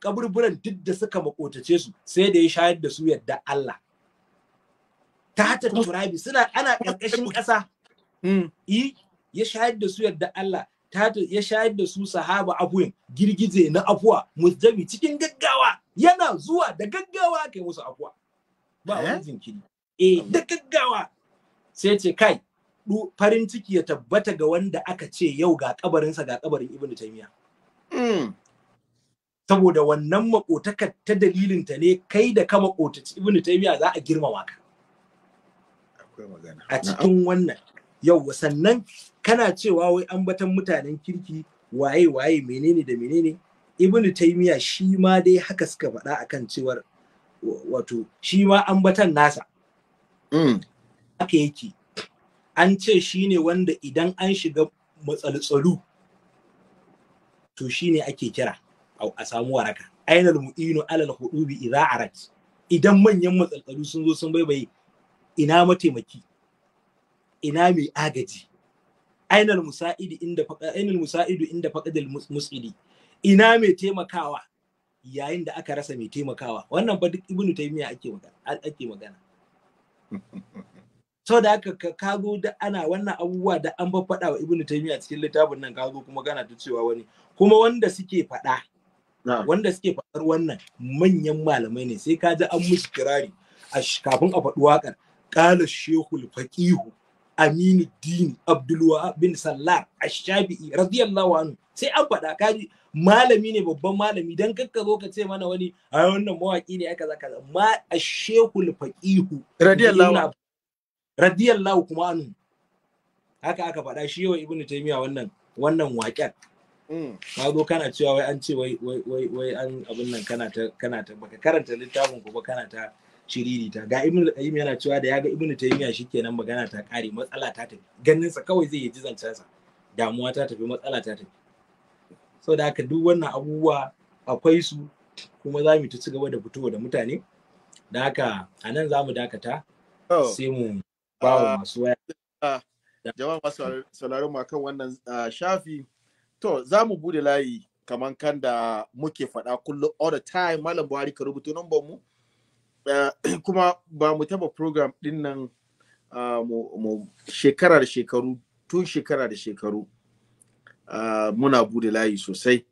kaburburan duk da suka makotace su sai da ya shayar da su yadda Allah tata turabi suna ana ƙarƙashin ƙasa yi mm. ya shayar da su yadda Allah tata ya shayar da su sahaba abu girgije na afuwa muzdabi cikin gaggawa yana zuwa da gaggawa kai musu afuwa ba wani eh? jinkiri eh da gaggawa sai ce kai farin ciki ya tabbata ga wanda aka ce yau ga kabarinsa ga kabarin ibnu taymiya mm. saboda wannan makotakar ta dalilinta ne kai da ka makotaci ibnu taymiya za a girmama ka a cikin wannan yau sannan kana cewa wai ambatan mutanen kirki waye waye menene da menene ibnu taymiya shi ma dai haka suka faɗa akan cewar wato shi ma ambatan nasa mm. haka yake an ce shi ne wanda idan an shiga matsaltsalu to shi ne ake kira a samu waraka ainal mu'inu alal hudubi idza arat idan manyan matsaltsalu sun zo sun baibaye ina mataimaki ina mai agaji ainal musa'idu inda ainal musa'idu inda faqadal musidi ina mai taimakawa yayin da aka rasa mai taimakawa wannan ba duk ibnu taymiya ake magana ake magana sau da haka ka kago da ana wannan abubuwa da an ba faɗa wa ibnu taymiya cikin littafin nan kago kuma gana ta cewa wani kuma wanda suke faɗa wanda suke faɗar wannan manyan malamai ne sai ka ji an musu kirari kafin a faɗi waƙar ƙala shehul faqihu aminu dini abdulwa bin sallar ashabi'i radiyallahu anhu sai an faɗa kaji malami ne babban malami dan kakka zo ka ce mana wani a wannan mawaki ne aka zaka ma ashehul faqihu radiyallahu radiyallahu kuma anu haka aka faɗa shi wa ibnu taymiya wannan wannan waƙen ka zo kana cewa wai an ce wai wai wai an abin nan kana ta kana ta baka karanta littafin ko ba kana ta shiririta ga Ibn qayyim yana cewa da ya ga ibnu taymiya shikenan magana ta kare matsala ta tafi ganin sa kawai zai ji zancen sa damuwa ta tafi matsala ta tafi so da haka duk wannan abubuwa akwai su kuma za mu ci gaba da fitowa da mutane da haka a nan za mu dakata sai mu ba wa ah, masu waya ah, jama'a masu sauraron mu akan wannan ah, shafi to za mu bude layi kamar kan da muke faɗa kullum all the time malam buhari ka rubuta number mu Eh, kuma ba mu taba program din nan ah, mu shekara da shekaru tun shekara da shekaru ah, muna bude layi sosai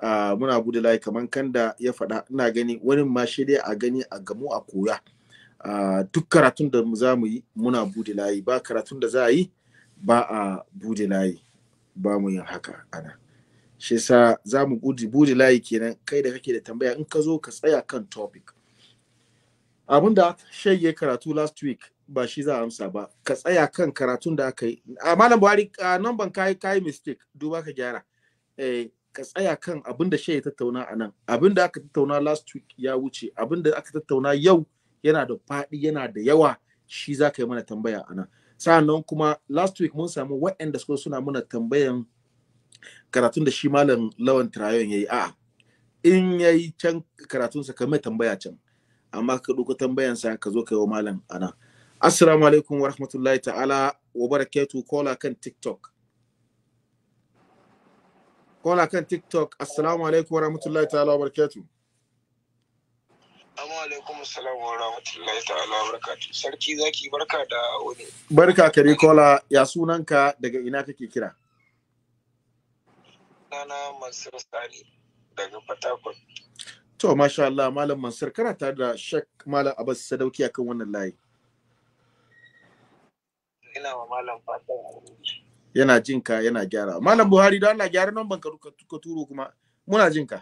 ah, muna bude layi kamar kan da ya faɗa ina gani wani ma shi dai a gani a gamu a koya duk karatun da za mu yi muna bude layi ba karatun da za a yi ba a bude layi ba mu yin haka ana shi sa za mu bude layi kenan kai da kake da tambaya in ka zo ka tsaya kan topic abin da shai ya karatu last week ba shi za a amsa ba ka tsaya kan karatun da aka yi a ah, malam buhari a ah, nan ban kai kai mistake duba ka gyara eh, ka tsaya kan abin da shai ya tattauna a nan abin da aka tattauna last week ya wuce abin da aka tattauna yau yana da faɗi yana da yawa shi za ka yi mana tambaya a nan sa'annan kuma last week mun samu waɗanda suka suna mana tambayan karatun da shi malam lawan trayon ya yi a'a in ya yi can karatunsa kamar tambaya can amma ka ɗauko sa ka zo ka yi wa malam ana assalamu alaikum wa rahmatullahi ta'ala wa barakatu kola kan tiktok kola kan tiktok assalamu alaikum wa rahmatullahi ta'ala wa barakatu Assalamu alaikum assalamu wa rahmatullahi ta'ala wa barakatu sarki zaki barka da wani barka kare kola ya sunanka daga ina kake kira sunana Mansur Sani daga Fatakwal. To, masha Allah, Malam Mansur, kana tare da Shek Malam Abbas Sadauki akan wannan layi. Ina wa Malam fatan Yana jin ka, yana gyara. Malam Buhari, don Allah gyara nan banka ka turo kuma. Muna jin ka.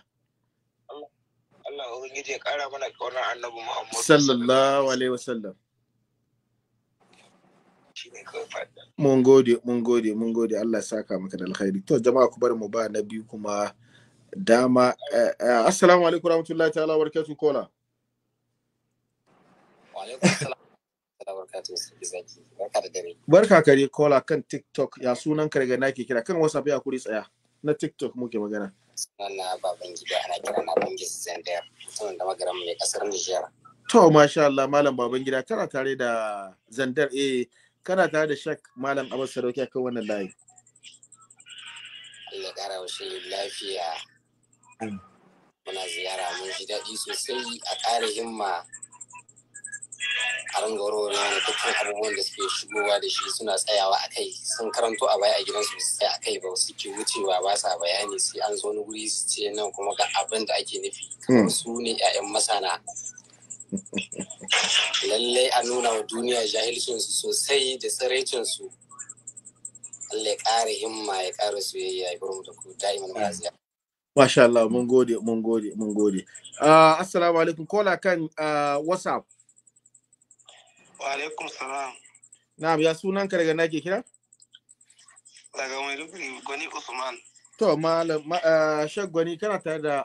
Allah Ubangiji ya kara mana kaunar Annabi Muhammadu. sallallahu alaihi wasallam. Mun gode, mun gode, mun gode. Allah ya saka maka da alkhairi. To jama'a ku bar mu ba na biyu kuma dama eh, eh, assalamu alaikum rahmatullahi ta'ala barkatu kola barka kare kola kan tiktok ya sunan ka daga nake kira kan whatsapp ya kuri tsaya na tiktok muke magana sunana baban gida ana kira na bangi zandar mutumin da magaran mai kasar nijar to masha Allah malam baban gida kana tare da zandar eh kana tare da shak malam abbas sadauki akan wannan layi Allah ya kara lafiya muna ziyara mun ji daɗi sosai a ƙara himma a ringa ne dukkan abubuwan da suke shigowa da shi suna tsayawa a kai sun karanto a baya a gidansu su tsaya a kai ba suke wucewa ba sa bayani sai an zo wani guri su ce nan kuma ga abin da ake nufi hmm. su ne 'ya'yan masana lallai a nuna wa duniya jahilcinsu sosai da tsiraicinsu Allah ya ƙara himma ya ƙara soyayya ya bar da ku da'iman ziyara. Masha Allah, mun gode, mun gode, mun gode. Uh, assalamu alaikum, kola kan uh, WhatsApp. Wa alaikum salam. Na'am, ya sunan ka daga nake kira? Daga Maiduguri, Gwani Usman. To, malam, ma, uh, ah, Shek Gwani, kana tare da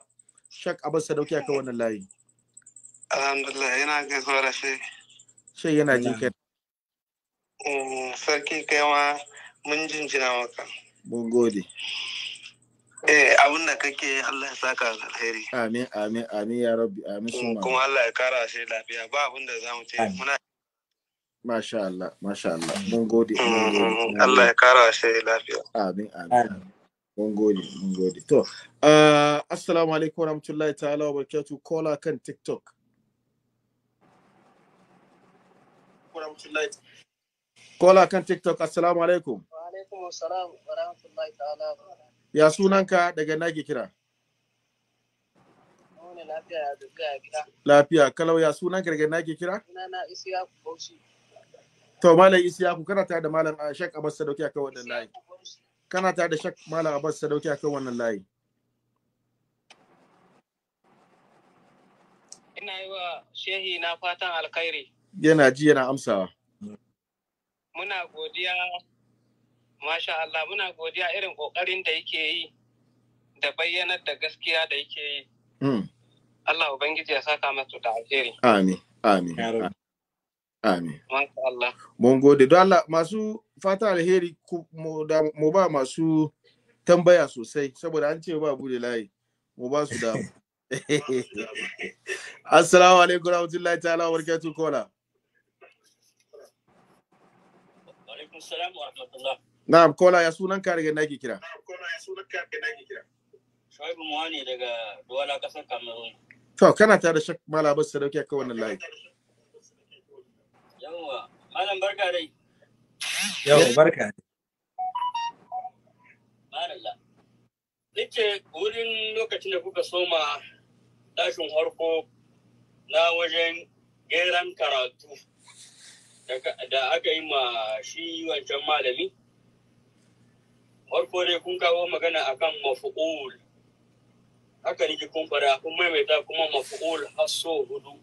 Shek Abbas Sadauki kan wannan layi. Alhamdulillah, yana gaisuwa da shi. Shi yana jin kai. Mm, sarki kai ma mun jinjina maka. Mun gode. Eh, abin da kake Allah ya saka alheri. Amin, amin, amin ya rabbi, amin su Kuma Allah ya kara shi lafiya, ba abin da za mu ce muna Masha Allah, masha Allah, mun gode. Mm-hmm. Allah ya kara shi lafiya. Amin, amin. Mun gode, mun gode. To, uh, assalamu alaikum warahmatullahi ta'ala wa barakatuh. Kola kan TikTok. Kola kan TikTok, assalamu alaikum. Wa alaikum assalam wa rahmatullahi ta'ala wa barakatuh. Ya sunanka daga na kira? Lafiya, kalau ya sunanka daga na kira? Sunana Isiyaku Bauchi. To, Malam Isiyaku, kana tare da Malam ah, Shek Abbas Sadauki akan wannan layi. Kana tare da Shek Malam Abbas Sadauki akan wannan layi. Ina yi wa shehi na fatan alkhairi. Yana ji yana amsawa. Muna godiya Masha Allah muna godiya irin ƙoƙarin da yake yi da bayyanar da gaskiya da yake yi. Hmm. Allah Ubangiji ya saka masu da alheri. Amin. Amin. Amin. Masha Allah. Mun gode. Don Allah masu fata alheri mu ba masu tambaya sosai saboda an ce ba bude layi mu ba su damu. Assalamu alaikum rahmatullahi ta'ala wa barakatuh kola. Wa alaikum salam wa rahmatullah. Na'am, kola ya sunan ka daga nake kira. Na'am, kola ya sunan ka daga nake kira. Shaibu Muwa ne daga Duwala kasar Cameroon. To, kana ta da shak Malam Abbas Sadauki akan wannan layi. Yawwa, Malam barka dai. Yawwa, barka. Marilla. Nike wurin lokacin da kuka soma tashin harko na wajen geran karatu da aka yi ma shi wancan malami farko dai kun kawo magana akan mafu'ul haka nake kun fara kun maimaita kuma mafu'ul hasso hudu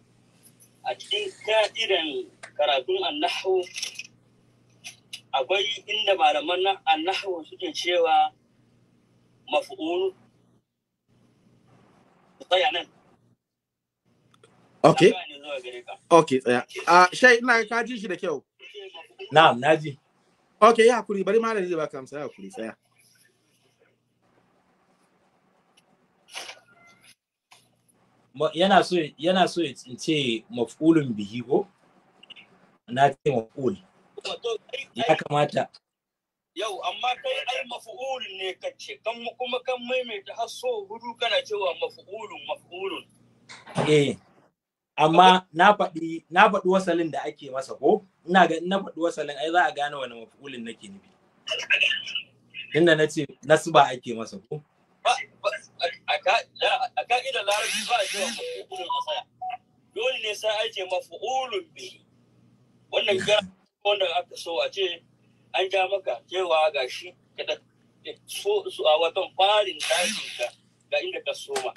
a cikin ka'idan karatun annahu akwai inda malaman annahu suke cewa mafu'ul tsaya nan Okay. Okay, tsaya. Ah, shai ina ka ji shi da kyau. Na'am, naji. Ok, ya hakuri, bari ma da ba kamsa ya hakuri tsaya. Yana so yana so ya ce maf'ulun bihi ko? Na ce maf'ul. Ya kamata. Yau, amma kai ai maf'ulun ne ka ce, kan kuma kan maimaita har so hudu kana cewa maf'ulun maf'ulun. Eh. amma na faɗi na faɗi wasalin da ake masa ko ina ga na faɗi wasalin ai za a gane wani mafulin nake nufi inda na ce nasba ake masa ko a ka'idar larabci ba a ce wa mafulun asaya dole ne sai an ce mafulun bihi wannan gara wanda aka so a ce an ja maka cewa ga shi kada so su a watan farin tashin ka ga inda ka soma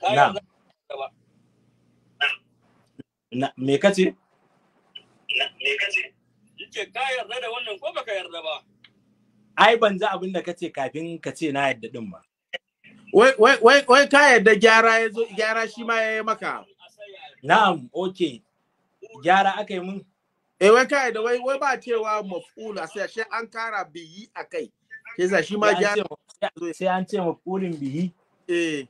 ka ba me kace me kace yake ka yarda da wannan ko baka yarda ba ai ban ji abin da kace kafin ka ce na yarda din ba wai wai wai ka yarda gyara ya zo gyara shi ma yayi maka na'am okay gyara aka yi mun eh wai ka yarda wai wai ba cewa a sai shi an kara biyi akai sai shi ma gyara sai an ce maf'ulin biyi eh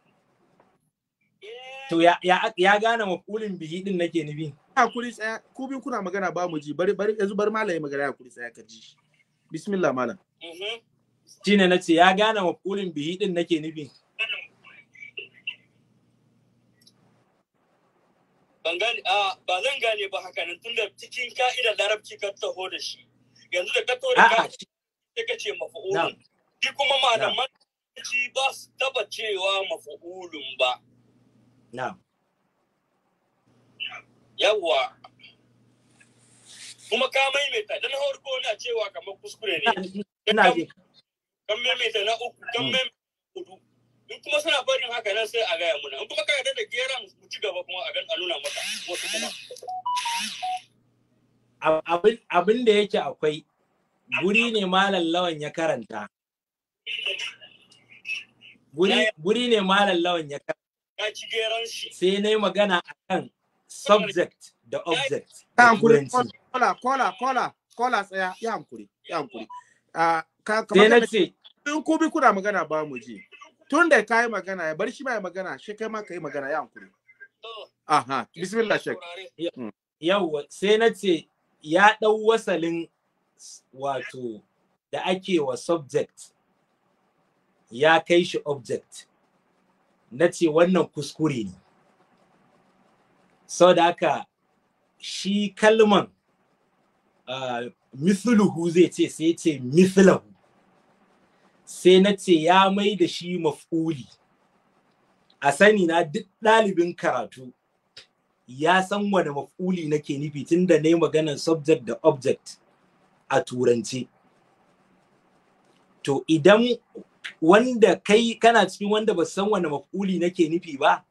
To ya ya gane mafulin bihi din nake nufi. Hakuri tsaya ku bi kuna magana ba mu ji bari bari yanzu bar malam ya magana hakuri tsaya ka ji. Bismillah malam. Mm-hmm. Shine na ce ya gane mafulin bihi din nake nufi. Ban gane a ba zan gane ba haka nan tunda cikin ka'idar larabci ka taho da shi. Yanzu da ka taho da ka'idar ce ka ce mafulin Shi kuma malaman ci ba su taba cewa mafulun ba. na'am yawwa kuma ka maimaita dan harko na cewa kamar kuskure ne ina ji kan maimaita na uku kan mm. maimaita hudu in kuma suna barin haka nan sai a gaya muna in kuma ka yarda da geran mu ci gaba kuma a gan a nuna maka wasu kuma abin da yake akwai guri ne malam lawan ya karanta guri ne malam lawan ya karanta sai na yi magana a kan subject da object ya hankuri kola kola kola kola tsaya ya hankuri ya hankuri sai na ce Tun kubi kuna magana ba mu ji tun da ka yi magana ya bar shi ma ya magana shi kai ma ka yi magana ya hankuri aha bismillah shek mm. Yau, sai na ce ya ɗau wasalin wato da ake wa subject ya kai shi object na ce wannan kuskure ne sau da haka shi kalman misluhu zai ce sai ce mislahu sai na ce ya mai da shi maf'uli a sani na duk ɗalibin karatu ya san wani maf'uli nake nufi tun da na yi maganar subject da object a turanci to idan wanda kai kana cikin wanda ba san wani maf'uli nake nufi ba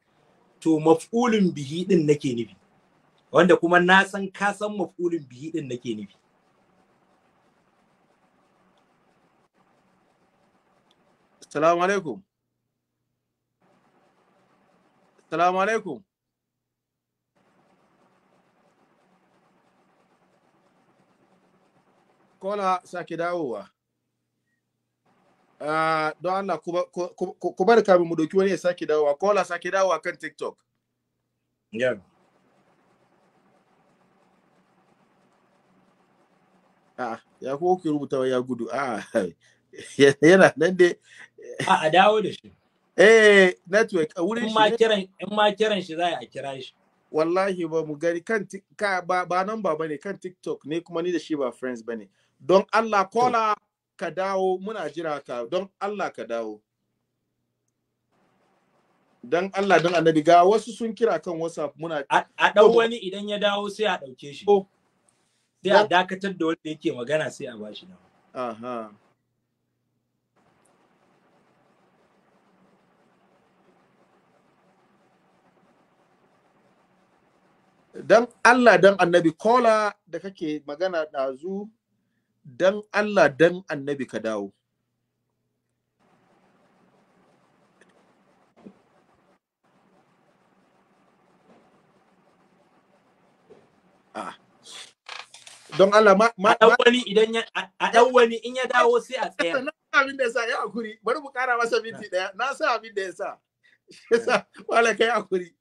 to maf'ulin bihi din nake nufi wanda kuma na san ka san maf'ulin bihi din nake nufi Assalamu alaikum Assalamu alaikum Kola sake dawowa. Ah, don Allah ku bar kamin mu doki wani ya sake dawowa ko kola sake dawowa kan tiktok yeah. ah, ya ku ke rubuta ya gudu ah, yana nan dai a dawo da shi eh network a wurin shi in ma kiran shi za a kira shi wallahi ba mu gani kan ba, ba nan ba bane kan tiktok ne kuma ni da shi ba friends bane don Allah kola ka dawo muna jira ka don Allah ka dawo don Allah don annabi ga wasu sun kira kan WhatsApp muna a dau wani idan ya dawo sai a dauke shi oh. sai a dakatar da wanda yake magana sai a bashi nan aha don Allah don annabi kola da kake magana ɗazu dan Allah dan annabi ka dawo ah. don Allah ma ma wani idan ya a dan wani in ya dawo sai a tsaya na abin da yasa ya hakuri bari mu kara masa minti daya na sa abin da yasa yasa wala kai hakuri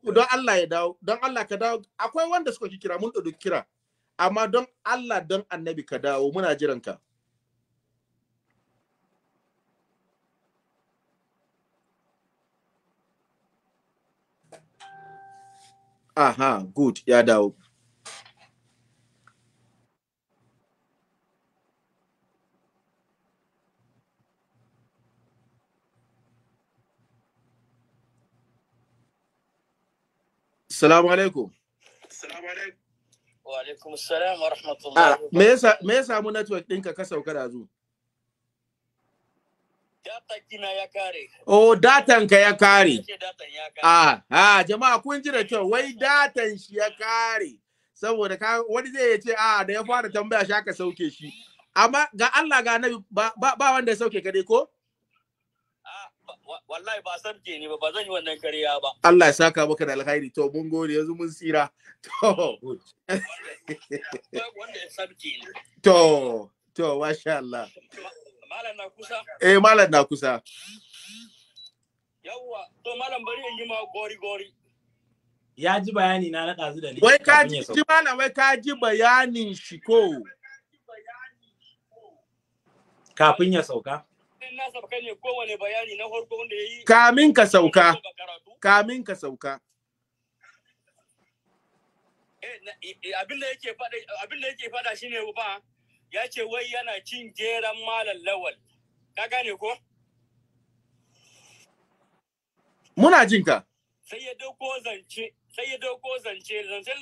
don Allah ya dawo don Allah ka dawo akwai wanda suka kira mun da kira amma don Allah don annabi ka dawo muna jiranka aha good ya dawo Salamu alaikum. Salamu alaikum. alaikum wa ah, Me ya samu network ɗinka ka sauka da zu? Data ya kare. Oh, datan ka ya kare. Ah, ah, jama'a kun ji da kyau, wai datan shi ya kare. Saboda ka wani zai ce a ah, da ya fara tambaya shi aka sauke shi. Amma ga Allah ga nabi ba ba wanda ya sauke ka dai ko? wallahi ba san ke ni ba ba zan yi wannan kariya ba Allah ya saka maka da alkhairi to mun gode yanzu mun tsira to wanda ya san ke ni to to masha Allah malam na kusa eh malam na kusa yawa to malam bari in yi ma gori gori ya ji bayani na naɗa zu da ni wai ka ji malam wai ka ji bayanin shi ko kafin ya sauka na sauka ne kowane bayani na wanda kamin ka sauka kamin ka sauka eh, eh, eh, abin da yake fada shi ne ba ya ce wai yana cin jeran lawal muna jin ka sai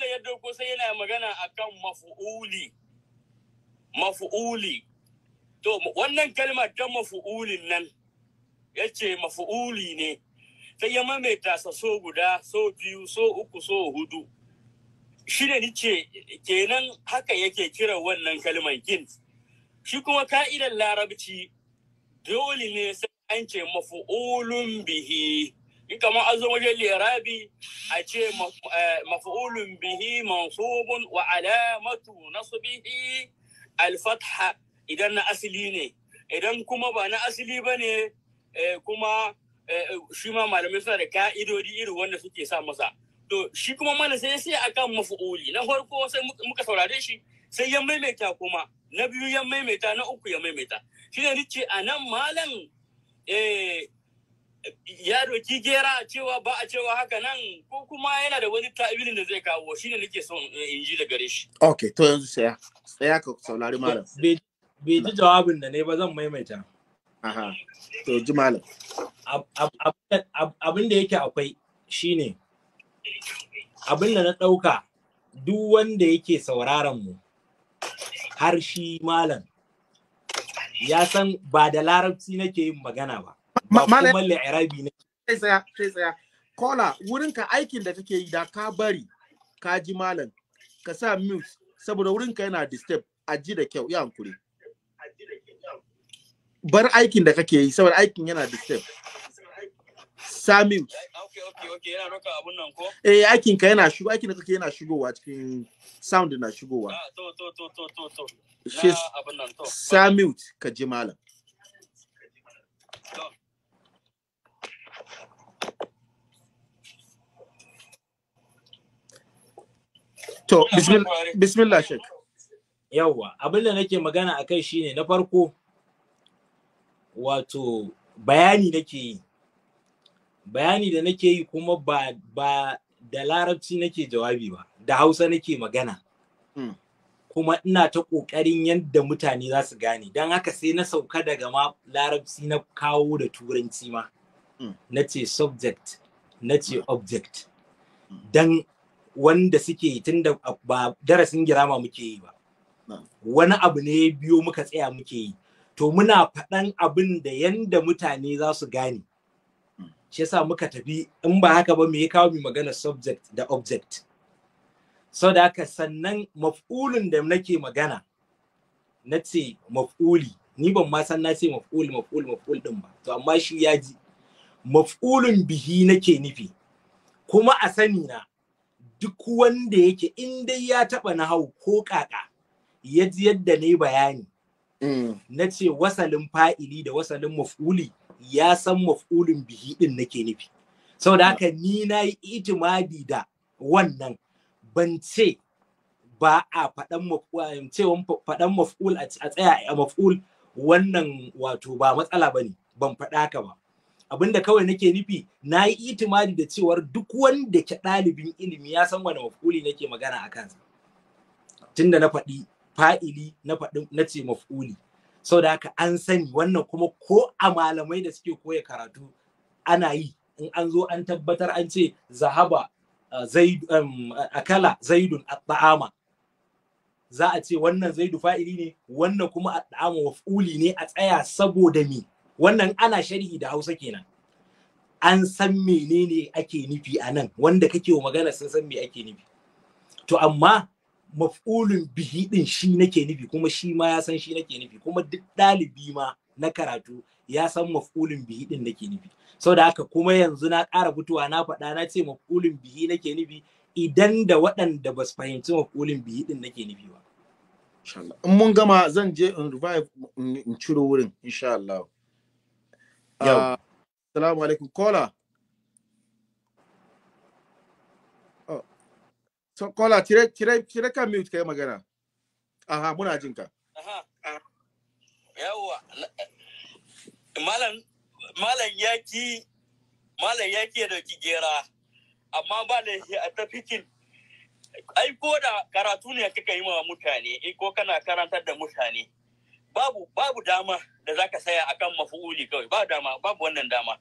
yana magana akan mafu'uli mafu'uli To, wannan kalmar ta mafu'ulin nan, ya ce mafu'uli ne, sai ya mamaita sa so guda, so biyu, so uku, so hudu. Shi ne nice kenan haka yake kiran wannan kalmar kin. Shi kuma ka'idar larabci dole ne sai an ce mafu'ulun bihi. in kamar an zo wajen lirabi a ce eh, mafu'ulun bihi mansubun wa alamatu bihi alfatha idan na asili ne idan kuma ba na asili ba ne eh, kuma eh, shi ma malamai suna da ka'idodi iri wanda suke sa masa to shi kuma mana sai sai akan mafi'uli na farko sai muka saurare shi sai ya maimaita kuma na biyu ya maimaita na uku ya maimaita shi ne nice a nan malam eh, ya doki gera cewa ba a cewa haka nan ko kuma yana da wani ta'ibirin da zai kawo shi ne nake son in ji da gare shi ok to yanzu sai ya ka saurari malam bai ji jawabin da ne ba zan maimaita aha to ji malam abin da yake akwai shine abin da na ɗauka duk wanda yake sauraron mu har shi malam ya san ba da larabci nake yin magana ba ba kuma la'irabi ne kai tsaya sai tsaya kola wurin ka aikin da kake yi da ka bari ka ji malam ka sa mute saboda wurin ka yana disturb a ji da kyau ya hankuri bar aikin da kake yi saboda aikin yana da step sami eh aikin ka yana shigo aikin da kake yana shigowa cikin sound na shigowa ah, sami ka ji malam To, bismillah shek. Yawwa, abin da nake magana a kai shine na farko wato bayani nake yi bayani da nake yi kuma ba ba da larabci nake jawabi ba da hausa nake magana hmm. kuma ina ta ƙoƙarin yadda mutane za su gane don haka sai na sauka daga ma larabci na kawo da turanci ma mm. na ce subject na ce hmm. object hmm. don wanda suke tun da ba darasin girama muke yi ba wani abu ne biyo muka tsaya muke yi to muna faɗan abin da yanda mutane za su gane shi yasa muka tafi in ba haka ba me ya kawo mu magana subject da object so da haka sannan maf'ulun da nake magana na ce maf'uli ni ban ma san na ce maf'ul maf'ul maf'ul din ba to amma shi ya ji maf'ulun bihi nake nufi kuma a sani na duk wanda yake in dai ya taba na hau ko kaka ya ji yadda ne bayani Mm. na ce wasalin fa'ili da wasalin maf'uli ya san maf'ulin bihi din nake nufi saboda mm. haka ni nayi yi itimadi da wannan ban ce ba a faɗan maf'ul a tsaya a maf'ul wannan wato ba matsala ba ne ban faɗa haka ba abinda kawai nake nufi nayi itimadi da cewar duk wanda ke ɗalibin ilimi ya san wani maf'uli nake magana a kansa tunda na faɗi fa'ili na faɗin na ce maf'uli sau da haka an sani wannan kuma ko a malamai da suke koya karatu ana yi in an zo an tabbatar an ce zahaba ah, um, kala zaidun at-ta'ama za a ce wannan zaidu fa'ili ne wannan kuma taama maf'uli ne a tsaya saboda me wannan ana sharhi da Hausa kenan an san menene ake nufi a nan wanda kake wa magana sun san me ake nufi to amma mafulin bihi din shi nake nufi kuma shi ma ya san shi nake nufi kuma duk ɗalibi ma na karatu ya san maf'ulun bihi din nake nufi saboda haka kuma yanzu na ƙara fitowa na faɗa na ce maf'ulun bihi nake nufi idan da waɗanda ba su fahimci maf'ulun bihi din nake nufi ba in mun gama zan je in revive in ciro wurin insha Allah ah, assalamu alaikum kola so kola cire cire cire kan mute kai magana aha muna jin ka yawwa malam malam yaki malam yaki ya dauki gera amma ba da a tafikin ai ko da karatu ne kika yi wa mutane eh, ko kana karantar da mutane babu babu dama da zaka saya akan mafu'uli kawai ba dama babu wannan dama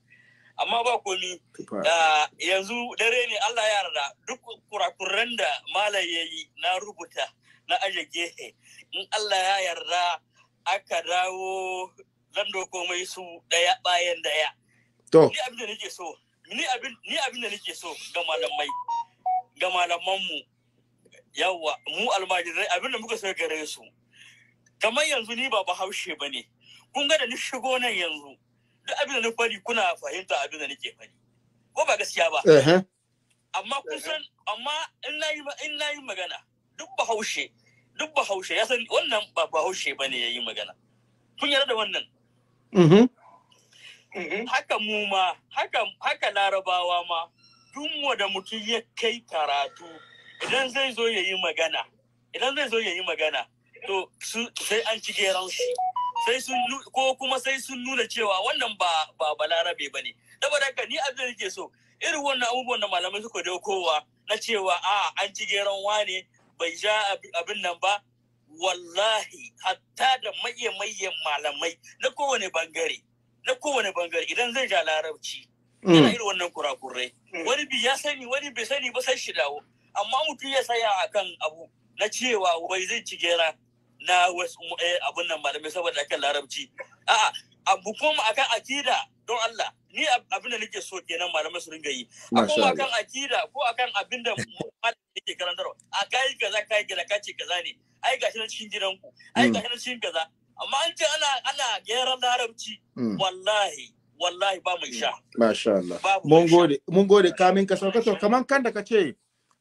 amma ba komi yanzu dare ne Allah ya yarda duk kurakuran da malam ya yi na rubuta na aje gehe in Allah ya yarda aka dawo zan doko mai su daya bayan daya to ni abin da nake so ni abin ni abin da nake so ga malamai ga malaman mu yawa mu almajirai abin da muka so gare su kamar yanzu ni ba bahaushe bane kun ga da ni shigo nan yanzu duk abin da na fari kuna fahimta abin da nake fari ko ba gaskiya ba amma kun san amma in nayi in nayi magana duk bahaushe duk bahaushe ya san wannan ba bahaushe bane yayi magana kun yarda da wannan mm-hmm. Mm-hmm. haka mu ma haka haka larabawa ma duk da mutum ya kai karatu idan zai zo yayi magana idan zai zo yayi magana to sai an ci geran shi sai sun ko kuma sai sun nuna cewa wannan ba ba balarabe bane saboda haka ni abin da nake so irin wannan abubuwan da malamai suka kowa na cewa a an ci geron wane bai ja abin nan ba wallahi hatta da maye-mayen malamai na kowane bangare na kowane bangare idan zai ja larabci hmm. yana irin wannan kurakurai hmm. wani bi ya sani wani bai sani ba sai shi dawo amma mutum ya saya akan abu na cewa wai zai ci gera na wasu eh, abun nan malamai saboda akan larabci a'a abu kuma akan akida don Allah ni abin da nake so kenan malamai su ringa yi abu akan akida ko akan abin da malamai ke karantarwa a kai kaza kai ka ce gaza ne ai gashi na cikin gidanku ai mm. gashi na cikin gaza. amma an ce ana ana gyaran larabci mm. wallahi wallahi ba mai sha mm. masha Allah mun gode mun gode kamin ka sauka to kaman kan da ce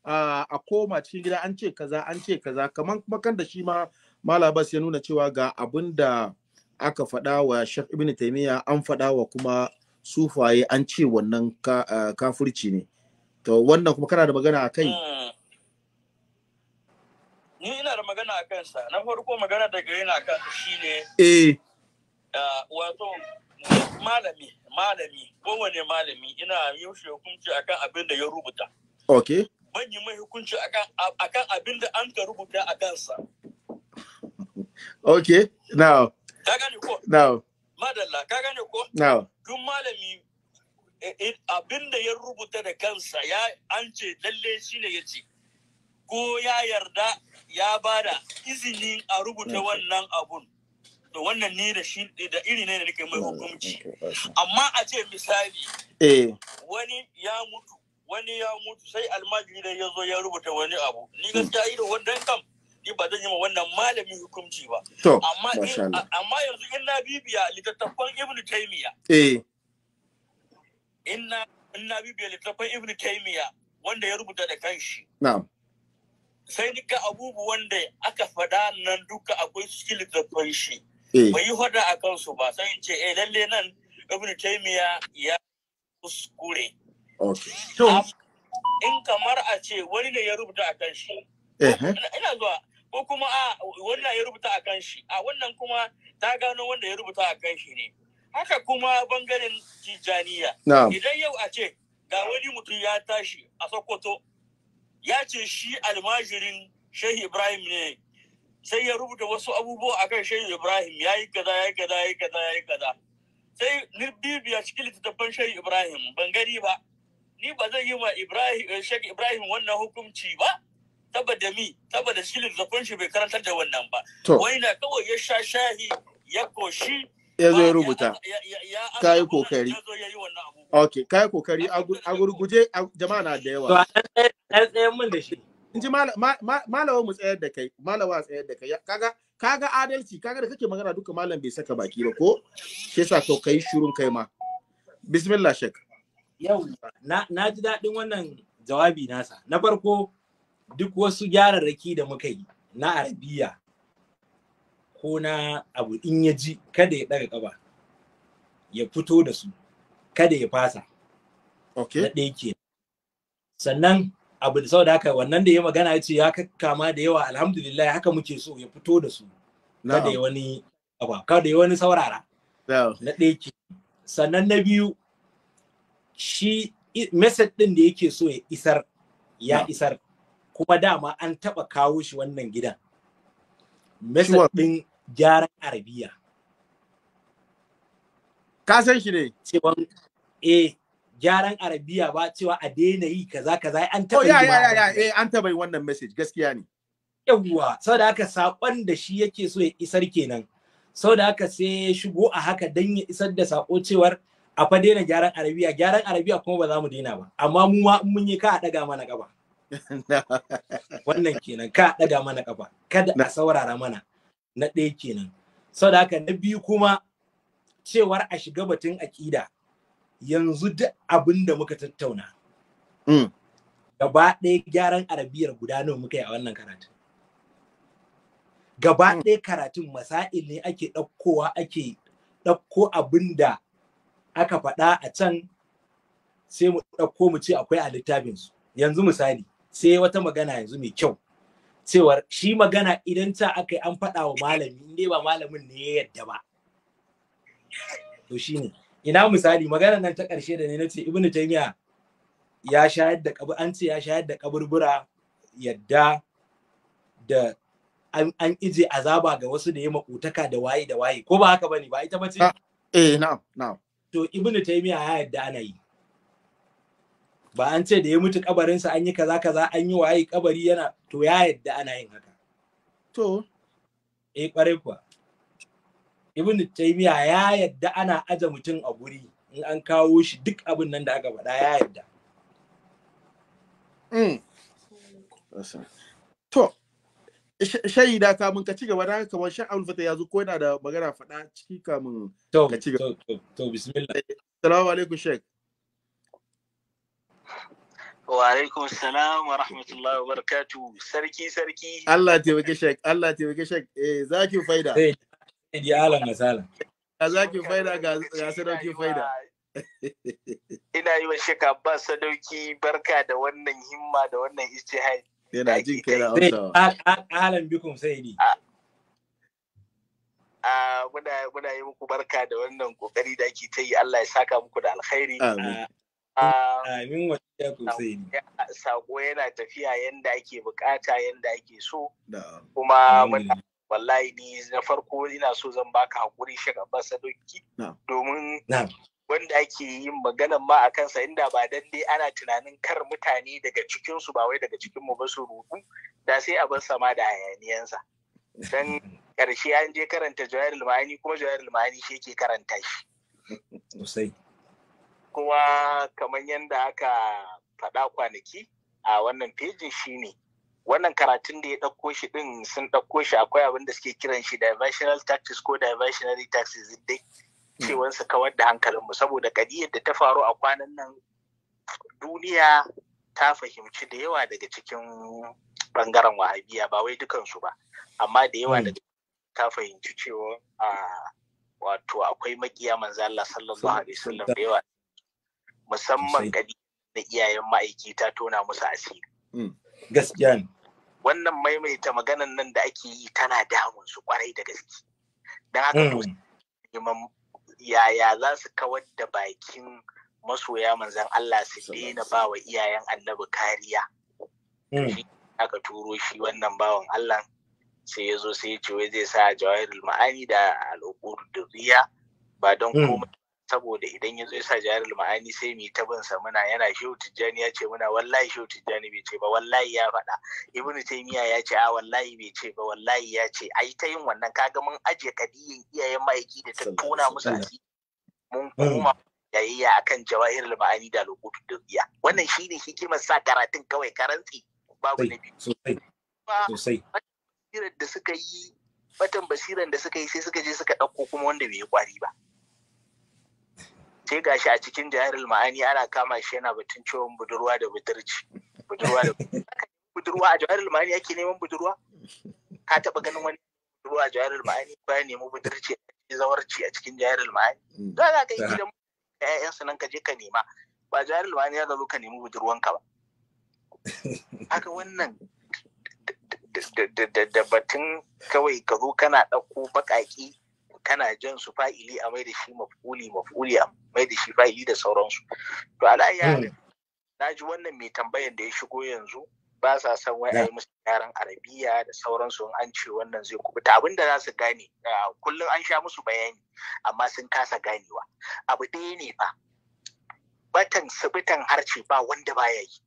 ah, a koma cikin gida an ce kaza an ce kaza kaman kuma kan da shi ma Malam Abbas ya nuna cewa ga abin da aka faɗa wa Sheikh Ibn Taymiyyah an faɗa wa kuma sufaye an ce wannan kafirci ne. To wannan kuma kana da magana a kai? Hmm. Ni ina da magana a kansa. Na farko magana da gare na kansa shine eh wato malami malami kowane malami ina yaushe hukunci akan abin da ya rubuta. Okay. Ban yi mai hukunci akan abin da an ka rubuta a kansa. okay now ka ko now madalla ka gane ko now duk malami e, e, abin da ya rubuta da kansa ya an ce lalle shi ne ya ce ko ya yarda ya bada izini a rubuta wannan abun to wannan ne da shi da iri ne da nake mai mm, hukunci amma a ce misali eh. wani ya mutu wani ya mutu sai almajiri da ya zo ya rubuta wani abu ni mm. gaskiya ido wannan kam ni ba zan yi ma wannan malamin hukunci ba amma amma yanzu in na bibiya littattafan ibn taymiya eh in na in na bibiya littattafan ibn taymiya wanda ya rubuta da kanshi na'am sai ni ga abubuwan da aka faɗa nan duka akwai cikin littattafan shi eh. bai yi hada a kansu ba sai in ce eh lalle nan ibn taymiya ya kuskure in kamar a ce wani ne ya rubuta a kanshi? Eh, eh. ina zuwa ko kuma a wannan ya rubuta a kan shi a wannan kuma ta gano wanda ya rubuta a kan shi ne haka kuma bangaren tijaniya idan yau a ce ga wani mutum ya tashi a sokoto ya ce shi almajirin shehu ibrahim ne sai ya rubuta wasu abubuwa a kan shehu ibrahim ya yi kaza ya yi kaza ya yi kaza ya yi kaza sai ni bibiya cikin littattafan shehu ibrahim ban gani ba ni ba zai yi wa ibrahim eh, shehu ibrahim wannan hukunci ba Taba da mi taba da shi littafin shi bai karantar da wannan ba wani na kawai ya sha shahi ya koshi ya zo ya rubuta ka yi kokari ok ka yi kokari a gurguje jama'a na da yawa in ji malawa mu tsayar da kai malawa tsayar da kai kaga kaga adalci kaga da kake magana duka malam bai saka baki ba ko ke sa to kai shirun kai ma bismillah shek yau na ji daɗin wannan jawabi nasa na farko duk wasu gyararraki da muka yi na arabiya ko na abu in ya ji kada ya ɗaga ƙaba ya fito da su kada ya fasa okay. na ɗaya ke sannan abu da sau da haka wannan da ya magana ya ce ya kama da yawa alhamdulillah haka muke so ya fito da su kada ya wani abu kada ya wani saurara na ɗaya ke sannan na biyu shi message ɗin da yake so ya isar ya isar kuma dama an taɓa kawo shi wannan gidan Mesa ɗin gyaran arabiya ka san shi ne cewa eh gyaran arabiya ba cewa a daina yi kaza kaza an taɓa oh, yi ya ya ya eh an taɓa yi wannan message gaskiya ne yawwa saboda haka sakon da shi yake so ya isar kenan saboda haka sai ya shigo a haka dan ya isar da sako cewar a fa daina gyaran arabiya gyaran arabiya kuma ba za mu daina ba amma mu ma mun yi ka a daga mana gaba wannan kenan ka ɗaga mana ƙafa kada a saurara mana na ɗaya kenan sau haka na biyu kuma cewar a shiga batun aƙida yanzu duk abin muka tattauna mm. gaba ɗaya gyaran arabiyar guda nawa muka yi a wannan karatu gaba mm. ɗaya karatun masa'il ne ake ɗaukowa ake ɗauko abin aka faɗa a can sai mu ɗauko mu ce akwai a su yanzu misali sai wata magana yanzu mai kyau cewar shi magana idan ta aka yi an faɗa wa malami ne ba malamin ne ya yadda ba to shine ina misali magana nan ta ƙarshe da ne na ce ibnu taymiya ya shayar da kabu an ce ya shayar da kaburbura yadda da an, an ije azaba ga wasu da ya makutaka da waye da waye ko ba haka bane ba ita ba ce? Ah, eh na'am na'am to ibnu taymiya ya yadda ana yi ba an ce da ya mutu kabarinsa an yi kaza kaza an yi waye kabari yana to ya yadda ana yin haka to eh kwarai kuwa ibn taymiya ya yadda ana aje mutum a guri in an kawo shi duk abin nan da aka faɗa ya yadda mm. to Shayi kamun ka ci gaba da kamar shan alfata yazo ko yana da magana faɗa ciki kamun ka ci gaba to bismillah assalamu eh, alaikum sheikh Wa alaikum salam wa rahmatullahi wa barakatu. Sarki sarki. Allah taimake shek, Allah taimake shek. Eh zaki faida. Eh ji ala misalan. Ga zaki faida ga ga sadauki faida. Ina yi wa Sheikh Abbas sadauki barka da wannan himma da wannan ijtihad. Yana jin kai na Hausawa. Alan bikum sai ni. muna yi muku barka da wannan kokari da ake ta yi Allah ya saka muku da alkhairi Ah, Amin wa Sako yana tafiya yanda ake bukata yanda ake so. Kuma wallahi ni na farko ina so zan baka hakuri shi basa doki. domin wanda ake yin magana ma a kansa inda ba dan dai ana tunanin kar mutane daga cikinsu ba wai daga cikin mu ba su rubu da sai a bar sama da hayaniyansa dan karshe an je karanta jawahirul ma'ani kuma jawahirul ma'ani shi yake karanta shi kuma kamar yadda aka faɗa kwanaki a wannan fejin ne, wannan karatun da ya ɗauko shi ɗin sun ɗauko shi akwai abin da suke kiran shi diversional taxes ko diversionary taxes dai hmm. cewan su kawar da hankalinmu saboda kadiyar da ta faru a kwanan nan duniya ta fahimci da yawa daga cikin ɓangaren wahabiya ba wai dukansu ba amma da yawa hmm. daga ta fahimci cewa wato akwai makiya manzo Allah sallallahu alaihi wasallam da yawa musamman gari da iyayen ma'aiki ta tona musu asiri. Mm. Gaskiya ne. Wannan maimaita maganan nan da ake yi tana damun su kwarai da gaske. Don haka mm. to yaya za su kawar da bakin masoya manzan Allah su daina ba wa iyayen annabi kariya. Mm. Aka turo shi wannan bawan Allah sai ya zo sai ya ce wai zai sa jawahirul ma'ani da da ba don komai saboda idan ya zo ya sa jaharul ma'ani sai mu ta bin sa muna yana shehu tijjani ya ce muna wallahi shehu tijjani bai ce ba wallahi ya faɗa ibnu taymiya ya ce a wallahi bai ce ba wallahi ya ce ai ta yin wannan kaga mun aje kadiyin iyayen ma'aiki da ta tona musu aji mun koma yayayya akan jawahir ma'ani da lukutu dubiya wannan shine hikimar sa karatun kawai karantsi babu na biyu sosai da suka yi batan basiran da suka yi sai suka je suka ɗauko kuma wanda bai yi kwari ba sai gashi a cikin jihar ma'ani ana kama shi yana batun cewa budurwa da budurci budurwa da budurwa a jihar ma'ani yake neman budurwa ka taba ganin wani budurwa a jihar ma'ani ba ya nemi budurci a zawarci a cikin jihar ma'ani mm. za ka kai gidan ƴaƴansu nan ka je ka nema ba jihar ma'ani ya zo ka nemi budurwanka ba haka wannan da batun kawai ka zo kana ɗauko baƙaƙi kana jan su fa'ili a mai da shi maf'uli maf'uli a mai da shi fa'ili da sauransu to alayya hmm. na ji wannan mai tambayan da ya shigo yanzu ba sa son wai a yi musu yaran arabiya da sauransu in an ce wannan zai kubuta abin da za su gane ah, kullum an sha musu bayani amma sun kasa ganewa abu ɗaya ne ba batan sabitan harce ba wanda baya yi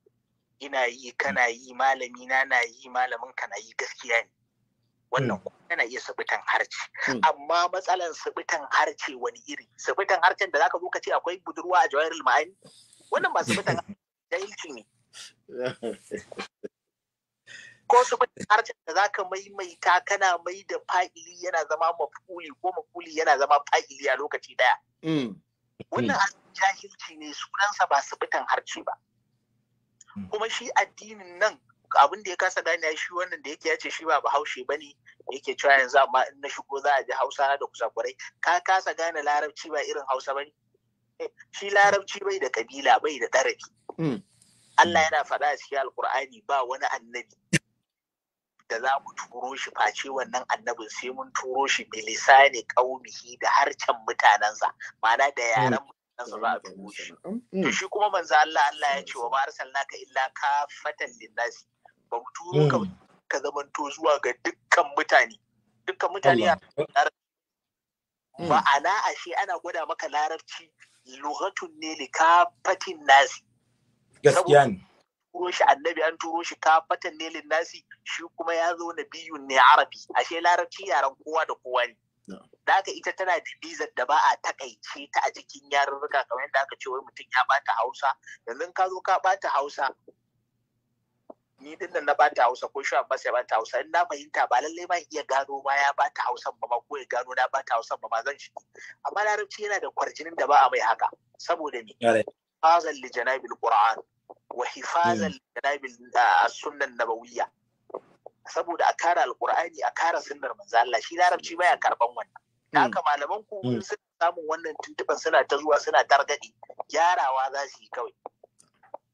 ina yi kana yi malami na na yi malamin ka na yi gaskiya ne wannan mm. yana iya sabitan harci mm. amma matsalan sabitan harci wani iri sabitan harcin da zaka zo ka ce akwai budurwa a jawairul ma'ani wannan ba sabitan jahilci ne ko sabitan harcin da zaka maimaita kana mai da fa'ili yana zama mafuli ko mafuli yana zama fa'ili a lokaci daya mm. wannan jahilci ne sunansa ba sabitan harci ba kuma shi addinin nan abin da ya kasa gane shi wannan da yake ya shi ba bahaushe ba ne yake cewa yanzu amma in na shigo za a ji hausa na da kusakurai ka kasa gane larabci ba irin hausa ba ne eh, shi larabci bai da kabila bai da ɗarabi hmm. Allah yana faɗa a cikin alkur'ani ba wani annabi da za mu turo shi face wannan annabin sai mun turo shi bilisani ƙaumihi da harcen mutanensa ma'ana da hmm. yaran mutanensa za a turo hmm. shi kuma manzo Allah Allah ya ce wa ma arsalnaka illa kafatan linnasi ba mu ka ka zamanto zuwa ga dukkan mutane dukkan mutane a hmm. ma'ana ashe ana gwada maka larabci lughatun ne li kafatin nasi gaskiya ne turo shi annabi an turo shi kafatan ne nasi shi kuma ya zo na biyun ne arabi ashe larabci yaran kowa da kowa ne da ita tana bibizar da ba a takaice ta a cikin yarurruka kamar yadda aka ce wai mutum ya bata hausa yanzu ka zo ka bata hausa ni din nan na bata hausa ko shuwa bas ba ta hausa in na fahimta ba lallai ma iya gano ma ya bata Hausa ba ma ko ya gano na bata Hausa ba ma zan shi amma larabci yana da kwarjinin da ba a mai haka saboda ni hifazan li janabil qur'an wa hifazan hmm. li janabil sunnan nabawiyya saboda a kara alqur'ani a kara sunnar manzo Allah shi larabci baya karban wannan da hmm. haka malaman ku hmm. sun samun wannan tuntuban suna ta zuwa suna targadi gyarawa za su yi kawai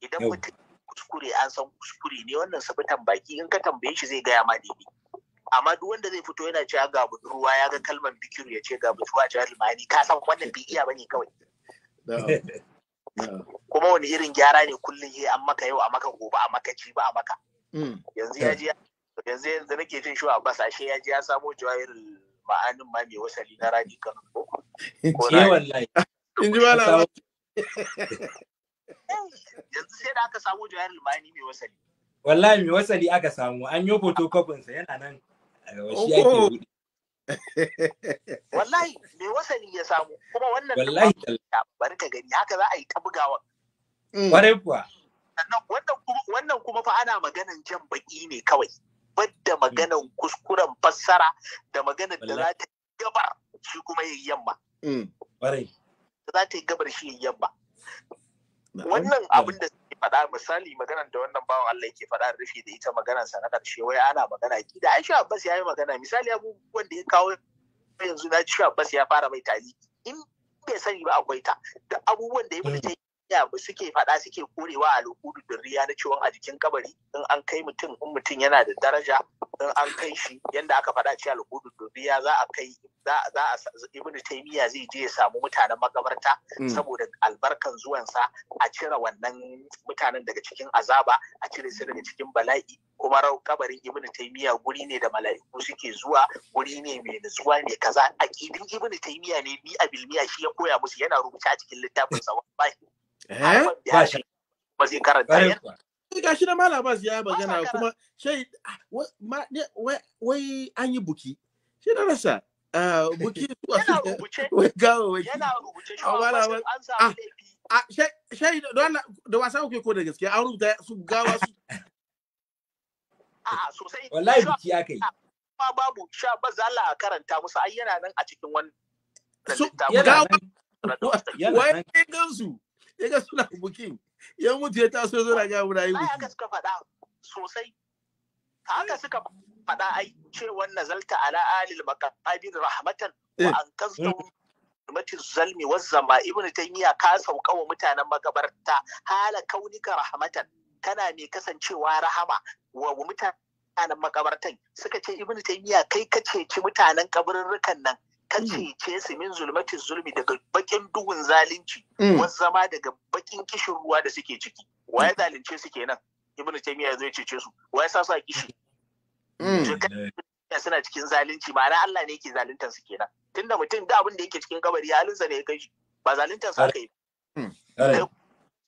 idan mutum kuskure an san kuskure ne wannan sabitan tambaki in ka tambaye shi zai gaya ma daidai amma duk wanda zai fito yana cewa ga budurwa ya ga kalmar bikiru ya ce ga budurwa cewa limani ka san wannan bai iya bane kawai kuma wani irin gyara ne kullum yi an maka yau a maka gobe a maka ci ba a maka mm. yanzu ya ji yanzu yanzu nake jin shi a basa shi ya ji ya samo jawahirin ma'anin ma mai wasali na rani kan ko wallahi in ji ba yanzu sai da aka samu jawahir bani mai wasali wallahi mai wasali aka samu an yi photocopy sa yana nan shi ake wallahi mai wasali ya samu kuma wannan wallahi bari ka gani haka za a yi ta bugawa mm. kuwa wannan kuma fa ana maganan jan baki ne kawai bada maganan kuskuren fassara da maganan da za ta gabar shi kuma yayi yamma mm. kwarai za ta yi gabar shi yayi yamma wannan abin da suke faɗa misali maganar da wannan bawan Allah yake faɗa rufe da ita maganar sa na ƙarshe wai ana magana da Aisha Abbas ya yi magana misali abubuwan da ya kawo yanzu na Aisha Abbas ya fara mai tali, in bai sani ba akwai ta da abubuwan da mm. ya mutu yadda suke faɗa suke korewa a lokudu da riya na ciwon a jikin kabari in an kai mutum in mutum yana da daraja in an kai shi yadda aka faɗa ce lokudu da riya za a kai za a ibnu taymiya zai je ya samu mutanen makabarta mm. saboda albarkan zuwansa a cire wannan mutanen daga cikin azaba a cire su daga cikin bala'i kuma kabarin ibnu taymiya guri ne da mala'iku suke zuwa guri ne mai nutsuwa ne kaza akidin ibnu taymiya ne bi abilmiya shi ya koya musu yana rubuta a cikin littafin sa wallahi Eh? karanta ga shi na ya magana kuma shai ah, wai an yi buki shi na rasa ah, buki wai ah, shai da wasa kuke ko da an rubuta su gawa su ma babu sha Allah karanta musu ai yana nan a cikin gawa wai gansu ya ga suna bukin ya mutu ya taso ya ga wuri ayi haka suka faɗa sosai haka eh. suka faɗa ai cewa nazalta ala alil makabir rahmatan wa eh. an kazdum eh. matin zalmi wazzama ibnu taymiya ka sauka wa mutanen makabarta hala kaunika rahmatan kana mai kasancewa rahama wa mutanen makabartan suka ce ibnu taymiya kai ka ceci mutanen kabarurrukan nan ka mm. ce su min zulmatin zulmi daga bakin duhun zalunci mm. wasu zama daga bakin kishin ruwa da suke ciki waye mm. zalunce su kenan ibnu taymiya ya zo ya cece su waye sa su a kishi suna cikin zalunci ma'ana Allah ne yake zaluntar su kenan tunda mutum da abin da yake cikin kabari halinsa ne ya kai shi ba zaluntar su aka yi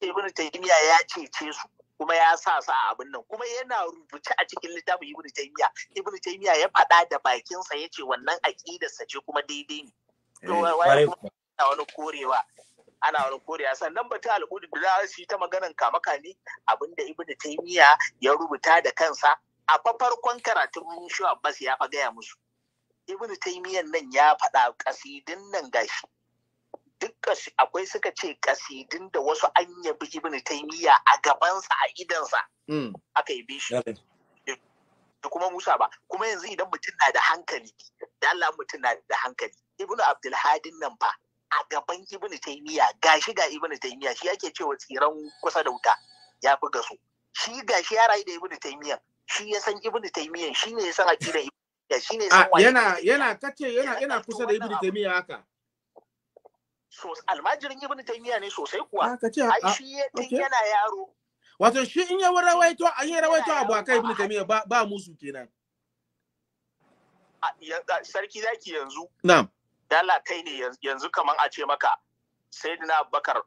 ibnu taymiya ya cece su kuma ya sa sa abin nan kuma yana rubuce a cikin littafin ibnu taymiya ibnu taymiya ya faɗa da bakin bakinsa yace wannan aqidarsa ce kuma daidai ne to eh, wani korewa ana wani korewa? sannan batun al'udu da shi ta maganan kamakani abinda ibnu taymiya ya rubuta da kansa a farkon karatun shi abbas ya faga gaya musu ibnu taymiyan nan ya faɗa kasidin nan gashi duk akwai suka ce kasidin da wasu an yabi ibn taymiya a gabansa a idansa mm. aka yi shi da kuma Musa ba kuma yanzu idan mutum na da hankali da Allah mutum na da hankali ibnu abdulhadin nan ba a gaban ibnu taymiya gashi ga ibnu taymiya shi ake cewa tsiran kusa da wuta ya fi gaso shi gashi ya rayu da ibnu taymiya shi ya san ibnu taymiya shi ne ya san aqida ibnu taymiya shi ne ya san yana yana kace yana yana kusa da ibnu taymiya haka almajirin ibn taymiya ne sosai kuwa ah, ai ah, shi ya yana yaro wato shi in yi rawaito an yi rawaito abu kai ibn taymiya ba ba musu kenan sarki zaki yanzu na'am dala kai ne yanzu kaman a ce maka dina Bakar,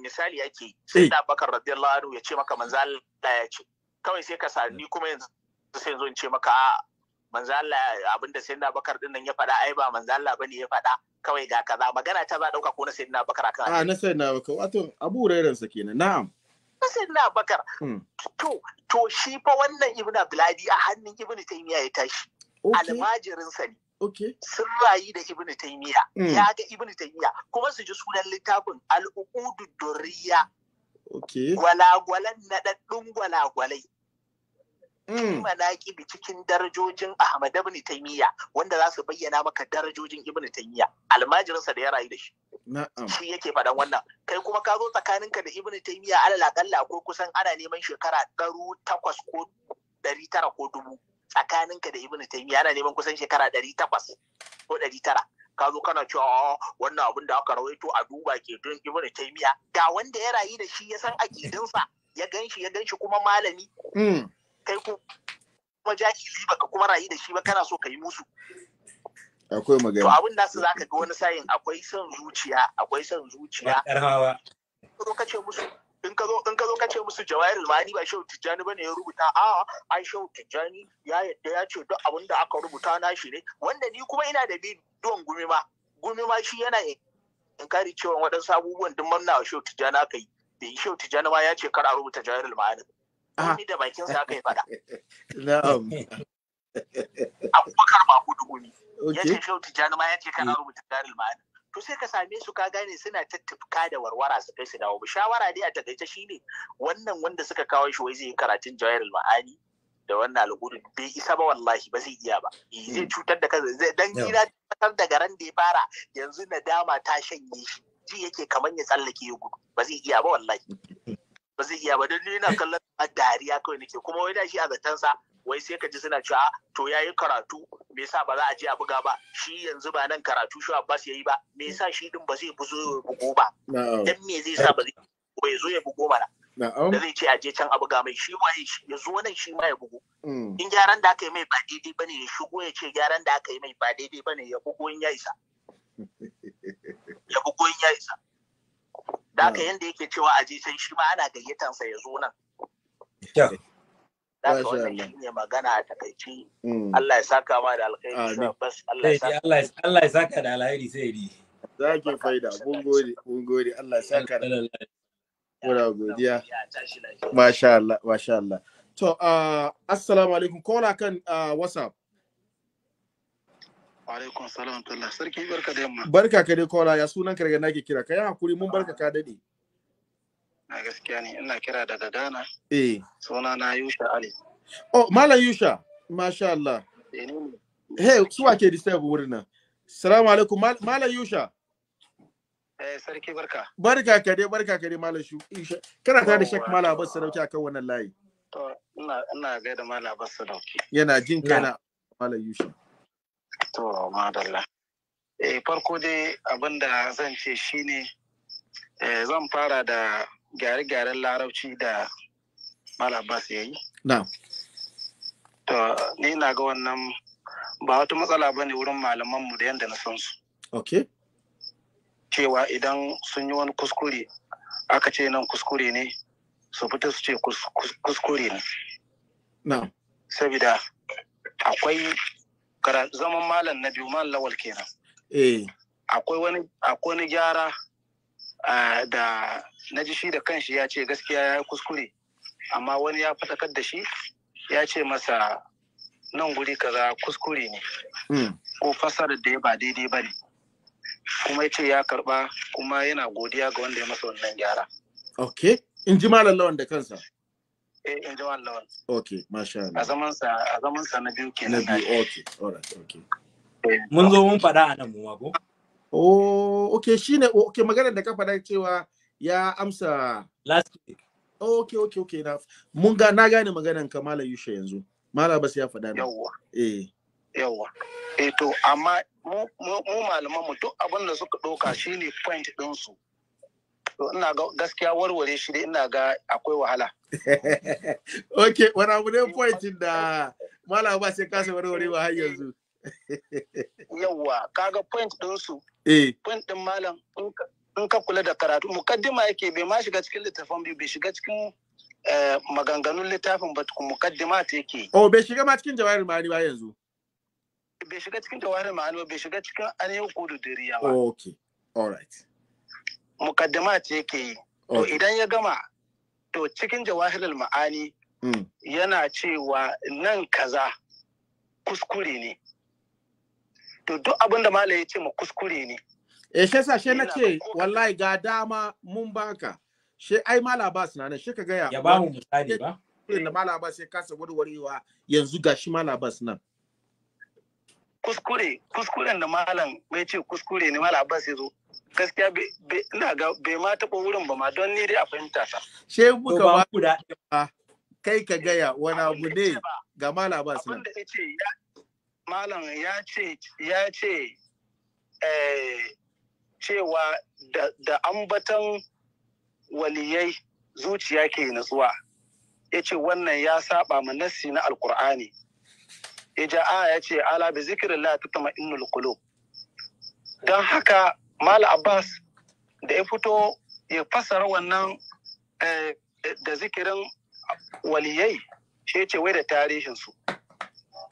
misali yake eh. dina Bakar radiyallahu anhu ya ce maka manzo Allah ya ce kawai sai ka sani kuma yanzu sai yanzu in ce maka manzo Allah abinda sai na Bakar dinnan ya faɗa ai ba manzo Allah bane ya faɗa kawai ga kaza magana ta za a dauka ko na sayyidina Abubakar akan a na sayyidina Abubakar wato Abu rairan sa kenan na'am na sayyidina Abubakar hmm. to to shi fa wannan Ibn Abdulhadi a hannun Ibn taymiya ya tashi almajirin sa ne sun rayu da Ibn taymiya hmm. ya ga Ibn taymiya kuma su ji sunan littafin al-uqudud durriya okay gwalagwalan nadaddun gwalagwalai fi manaki da cikin darajojin Ahmad ibn Taymiya wanda za su bayyana maka darajojin ibn Taymiya almajirinsa da ya rayu da shi shi yake faɗan wannan kai kuma ka zo tsakaninka da ibn Taymiya alal akalla ko kusan ana neman shekara ɗaru takwas ko ɗari tara ko dubu tsakaninka da ibn Taymiya ana neman kusan shekara ɗari takwas ko ɗari tara ka zo kana cewa wannan abun da aka rawaito a duba ke don ibn taymiya ga wanda ya rayu da shi ya san akidinsa ya gan ya ganshi kuma malami mm. kai kuma jahili baka kuma rayu da shi ba kana so ka yi musu akwai magana to abin nasu zaka ga wani sayin akwai son zuciya akwai son zuciya ce musu in ka zo in ka zo ka ce musu jawahirul ma'ani ba shehu tijjani bane ya rubuta a ai shehu tijjani ya yadda ya ce duk abin da aka rubuta na shi ne wanda ni kuma ina da bidiyon gumi ma gumi ma shi yana in kari cewa waɗansu abubuwan duk mamna wa shehu tijjani aka yi da shehu tijjani ma ya ce kar a rubuta jawahirul ma'ani ni da bakin sa aka yi fada na'am abubakar mahmudu gumi ya ce shehu tijjani ma ya ce kana eh. rubuta daril ma'ani to sai ka same su ka gane suna tattafka da warwara su kai su dawo shawara dai a takaice shine wannan wanda suka kawo shi wai zai yi karatun jawahirul ma'ani da wannan alƙudu bai isa ba wallahi ba zai iya ba zai hmm. cutar da kansa zai dan gida cutar da garan da ya fara yanzu nadama ta shanye shi ji yake kamar ya tsallake ya gudu ba zai iya ba wallahi hmm. ba zai iya ba don ni na kallon dariya kawai nake kuma wai da shi a zatansa wai sai ka ji suna cewa to ya yi karatu me yasa ba za a je a buga ba shi yanzu ba nan karatu shi Abbas ya yi ba me yasa shi din ba zai buzo ya bugo ba dan me zai sa ba zai ko ya zo ya bugo mana da zai ce a je can a buga mai shi waye ya zo nan shi ma ya bugo mm. in gyaran da aka yi mai ba daidai bane ya shigo ya ce gyaran da aka yi mai ba daidai bane ya bugo in ya isa ya bugo in ya isa da haka eh. yanda yake cewa a je shi ma ana gayyatan sa ya zo nan da haka wannan shi magana a takaici mm. Allah ya saka ma da alkhairi Allah ya saka Allah ya da alkhairi sai ri zaki faida mun gode mun gode Allah ya saka da Muna godiya. Masha Allah, masha Allah. To, ah, assalamu alaikum. Kola kan ah, WhatsApp. alaikum salam tullah sarki barka da yamma barka ka dai kola ya sunan ka daga nake kira kai hakuri mun barka ka dade na gaskiya ne ina kira daga dana eh suna na Yusha Ali oh malam Yusha masha Allah eh, he su wake disturb wurin nan assalamu alaikum malam Yusha Eh sarki barka barka ka dai barka ka dai malam Yusha kana ta da shek Malam Abbas Sarauki akan wannan layi to ina ina ga da Malam Abbas Sarauki yana jin kana Malam Yusha To, madalla. E, farko dai abin da zan ce shine e, zan fara da gyare-gyaren larabci da malabas ya yi. To, ni na ga wannan ba wata matsala ba ne wurin malamanmu da yadda na san su. Okay. Cewa idan sun yi wani kuskure, aka ce nan kuskure ne, su fita su ce kuskure ne. Sabida akwai zaman malam na biyu malam lawal kenan eh. akwai wani akwai wani gyara da na ji shi da kanshi ya ce gaskiya ya yi kuskure amma wani ya fatakar da shi ya ce masa nan guri kaza kuskure ne hmm. ko fasar da ya ba daidai ba ne kuma ya ce ya karba kuma yana godiya ga wanda ya masa wannan gyara ok in ji malam lawan da kansa Eh, in ji okay masha Allah a zaman sa a zaman sa na biyu kenan na biyu eh, mun zo mun faɗa a nan mu ma ko oh okay maganar da ka faɗa cewa ya amsa last week ok na mun ga na gane maganar kamala yusha yanzu mala bas ya faɗa na yawwa eh yawwa eh to amma mu malaman mu duk abin da suka ɗauka shine point ɗinsu ina ga gaskiya warware shi dai ina ga akwai wahala okay wani abu ne point da mala ba sai kasa warware ba har yanzu yawwa kaga point din su eh. point din malam in ka kula da karatu mukaddima yake bai ma shiga cikin littafin biyu bai shiga cikin eh, maganganun littafin ba tukun mukaddima ta yake oh bai shiga ma cikin jawahir ma'ani ba yanzu bai shiga cikin jawahir ma'ani ba bai shiga cikin an yi kudu dariya ba okay all right ce yake yi to idan ya gama to cikin jawahirar ma'ani hmm. yana cewa nan kaza kuskure ne to duk abin da malai ya ce ma kuskure ne E shi sa shi nace wallahi ga dama mun baka shi ai mala ba na nan shi ka gaya ya ba mu misali ba kuskure na mala bas ya kasa warwarewa yanzu shi mala bas nan kuskure kuskuren da malam mai ce kuskure ne mala ba ya zo gaskiya ina ga bai ma taɓa wurin ba ma don ni dai a fahimta sa. She buka ba guda kai ka gaya wani abu ne ga Malam ba su. Malam ya ce ya ce eh, cewa da ambatan waliyai zuciya ke natsuwa. Ya ce wannan ya saba ma nassi na Alkur'ani. Ya ja ya ce ala bi zikirin la ta tama innul kulub. Don haka Mal Abbas da ya fito ya fassara wannan eh, da zikirin waliyai shi ce wai da tarihinsu.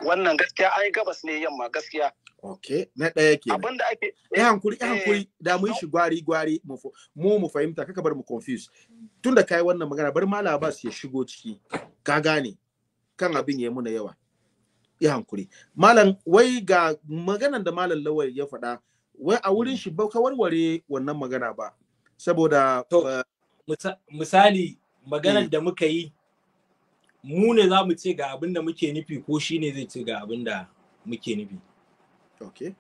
Wannan gaskiya ai gabas ne yamma gaskiya. Ok, na ɗaya ke. Abin da ake. Eh hankuri, eh hankuri, da mu shi gwari gwari mu mu fahimta kaka bar mu confuse. Tun da kai wannan magana bar Mal Abbas ya shigo ciki. Ka gane kan abin ya muna yawa. Ya hankuri. Malam wai ga maganan da Malam Lawal ya faɗa wai a wurin shi ka warware wannan magana ba saboda eh, misali maganar eh. da muka yi mu ne za mu ce ga abin da muke nufi ko shi ne zai ce ga abin da muke nufi ok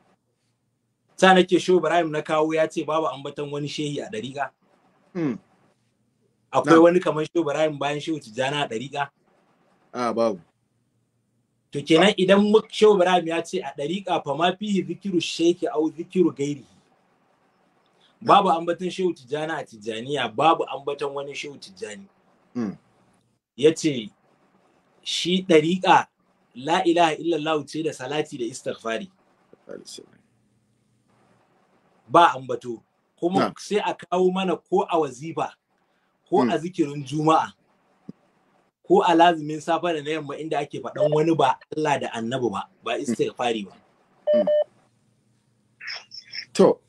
ta nake sho Ibrahim na kawo ya ce babu ambaton wani shehi a dariƙa hmm. akwai wani kamar sho Ibrahim bayan shehu tijjana a dariƙa a ah, babu to kenan idan shehu ibrahim ya ce a ɗariƙa fa ma fihi zikiru sheki au zikiru gairi babu ambatan shehu tijani a Tijaniya, babu ambatan wani shehu tijani hmm. ya ce shi ɗariƙa la ilaha illallah ce da salati da istighfari ba ambato kuma sai a kawo mana ko a wazifa ko a hmm. zikirin juma'a ko a lazumin safa da na yamma inda ake faɗan wani ba Allah da annabi ba ba mm. istighfari ba mm. to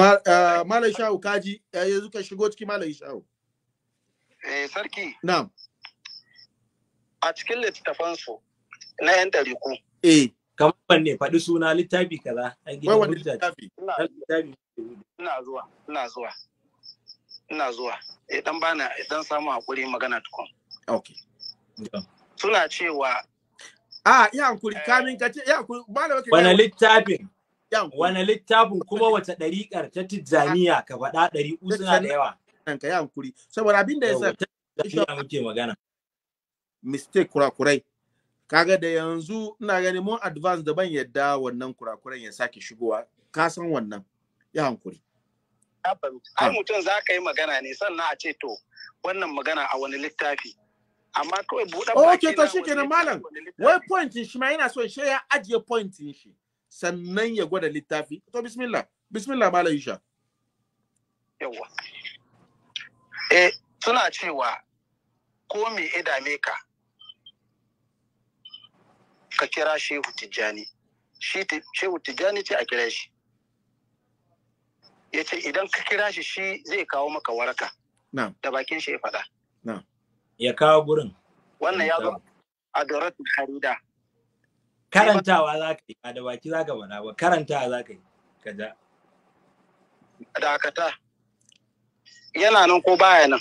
ah, malai shahu kaji eh, yanzu ka shigo ciki malai shahu eh sarki na'am a cikin littafansu na yan dariku eh kamar wanne faɗi suna littafi kaza an gina wani littafi ina zuwa ina zuwa ina zuwa eh dan bana dan samu haƙuri magana tukun okay suna cewa a ah, ya hankuri eh. kamin ka ce ya hankuri malama wani littafin wani littafin kuma wata dariƙar ta tijjaniya ka faɗa ɗari usuna da yawa kan ka ya kuri saboda abin da ya sa ta muke magana mistake kurakurai kaga da yanzu ina gani mun advance da ban yadda wannan kurakuran ya sake shigowa ka san wannan ya hankuri ai mutum za ka yi magana ne sannan a ce to wannan magana a wani littafi amma kawai buɗan baki okay to shikenan malam wai pointin shi ma yana so shi ya ajiye pointin shi sannan ya gwada littafi to bismillah bismillah malam isha yawa eh suna cewa ko me idame ka ka kira shehu tijjani shi shehu tijjani ce a kira shi ya ce idan ka kira shi shi zai kawo maka waraka da bakin shi ya faɗa ya kawo gurin wannan ya zo adoratul harida karantawa za ka yi ba da baki za ka bana ba karantawa za ka yi ka ja dakata yana nan ko baya nan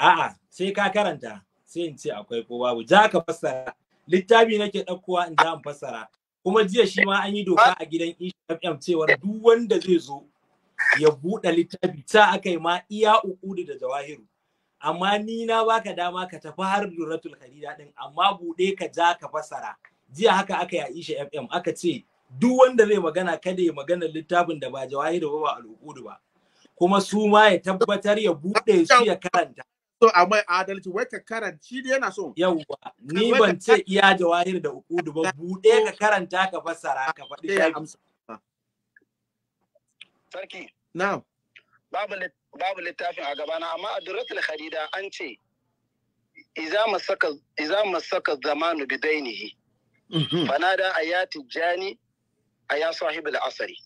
a'a sai ka karanta sai in ce akwai ko babu za ka fassara littafi nake ɗaukowa in za in fassara kuma jiya shi ma an yi doka a gidan FM cewar duk wanda zai zo ya buɗe littafi ta aka yi ma iya uku da jawahiru amma ni na baka dama ka tafi har Duratul Khadija din amma bude ka ja ka fasara jiya haka aka yi Aisha FM aka ce duk wanda zai magana kada ya magana littafin da ba jawahiru ba ba al'ukudu ba kuma su ma ya tabbatar ya bude shi ya karanta so amma adalci wai ka karanci dai yana so yauwa ni ban ce iya jawahir da ukudu ba bude ka karanta ka fasara ka faɗi amsa sarki na'am babu littafin a gabana amma a duratul kharida an ce iza masaka zamanu bidainihi mhm. fanada ayati jani a ya sahibul asari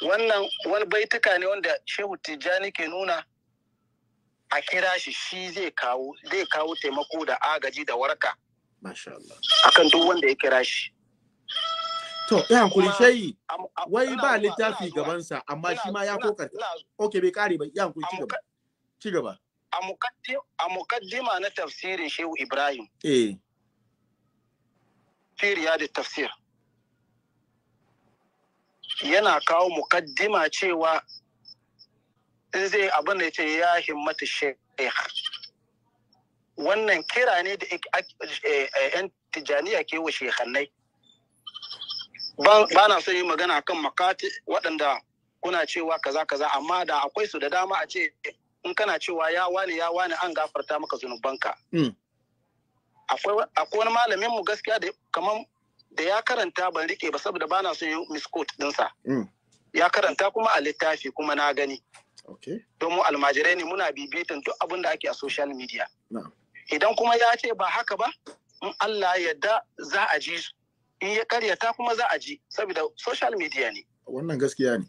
wannan wani baituka ne wanda shehu tijjani ke nuna a kira shi shi zai kawo zai kawo taimako da agaji da warka akan duk wanda ya kira shi To, ya hankuri shayi, wai ba littafi gabansa, amma shi ma ya kokar. Ok, bai kare ba, ya hankuri cigaba. Cigaba. A mukaddima na tafsirin Shehu Ibrahim. Eh. Firiya da tafsir. Yana kawo mukaddima cewa in zai abin da ce ya himmata sheikh. Wannan kira ne da eh, eh, eh, 'yan tijaniya ke wa shekhanai. ba na son yi magana kan makati waɗanda kuna cewa kaza kaza amma da akwai su da dama a ce in kana cewa ya wani ya wani an gafarta maka zunubanka. Hmm. Akwai wani malamin mu gaskiya da kamar da ya karanta ban rike ba saboda ba na son yi miskot dinsa. Hmm. Ya karanta kuma a littafi kuma na gani. Don mu almajirai ne muna bibitan duk abin da ake a social media. Idan kuma ya ce ba haka ba, in Allah yadda za a ji su. in ya ta kuma za a ji saboda social media ne wannan gaskiya ne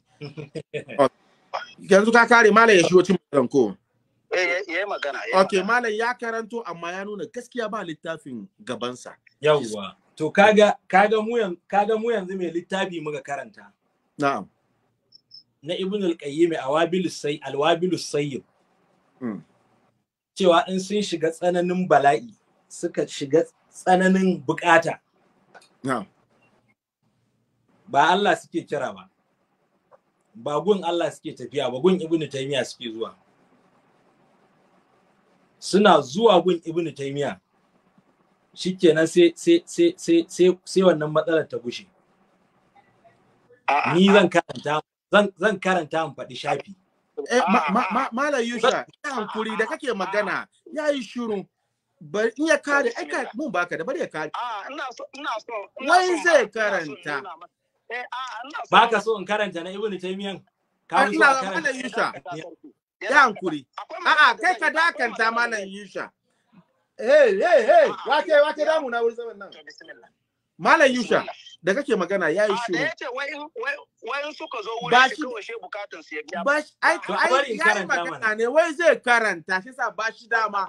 yanzu ka kare malam ya shigo cin magana ko eh magana okay malam ya karanto amma ya nuna gaskiya ba littafin gabansa yawwa to kaga kaga mu yanzu kaga mu yanzu mai littafi muka karanta na'am na ibn al-qayyim awabilus sayy alwabilus sayyib hmm. cewa in sun shiga tsananin bala'i suka shiga tsananin bukata ba Allah suke kira ba ba gun Allah suke tafiya ba gun ibnu taymiya suke zuwa suna zuwa gun ibnu taymiya shikenan sai sai sai sai sai sai wannan matsalar ta gushe ni zan karanta zan zan karanta mu faɗi shafi Eh, Yusha, ya hankuri da kake magana, ya yi shiru. bar in ya kare ai ka mun baka da bari ya kare ah, ina so ina so wai zai karanta eh ah, a so baka so in karanta na ibnu taymiyan ka ina so ana yusha ya hankuri a a kai ka dakanta malam yusha hey hey hey ah, wake wake damu na wurin zaman nan malam yusha da kake magana ya yi shuru wai suka zo wurin shi kawai shi bukatun su ya biya ba ai ai ya magana ne wai zai karanta shi sa ba shi dama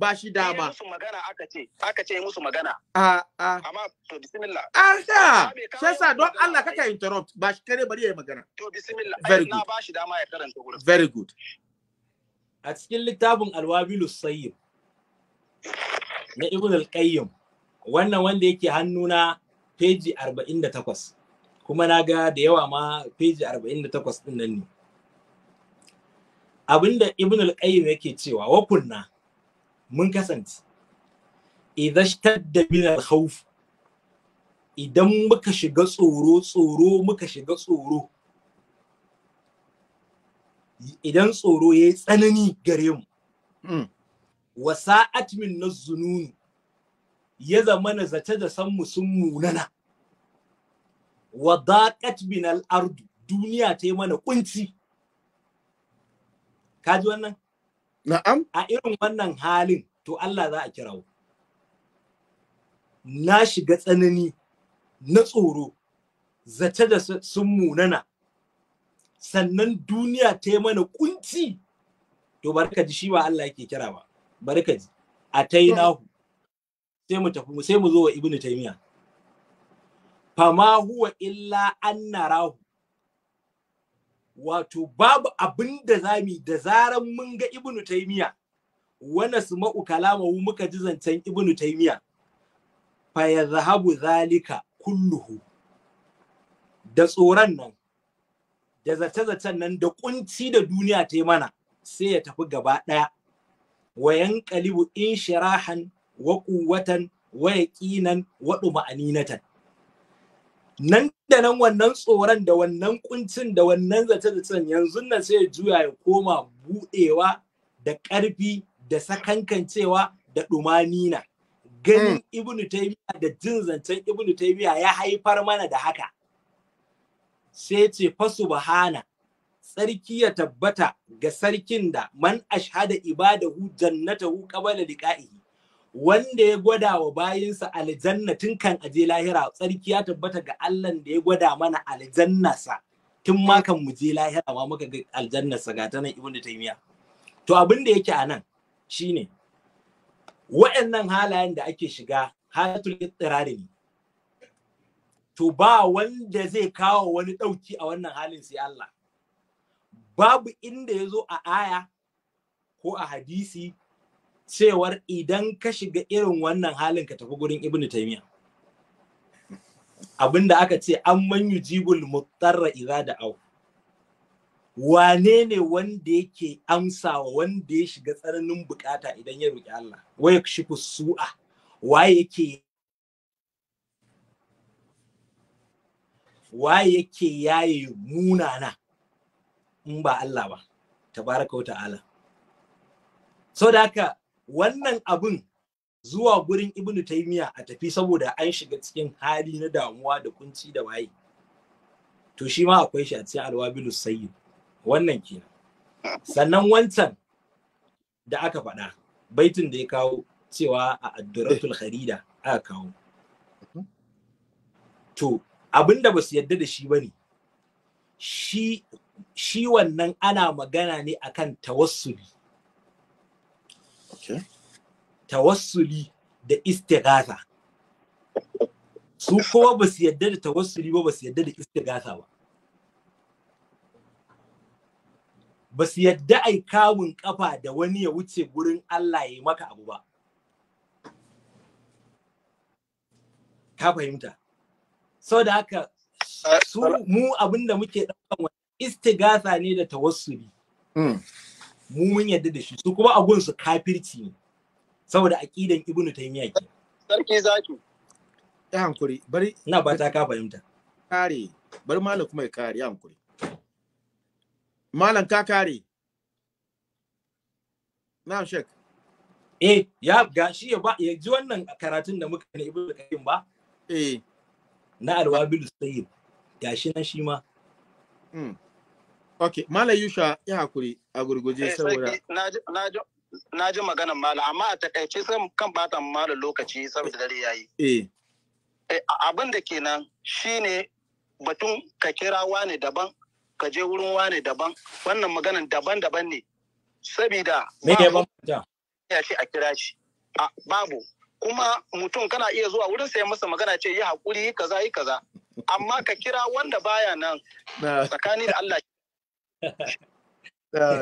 ba shi dama. musu magana aka ce, aka ce musu magana. A a. Amma to bismillah. Aha, shesa don Allah kaka interrupt, ba shi kare bari yayi magana. To bismillah, ai na ba shi dama ya karanta gurin. Very good. A cikin littafin Alwabilu Sayyib na Ibn al-Qayyim, wannan wanda yake hannuna peji 48. Kuma na ga da yawa ma peji 48 din nan ne. Abinda Ibn al-Qayyim yake cewa wa kunna mun kasance idan shtadda min al idan muka shiga tsoro tsoro muka shiga tsoro idan tsoro yayi tsanani gare mu hmm. wasa'at min nazunun ya zama na zace da san mu sun munana wa daqat min al-ardu duniya ta yi mana kunci kaji wannan Na'am. A irin wannan halin to Allah za a kirawo. Na shiga tsanani na tsoro zata da sun munana sannan duniya ta yi mana kunci to barka ji shi ba Allah yake kira ba barka ji a ta yi nahu sai mu tafi sai mu zo wa ibnu Taymiyyah. fama huwa illa an wato babu abin da zami da zaran mun ga ibnu taymiya wana suma'u kalamahu muka ji zancen ibnu taymiya fa ya zahabu zalika kulluhu da tsoron nan da zace-zacen nan da kunci da duniya ta yi mana sai ya tafi gaba ɗaya wayan kalibu in shirahan wa kuwatan wa yaqinan wa duma'aninatan nan da nan wannan tsoron da wannan kuncin da wannan zace-zacen yanzu na sai juya ya koma buɗewa da ƙarfi da sakankancewa da ɗumanina ganin mm. ibnu taymiya da jin zancen ibnu taymiya ya haifar mana da haka sai ce fa subhana sarki ya tabbata ga sarkin da man ashhada ibadahu jannatahu qabala liqa'ihi wanda ya gwada wa bayinsa aljanna tun kan aje lahira tsarki ya tabbata ga Allah da ya gwada mana aljannasa tun ma kan mu je lahira ma muka ga aljannasa ga ta ibn taymiya to abin da yake a nan shine waɗannan halayen da ake shiga halatul ittirari ne to ba wanda zai kawo wani ɗauki a wannan halin sai Allah babu inda ya zo a aya ko a hadisi cewar idan ka shiga irin wannan halin ka tafi gurin ibnu taimiya abinda aka ce an manyu jibul mutarra idza da'aw wane ne wanda yake amsawa wanda ya shiga tsananin bukata idan ya roki Allah waye shiku su'a waye yake waye yake yaye munana in ba Allah ba tabaraka wa ta'ala so da haka wannan abin zuwa gurin ibnu taimiya a tafi saboda an shiga cikin hali na damuwa da kunci da waye to shi ma akwai shi a cikin alwabilus sayyid wannan kenan sannan wancan da aka faɗa baitin da ya kawo cewa a adduratul kharida aka kawo to abinda ba su yadda da shi bane shi shi wannan ana magana ne akan tawassuli okay. tawassuli da istighatha su kowa ba su yadda da tawassuli ba ba su yadda da istighatha ba ba su yadda ai kawun kafa da wani ya wuce gurin Allah ya yi maka abu ba ka fahimta so da haka su mu abinda muke ɗaukan wani istighatha ne da tawassuli mm. mu mun yadda da shi su kuma a gunsu kafirci ne saboda aqidan ibnu taymiya ke sarki zaki ta hankuri bari na ba ta ka fahimta kare bari malam kuma ya kare hankuri malam ka kare na shek eh ya shi ya ba ya ji wannan karatun da muka ne ibnu qayyim ba eh na alwabil sayyid gashi nan shi ma mm. Okay, Mala Yusha ya hakuri a gurguje eh, saboda. Na ji maganan Mala, amma a takaice sai kan bata Mala lokaci saboda dare ya yi. Eh. Eh, abin da kenan shine batun ka kira wane daban, ka je wurin wane daban, wannan maganan daban-daban ne. Sabida. Me ne bambanta? Ya ce a kira shi. Babu. Kuma mutum kana iya zuwa wurin sai masa magana ce yi hakuri yi kaza yi kaza. Amma ka kira wanda baya nan tsakani da Allah Eh.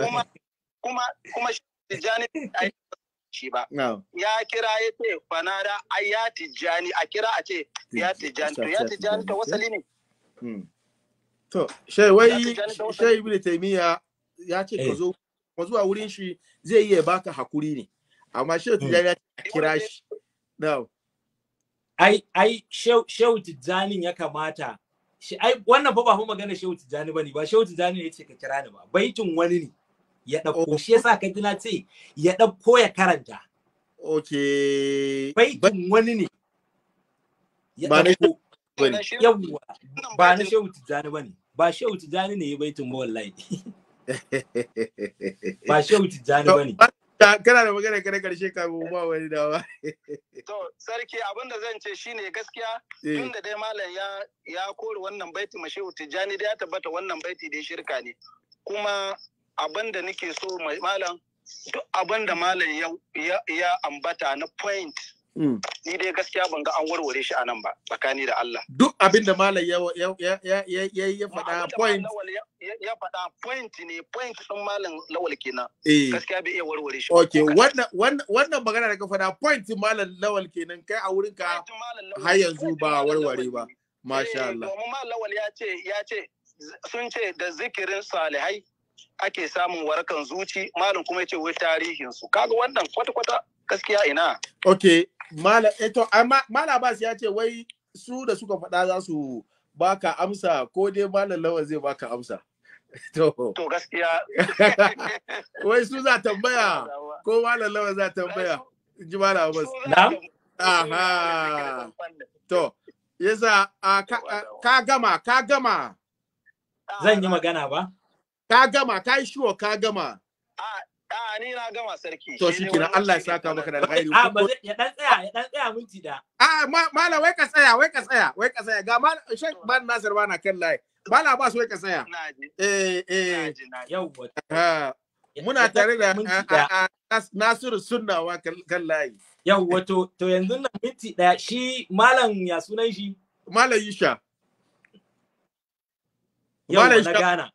kuma kuma kuma tijjani shi ba ya kira ya ce fanada ai ya tijjani a kira a ce ya hmm. tijjani to hmm. ya tijjani ta wasali ne to shai wai shai ibn taymiya ya ce ka eh. zo ka zuwa wurin shi zai iya baka hakuri ne amma shai hmm. tijjani ya kira shi no ai ai shau tijjanin ya kamata shi ai wannan fa ba fa magana Shehu Tijani bane ba Shehu Tijani ne ce ka kira ni ba baitin wani ne ya dauko oh. shi yasa ka ji na ce ya dauko ya karanta okay baitin wani ne ya dauko yawwa ba na Shehu Tijani bane ba Shehu Tijani ne ya baitin ba wallahi ba Shehu Tijani bane kana da magana kare karshe kafin ba wani dawa to sarki abin da zan ce shine gaskiya eh. tun da dai malam ya ya kore wannan baiti mashehu tijjani da ya tabbata wannan baiti da shirka ne kuma abin da nake so malam duk abin da malam ya ambata na point Mm. Ni dai gaskiya ban ga an warware shi a nan ba tsakani da Allah. Duk abin da Malam ya ya ya ya ya faɗa point. Ya faɗa point ne point sun Malam Lawal kenan. Eh. Gaskiya bai iya warware shi. Okay wannan wannan magana da ka faɗa point Malam Lawal kenan kai a wurin ka har yanzu ba warware ba. Masha eh, Allah. Domin Malam Lawal ya ce ya ce sun ce da zikirin salihai ake samun warakan zuci malam kuma ya ce wai tarihin su kaga wannan kwata kwata gaskiya ina okay Mala, eto, eh, Mala Bas ya ce wai su da suka faɗa za su baka amsa ko dai Malam Lawan zai baka amsa. To, gaskiya. Wai su za tambaya ko Malam Lawan za tambaya. Ji Mala Bas. Na? Aha. To, yasa ka gama, ka gama. Zan yi magana ba? Ka gama, ka yi shiwo ka gama. A'a ni na gama sarki. To shi kenan Allah ya saka maka da alkhairi. A ba ya dan tsaya ya dan tsaya minti da. A mala wai ka tsaya wai ka tsaya wai ka tsaya ga mala Sheikh Ban Nasir bana kan layi. Mala Abbas wai ka tsaya. Eh eh. Yawwa. Muna tare da Nasiru Sunnawa kan layi. Yawwa to to yanzu nan minti daya shi malam ya sunan shi? Malam Yisha. Yawwa na Ghana.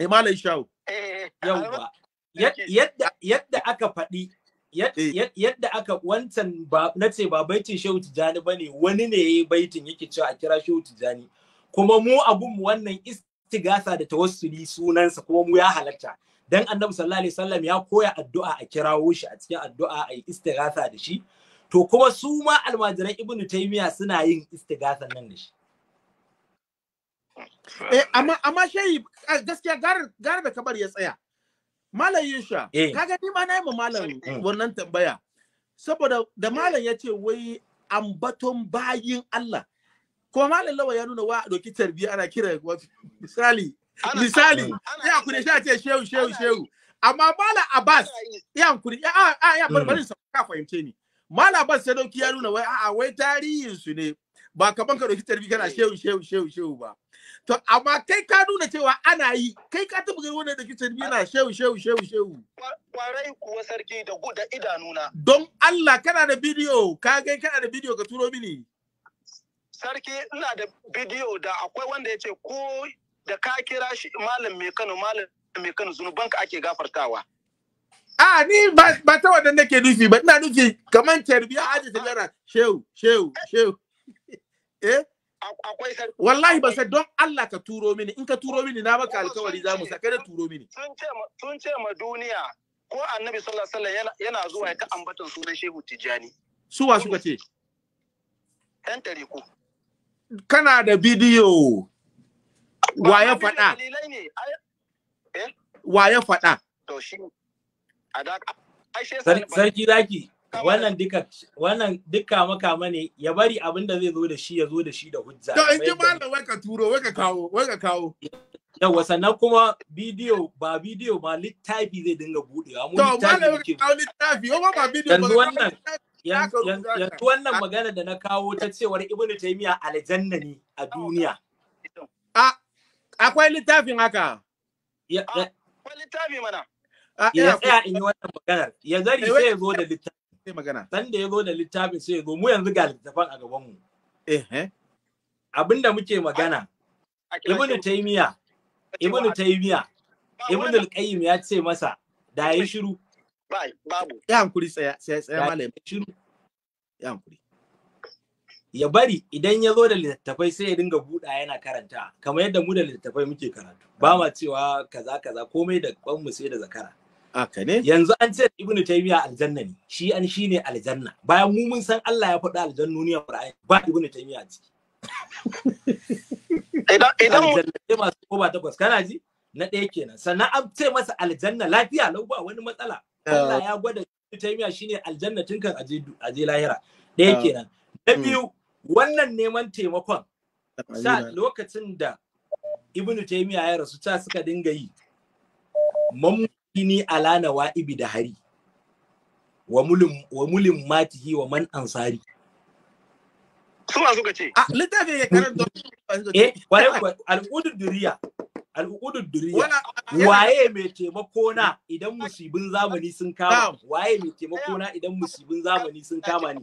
Eh malam Yisha. Eh, eh, eh. Yawwa. yadda aka faɗi eh. yadda aka wancan na ce ba baitin shehu tijani ba ne wani ne ya yi baitin yake cewa a kira shehu tijani kuma mu abun mu wannan istigasa da tawassuli sunansa kuma mu ya halarta dan annabi sallallahu alaihi wasallam ya koya addu'a a kirawo shi a cikin addu'a a yi istigasa da shi to kuma su ma almajiran ibnu taymiya suna yin istigasan nan da shi eh amma amma shehi eh, gaskiya gar gar da kabar ya tsaya Malam Yesha, eh. kaga ni ma na yi ma malam mm. wannan tambaya. Saboda da eh. malam ya ce wai ambaton bayin Allah. Kuma malam lawa ya nuna wa a doki tarbiyya ana kira misali. Misali, ya kuri sha ce shehu shehu shehu. Amma malam Abbas, ya kuri ya a ya barbarin mm. sa ka fahimce ni. Malam Abbas ya doki ya nuna wai a'a wai tarihin su ne. Ba kaman ka doki tarbiyya kana eh. shehu shehu shehu shehu ba. To amma kai ka nuna cewa ana yi, kai ka taɓa gani wanda da ke tarbi yana shehu shehu shehu shehu. Kwarai kuwa sarki da guda idanuna. Don Allah kana da bidiyo, ka gai kana da bidiyo ka turo mini. Sarki ina da bidiyo da akwai wanda ya ce ko da ka kira shi malam mai Kano malam mai Kano banka ake gafartawa. A ni ba ta wannan nake nufi ba ina nufi kamar tarbiya aje tarbiya shehu shehu shehu. Eh? akwai sarki wallahi ba sai don Allah ka turo mini in ka turo mini na baka alkawari za mu saka da turo mini sun ce ma sun ce ma duniya ko annabi sallallahu alaihi wasallam yana zuwa ya ta ambaton sunan shehu tijani su wa suka ce ɗan tare ko kana da bidiyo wa ya faɗa eh? wa ya faɗa to shi a da sarki zaki wannan duka wannan duka makama ne ya bari abin da zai zo da shi ya zo da shi da hujja to in ji malam wai ka turo wai ka kawo wai ka kawo yawa sannan kuma bidiyo ba bidiyo ba littafi zai dinga budewa mu littafi to littafi yau ba bidiyo ba wannan yanzu wannan magana da na kawo ta cewar ibnu taymiya aljanna ne a duniya a akwai littafin haka akwai littafi mana ya eh. tsaya in yi wannan maganar ya zari eh, sai ya zo da littafi sai magana dan da ya zo da littafin sai yago mu yanzu ga littafin a gaban mu eh, eh. abinda muke magana ibnu taymiya ibnu taymiya ibnu al-qayyim ya ce masa da yi shiru babu ya hankuri tsaya sai tsaya malami shiru ya hankuri ya bari idan ya zo da littattafai sai ya dinga buɗa yana karanta kamar yadda mu da littattafai muke karatu ba ma cewa kaza kaza komai da kwanmu sai da zakara Aka ne? Yanzu an ce Ibn Taymiya aljanna ne, shi an shi ne aljanna. Bayan mu mun san Allah ya faɗi ne a Qur'ani, ba Ibn Taymiya a ciki. Idan idan masu koba takwas kana ji? Na ɗaya kenan. Sannan an ce masa aljanna lafiya lau ba wani matsala. Allah ya gwada Ibn Taymiya ne aljanna tun kan aje lahira. Ɗaya kenan. Na hmm. biyu wannan neman taimakon sa lokacin da Ibn Taymiya ya rasu ta suka dinga yi. Mamman ini ala nawa'ibi da hari wa mulim wa mulim matihi wa man ansari suwa suka ce a ah, littafin ya karar karanta eh wai al'udur duriya al'udur duriya waye mai taimako na idan musibin zamani sun kama waye mai taimako na idan musibin zamani sun kama ni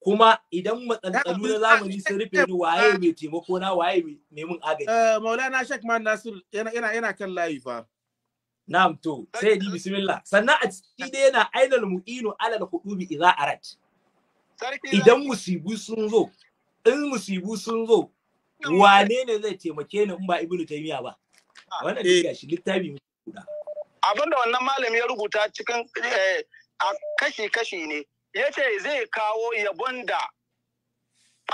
kuma idan matsantsalu na zamani sun rufe ni waye mai taimako na waye mai nemin agaji eh, maulana shek man nasir yana yana kan layi fa na'am to sai di bismillah sannan a ciki dai yana ainal mu'inu alal hudubi idza arat idan musibu sun zo in musibu sun zo wane ne zai taimake ni in ba ibnu taymiya ba wannan dai eh. gashi littafi mu guda abinda wannan malami ya rubuta cikin eh, a kashi kashi ne yace zai kawo yabon da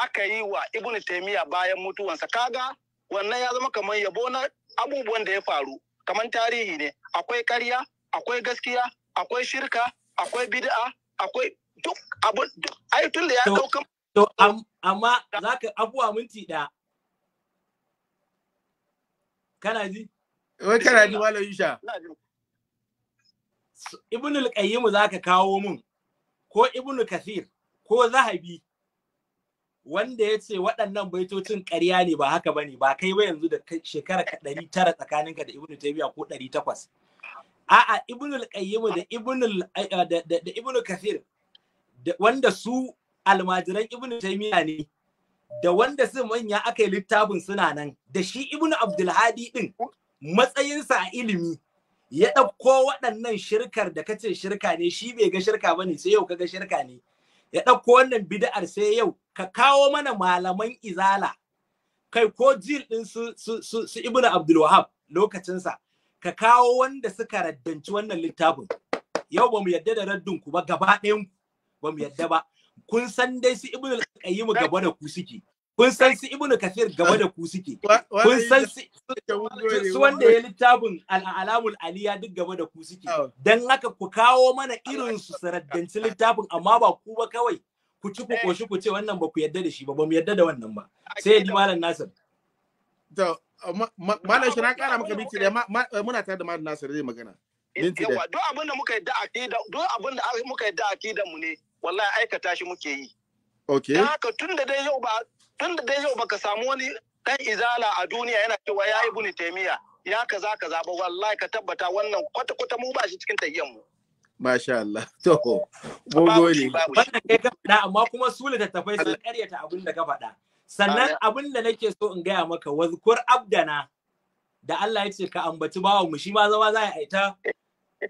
aka yi wa ibnu taymiya bayan mutuwansa kaga wannan ya zama kamar yabo na abubuwan da ya faru kamar tarihi ne akwai ƙarya akwai gaskiya akwai shirka akwai bid'a akwai duk abun ai tun da ya dauka to amma zaka abuwa minti da kana ji wai kana ji malam Isha. ibnul qayyim zaka kawo mun ko ibnul kathir ko zahabi wanda ya ce waɗannan baitocin ƙarya ne ba haka bane ba kai ba yanzu da shekara ɗari tara tsakaninka da ibnu taymiya ko ɗari takwas a'a ibnu al-qayyim da ibnu eh, eh, da ibnu wanda su almajiran ibnu taymiya ne da wanda su manya aka yi littafin suna nan da shi ibnu abdulhadi din matsayinsa a ilimi ya ɗauko waɗannan shirkar da kace shirka ne shi bai ga shirka bane sai yau kaga shirka ne ya ɗauko wannan bid'ar sai yau ka kawo mana malaman izala kai ko jil din su su su, su ibnu abdul wahab lokacinsa ka kawo wanda suka raddanci wannan littafin yau ba mu yadda da raddin ku ba gaba ɗayan ba mu yadda ba kun san dai su ibnu qayyim gaba da ku suke kun san su ibnu kafir gaba da ku suke kun san su wanda ya littafin al'alamul aliya duk gaba da ku suke dan haka ku kawo mana irin su raddanci littafin amma ba ku ba kawai ku ci ku koshi eh. ku ce wannan ba ku yadda da shi ba ba mu yadda da wannan ba sai ya ji malam nasir to malam shi na kara maka minti da eh, muna tare da malam nasir zai magana minti da do abin da muka yadda akida duk abin da muka yadda akida mu ne wallahi aikata shi muke yi okay dan haka tunda dai yau ba tunda dai yau baka samu wani dan izala a duniya yana cewa yayi ibn taymiya ya kaza kaza ba wallahi ka tabbata wannan kwata kwata mu ba shi cikin tayyan mu Masha Allah. To, mun gode. Wannan kai ka faɗa amma kuma su littattafai sun karyata abin da ka faɗa. Sannan abin da nake so in gaya maka wazkur abdana da Allah ya ce ka ambaci bawa mu shi ma zama za a yi ta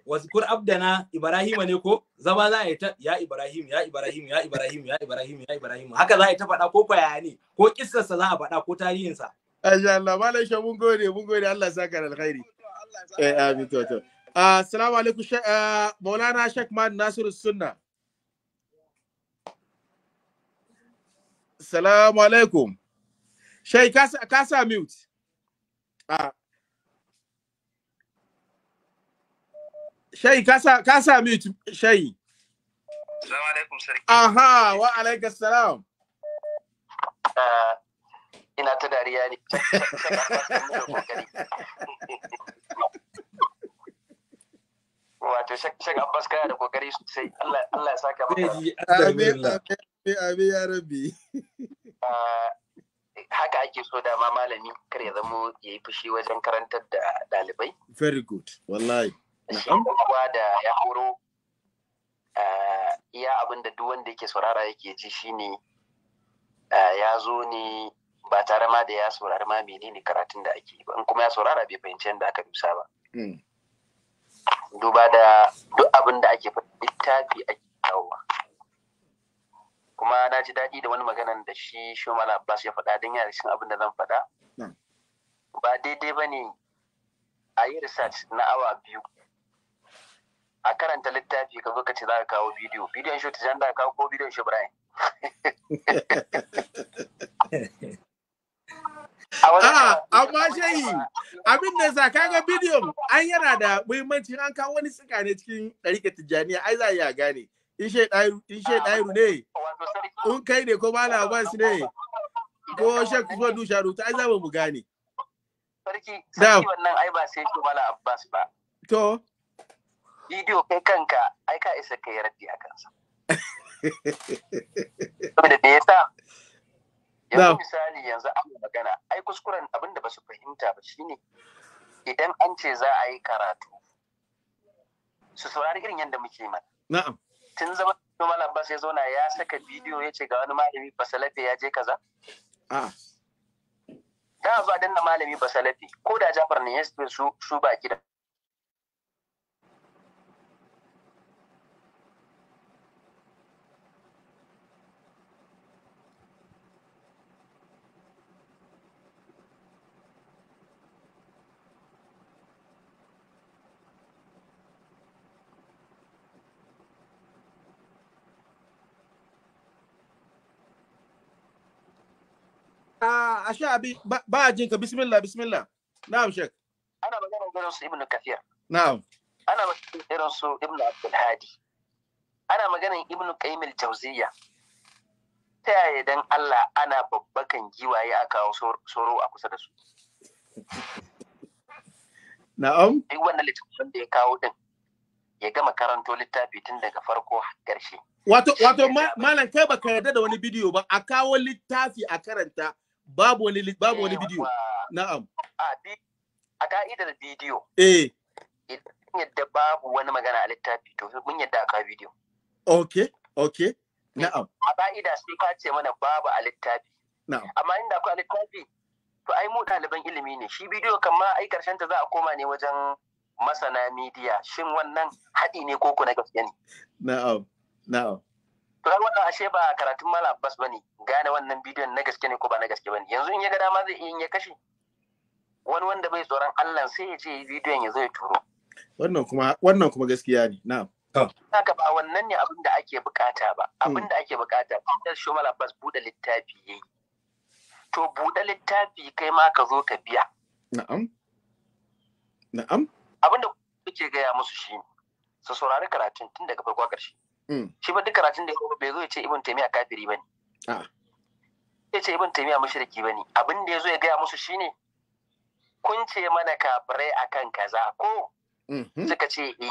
wazkur abdana Ibrahim ne ko zama za a yi ta ya Ibrahim ya Ibrahim ya Ibrahim ya Ibrahim ya Ibrahim haka za a yi ta faɗa ko kwaya ne ko kissarsa za a faɗa ko tarihinsa. Masha Allah, Malam Shamun gode, mun gode Allah saka da alkhairi. Eh, amin to to. Uh, Assalamu alaikum uh, Maulana Sheikh Mahdi Nasiru Sunna. Assalamu alaikum. Sheikh ka sa mute. Uh, Sheikh ka sa mute Sheikh. Assalamu alaikum sarki. Aha, wa alaikum salam. Ah, ina ta dariya ne. wato shek abbas kaya da kokari sosai allah ya saka maka amin ya rabbi ah, haka ake so da ma malami kar ya zamo ya yi fushi wajen karantar da ɗalibai very good wallahi shi da ya horo ah, iya abin da duk wanda yake saurara yake ji shine ah, ya zo ne ba tare ma da ya saurari ma menene karatun da ake ba in kuma ya saurara bai fahimci yadda aka dusa ba hmm. duba da duk abin da ake littafi ake kawowa kuma na ji daɗi da wani maganan da shi Shomal Abbas ya faɗa don yana cikin abin da zan faɗa ba daidai ba ne a yi research na awa biyu a karanta littafi ka zo ka ce za ka kawo bidiyo bidiyon shi ta kawo ko bidiyon shi Brian A amma shayi, abin da sa kaga bidiyon an yana da muhimmanci an kawo wani suka ne cikin ɗarike tijjaniya ai za a iya gane. In shai ɗairu ne, in kai ne ko Malam Abbas ne, ko Shek Usman Dusha Rutu, ai za mu gane. Sarki, sarki wannan ai ba sai ko bala Abbas ba. To. Bidiyo kai kanka, ai ka isa kai yardi a kansa. Saboda ya sa. yanzu misali yanzu an magana ai kuskuren abin da ba su fahimta ba shine idan an ce za a yi karatu su saurari irin yadda muke mana na'am tun zama Umar Abbas ya zauna ya saka bidiyo ya ce ga wani malami basalafe ya je kaza ah. a da zuwa danna malami basalafe ko da Jafar ne ya su su baki da a a sha abi ba a jinka, bismillah bismillah na'am shek ana magana irin su ibnu kathir na'am ana magana irin su ibnu abdul hadi ana magana ibnu qayyim al-jawziyya ta yaya dan Allah ana babbakan giwaye a kawo soro a kusa da su na'am duk wannan littafin da ya kawo din ya gama karanto littafi tun daga farko ƙarshe. Wato, wato malam kai baka yarda da wani bidiyo ba, a kawo littafi a karanta babu wani babu eh, wani bidiyo na'am a ka'idar bidiyo eh yadda babu wani magana a littafi to mun yadda aka bidiyo okay okay na'am a ka'ida sai ka ce mana babu a littafi na'am amma inda akwai a littafi to ai mu ɗaliban ilimi ne shi bidiyo ma ai karshen ta za a koma ne wajen masana midiya shin wannan haɗi ne ko na gaskiya ne na'am na'am to har wannan ashe ba karatun Malam Abbas ne, gane wannan bidiyon na gaske ne ko ba na gaske ba ne. yanzu in ya ga dama zai iya kashe wani wanda bai tsoron Allah sai ya ce bidiyon ya zo ya turo wannan kuma wannan kuma gaskiya ne Na haka ba wannan ne abin da ake bukata ba hmm. abin da ake bukata da shi Malam Abbas bude littafi yayi to bude littafi kai ma ka zo ka biya na'am na'am abin da kuke gaya musu shi su saurari karatun tun daga farko ƙarshe Mm. shi ba duk karatun da ya bai zo ya ce ibn taymiya kafiri ne?" Ah. ya ce ibn mashirki ba ne." abin da ya zo ya gaya musu shine kun ce mana kafirai akan kaza ko mhm. suka ce eh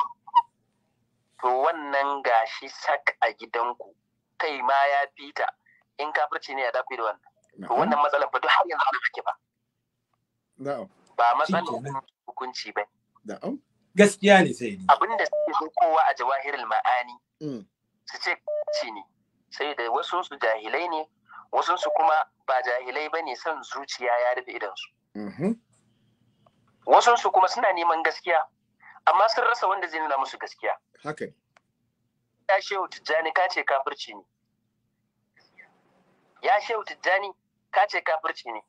to wannan gashi sak a gidanku kai ma ya fita in kafirci ne ya dafi da wannan to wannan matsalar ba duk har yanzu ana ake ba ba matsalar hukunci ba gaskiya ne sai abinda suke kowa a jawahirul ma'ani Mm. su ce ci ne sai da wasu su jahilai ne wasu su kuma ba jahilai ba ne son zuciya ya rufe idansu mm-hmm. wasu su kuma suna neman gaskiya amma sun rasa wanda zai nuna musu gaskiya ya shehu tijjani ka ce kafirci ne ya shehu tijjani ka ce kafirci ne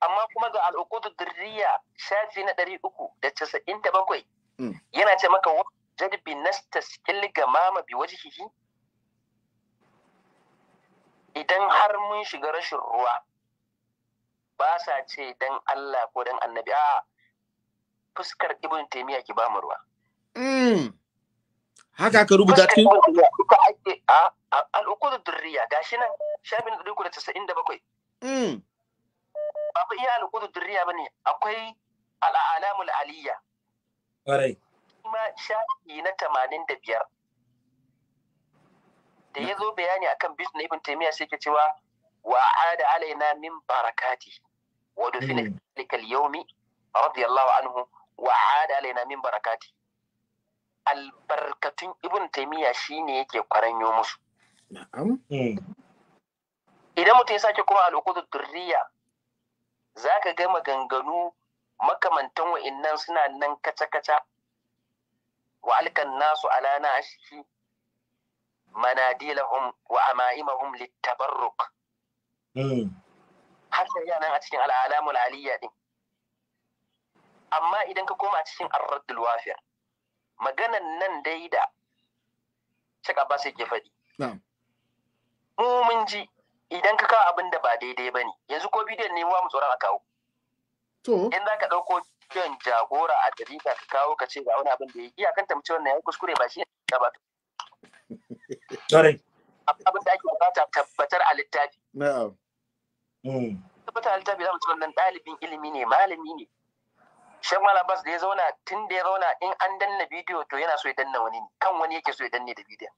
amma kuma ga al'ukudu dirriya shafi na ɗari uku da casa'in da bakwai mm. yana ce maka jadbi nastaskil gamama bi wajhihi idan har mun shiga rashin ruwa ba sa ce dan Allah ko dan annabi a fuskar ibn taymiya ki ba mu ruwa hmm. haka ka rubuta cikin ka ake a al'ukudu durriya gashi nan shafin 397 hmm. ba ku iya al'ukudu durriya bane akwai al'alamul aliyya ƙwarai ma shafi na tamanin da biyar da ya zo bayani akan bisu na ibn taimiyya sai ke cewa wa ada alaina min barakati wa dufina zalika hmm. al radiyallahu anhu wa ada alaina min barakati albarkatun ibn taimiyya shine yake kwaranyo musu hmm. idan mutum ya sake kuma al'ukudu durriya za ka ga ganganu makamantan wa'innan suna nan kaca-kaca wa alkan nasu ala na'ashi manadilahum wa ama'imahum littabarruk hmm. har sai yana a cikin al'alamul aliyya ɗin. amma idan ka koma cikin arradul wafiya maganan nan dai da Sheikh Abbas yake faɗi mu mun ji idan ka kawo abin da ba daidai ba ne yanzu ko bidiyon ne wa mu tsoron a kawo in za ka ɗauko kan jagora a dariƙa ka kawo ka ce ga wani abin da ya yi akan tamce wannan ya kuskure ba shi ne ba abin da ake bukata tabbatar a littafi mm. tabbatar a littafi za mu ci wannan dalibin ilimi ne malami ne Shan Bas da ya zauna tun da ya zauna in an danna bidiyo to yana so ya danna wani ne kan wani yake so ya danne da bidiyon.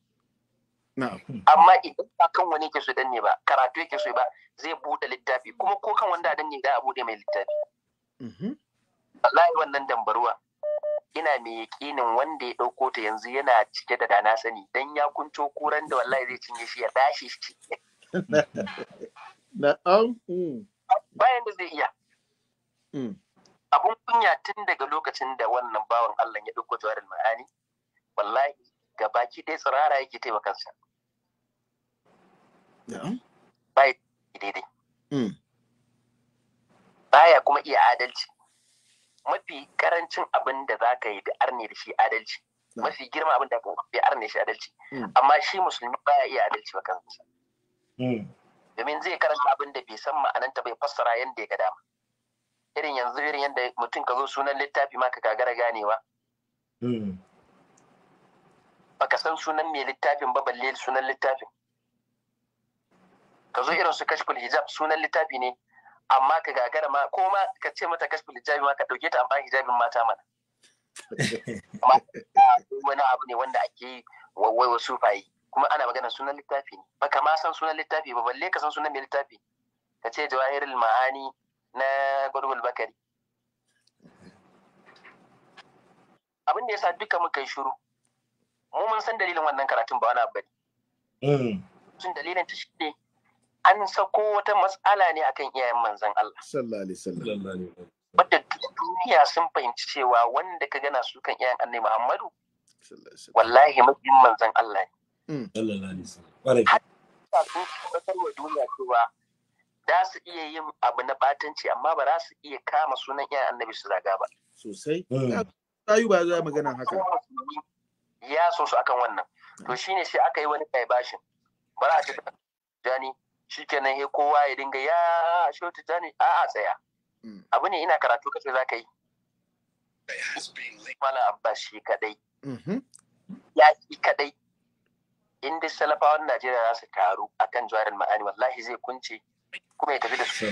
Amma idan ba kan wani yake so ya danne ba karatu yake so ba zai buɗe littafi kuma ko kan wanda a danne da a buɗe mai littafi. Mhm. wallahi wannan dambaruwa ina mai yakinin wanda ya ɗauko ta yanzu yana cike da dana sani dan ya kunto kuran da wallahi zai cinye shi ya dashi shi na'am hmm. bayan da zai iya hmm. abun kunya tun daga lokacin da wannan bawan Allah ya ɗauko jawarin ma'ani wallahi ga baki ɗaya tsirara yake taimaka kansa bai daidai hmm. baya kuma iya adalci mafi karancin abin da za ka yi da arne da shi adalci mafi girma abin da ka yi arne shi adalci hmm. amma shi musulmi ba ya iya adalci ba kansa hmm. domin zai karanta abin da bai san ma'ananta bai fassara yadda ya ga dama irin yanzu irin yadda mutum ka zo sunan littafi ma ka gagara ganewa hmm. baka san sunan mai littafin ba balle sunan littafin ka zo irin su kashkul hijab sunan littafi ne amma ka gagara ma ko ma ka ce mata kashfil hijabi ma ka dauke ta amfani hijabin mata mana wani abu ne wanda ake yi wai wasu fayi kuma ana magana sunan littafi ne baka ma san sunan littafi ba balle ka san sunan mai littafi ka ce jawahirul ma'ani na gwadwal bakari abin da ya sa duka muka yi shiru mu mun san dalilin wannan karatun ba wani abu ne. Mm. sun dalilin ta shi ne an sako wata matsala ne akan iyayen manzan Allah sallallahu wadda duniya sun fahimci cewa wanda ka gana su kan iyayen annabi Muhammadu wallahi mabiyin manzan Allah ne sallallahu alaihi wasallam mm. duniya cewa za su iya yin abu na batanci amma ba za su iya kama sunan iyayen annabi su zaga ba sosai Tayu mm. ba za magana haka ya so su akan wannan to mm. shine sai aka yi wani kai bashin bara a cikin jani shikenan he kowa ya dinga ya shehu tijjani a a tsaya mm. abu ne ina karatu kace za ka yi malam abbas shi kadai mm-hmm. ya shi kadai in salafawan najeriya za su taru akan jawarin ma'ani wallahi zai kunce kuma ya tafi da su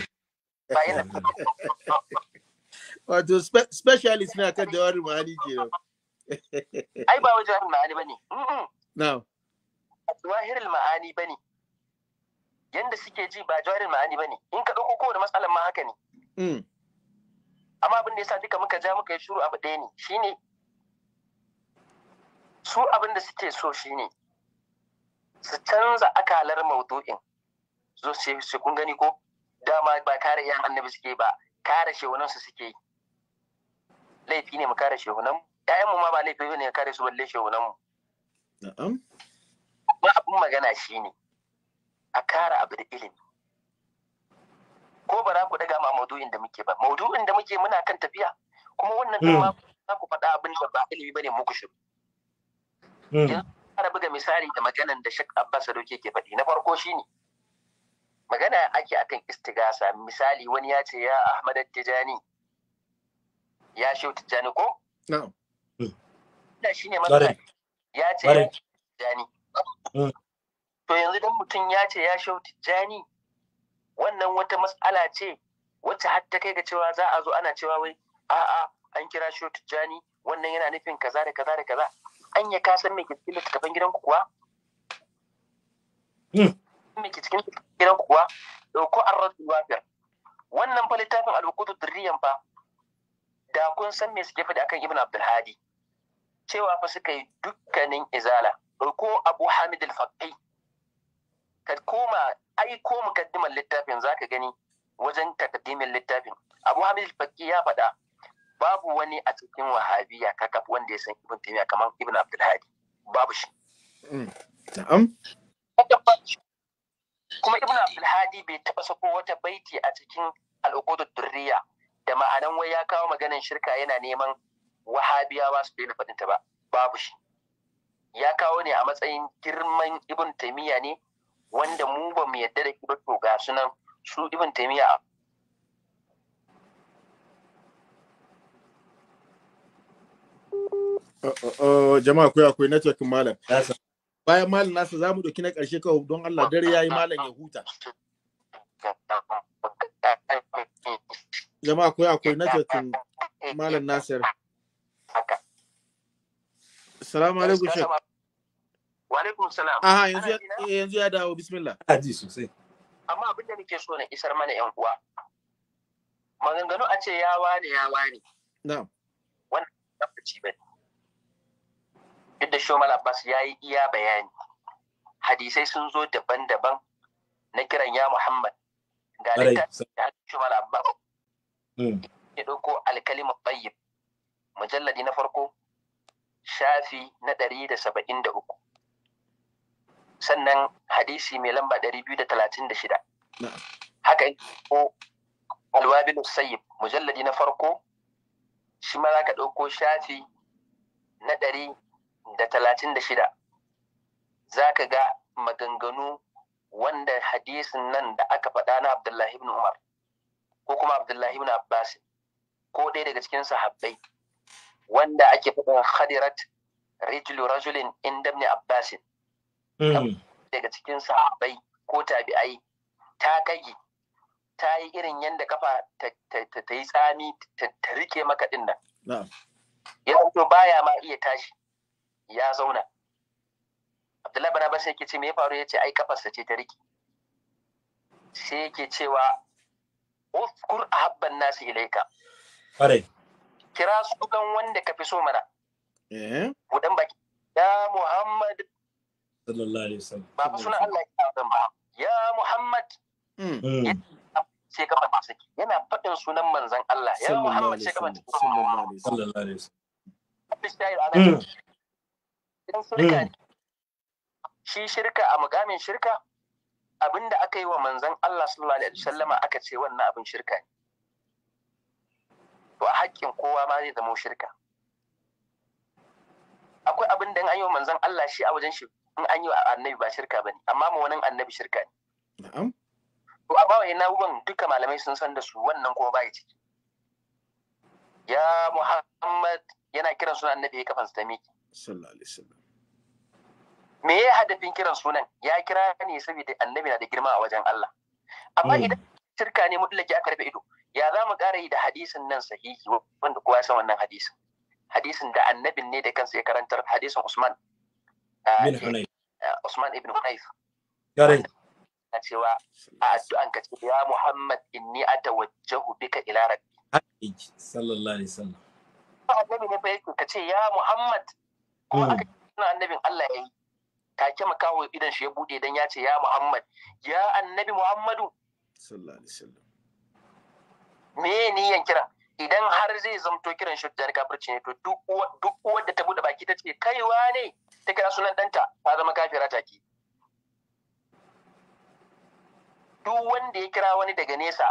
wato specialist na kan jawarin ma'ani ke ba. ai ba wajen ma'ani ba ne na jawahirin ma'ani ba ne yanda suke ji ba jawarin ma'ani ba ne in ka ɗauko kowane matsalar ma haka ne mm. amma abin da ya sa duka muka ja muka yi shuru abu ɗaya ne ne su abin da suke so shi ne su canza akalar maudu'in zo su kun gani ko dama ba kare yan annabi suke ba kare shehunan su suke yi laifi ne mu kare shehunan ƴaƴan mu ma ba laifi ne kare su balle shehunan mu na'am ba abin magana ne. a kara abu da ilimi ko ba za ku daga ma maudu'in da muke ba maudu'in da muke muna kan tafiya kuma wannan kuma hmm. za ku faɗa abin da ba ilimi bane muku shi hmm. yanzu fara buga misali da maganan da Sheikh Abbas Sadoki ke faɗi na farko shine magana ake akan istigasa misali wani ya ce ya Ahmad Tijani ya Shehu Tijani ko na shi hmm. shine matsala ya ce ya Tijani to yanzu dan mutum ya ce ya shau tijjani wannan wata matsala ce wacce har ta kai ga cewa za a zo ana cewa wai a'a an kira shau tijjani wannan yana nufin kaza da kaza da kaza an ya ka san me ke cikin littattafan gidanku kuwa hmm. me ke cikin gidan kuwa dauko arradul wafir wannan fa littafin al-wuqud dirriyan fa da kun san me suke faɗi akan ibn Abdulhadi? cewa fa suka yi dukkanin izala ko abu hamid al-faqi ka koma ko mukaddimar littafin za ka gani wajen takaddimin littafin abu hamid fakki ya faɗa babu wani a cikin wahabiya kakaf wanda ya san ibn taymiya kamar ibn abdulhadi babu hmm, shi kuma ibn abdulhadi bai taba sako wata baiti a cikin al'ukudu durriya da ma'anan wai ya kawo maganan shirka yana neman wahabiyawa su daina faɗinta ba babu shi ya kawo ne a matsayin girman ibn taymiya ne wanda mu ba mu yadda da ba to ga su nan su ibn taymiya uh, uh, uh, jama'a kuya akwai cikin malam bayan malam nasa za mu ɗauki na ƙarshe kawai don Allah dare ya yi malam ya huta jama'a kuwa akwai cikin malam nasir salamu alaikum shek wa alaikum salam aha yanzu eh, ya dawo bismillah aji sosai amma abin da nake so na isar mana yan uwa maganganu a ce ya wane ya wane na'am wannan tabbaci bane yadda Shomal Abbas ya yi iya bayani hadisai sun zo daban-daban na kiran ya Muhammad ga littafin Shomal Abbas hmm. ya ɗauko alkalimar bayyib mujalladi na farko shafi na ɗari da saba'in da uku sannan hadisi mai lamba 236 haka ko alwabil sayyib mujalladi na farko shi ma za ka ɗauko shafi na ɗari da talatin da shida za ka ga maganganu wanda hadisin nan da aka faɗa na abdullahi ibn umar ko kuma abdullahi ibn abbas ko ɗaya daga cikin sahabbai wanda ake faɗin khadirat rijlu rajulin inda ibn abbas Mm. daga cikin sahabai ko tabi'ai ta kage ta yi irin yadda kafa ta yi tsami ta rike maka din nan ya zanto baya ma iya tashi ya zauna abdullahi bana basa yake ce me ya faru ya ce ai kafarsa ce ta rike sai yake cewa uskur habban nasu ilaika kira sunan wanda ka fi so mana eh. budan baki ya muhammad sallallahu alaihi wasallam ba fa Allah ya faɗin ba ya Muhammad hmm. Hmm. sai faɗin sunan manzon Allah ya Muhammad sai shirka hmm. shi shirka a mukamin shirka abinda aka yi wa manzon Allah sallallahu alaihi aka ce wannan abin shirka ne to a haƙƙin akwai abin da an yi wa manzon Allah shi a wajen shi in an yi wa annabi ba shirka ba ne amma wani annabi shirka ne to a wa ina uban duka malamai sun san da su wannan kuma ba ciki ya muhammad yana kiran sunan annabi ya kafansa ta miki me ya hadafin kiran sunan ya kira ne saboda annabi na da girma a wajen Allah amma hmm. idan shirka ne mutlaki aka rufe ido ya za mu ƙara yi da hadisin nan sahihi wanda kowa ya san wannan hadisin hadisin da annabin ne da kansa ya karantar hadisin Usman bin ibn Hunayf gare na cewa a addu'an ka ce ya Muhammad inni atawajjahu bika ila rabbi sallallahu alaihi wasallam annabi ne fa ka ce ya Muhammad kuma aka ce annabin Allah ya yi yayi take makawo idan shi ya bude dan ya ce ya Muhammad ya annabi Muhammadu sallallahu me niyan kira idan har zai zamto kiran shi da kafirci ne to duk duk wanda ta bude baki ta ce kaiwa ne ta kira sunan danta ta zama kafira take duk wanda ya kira wani daga nesa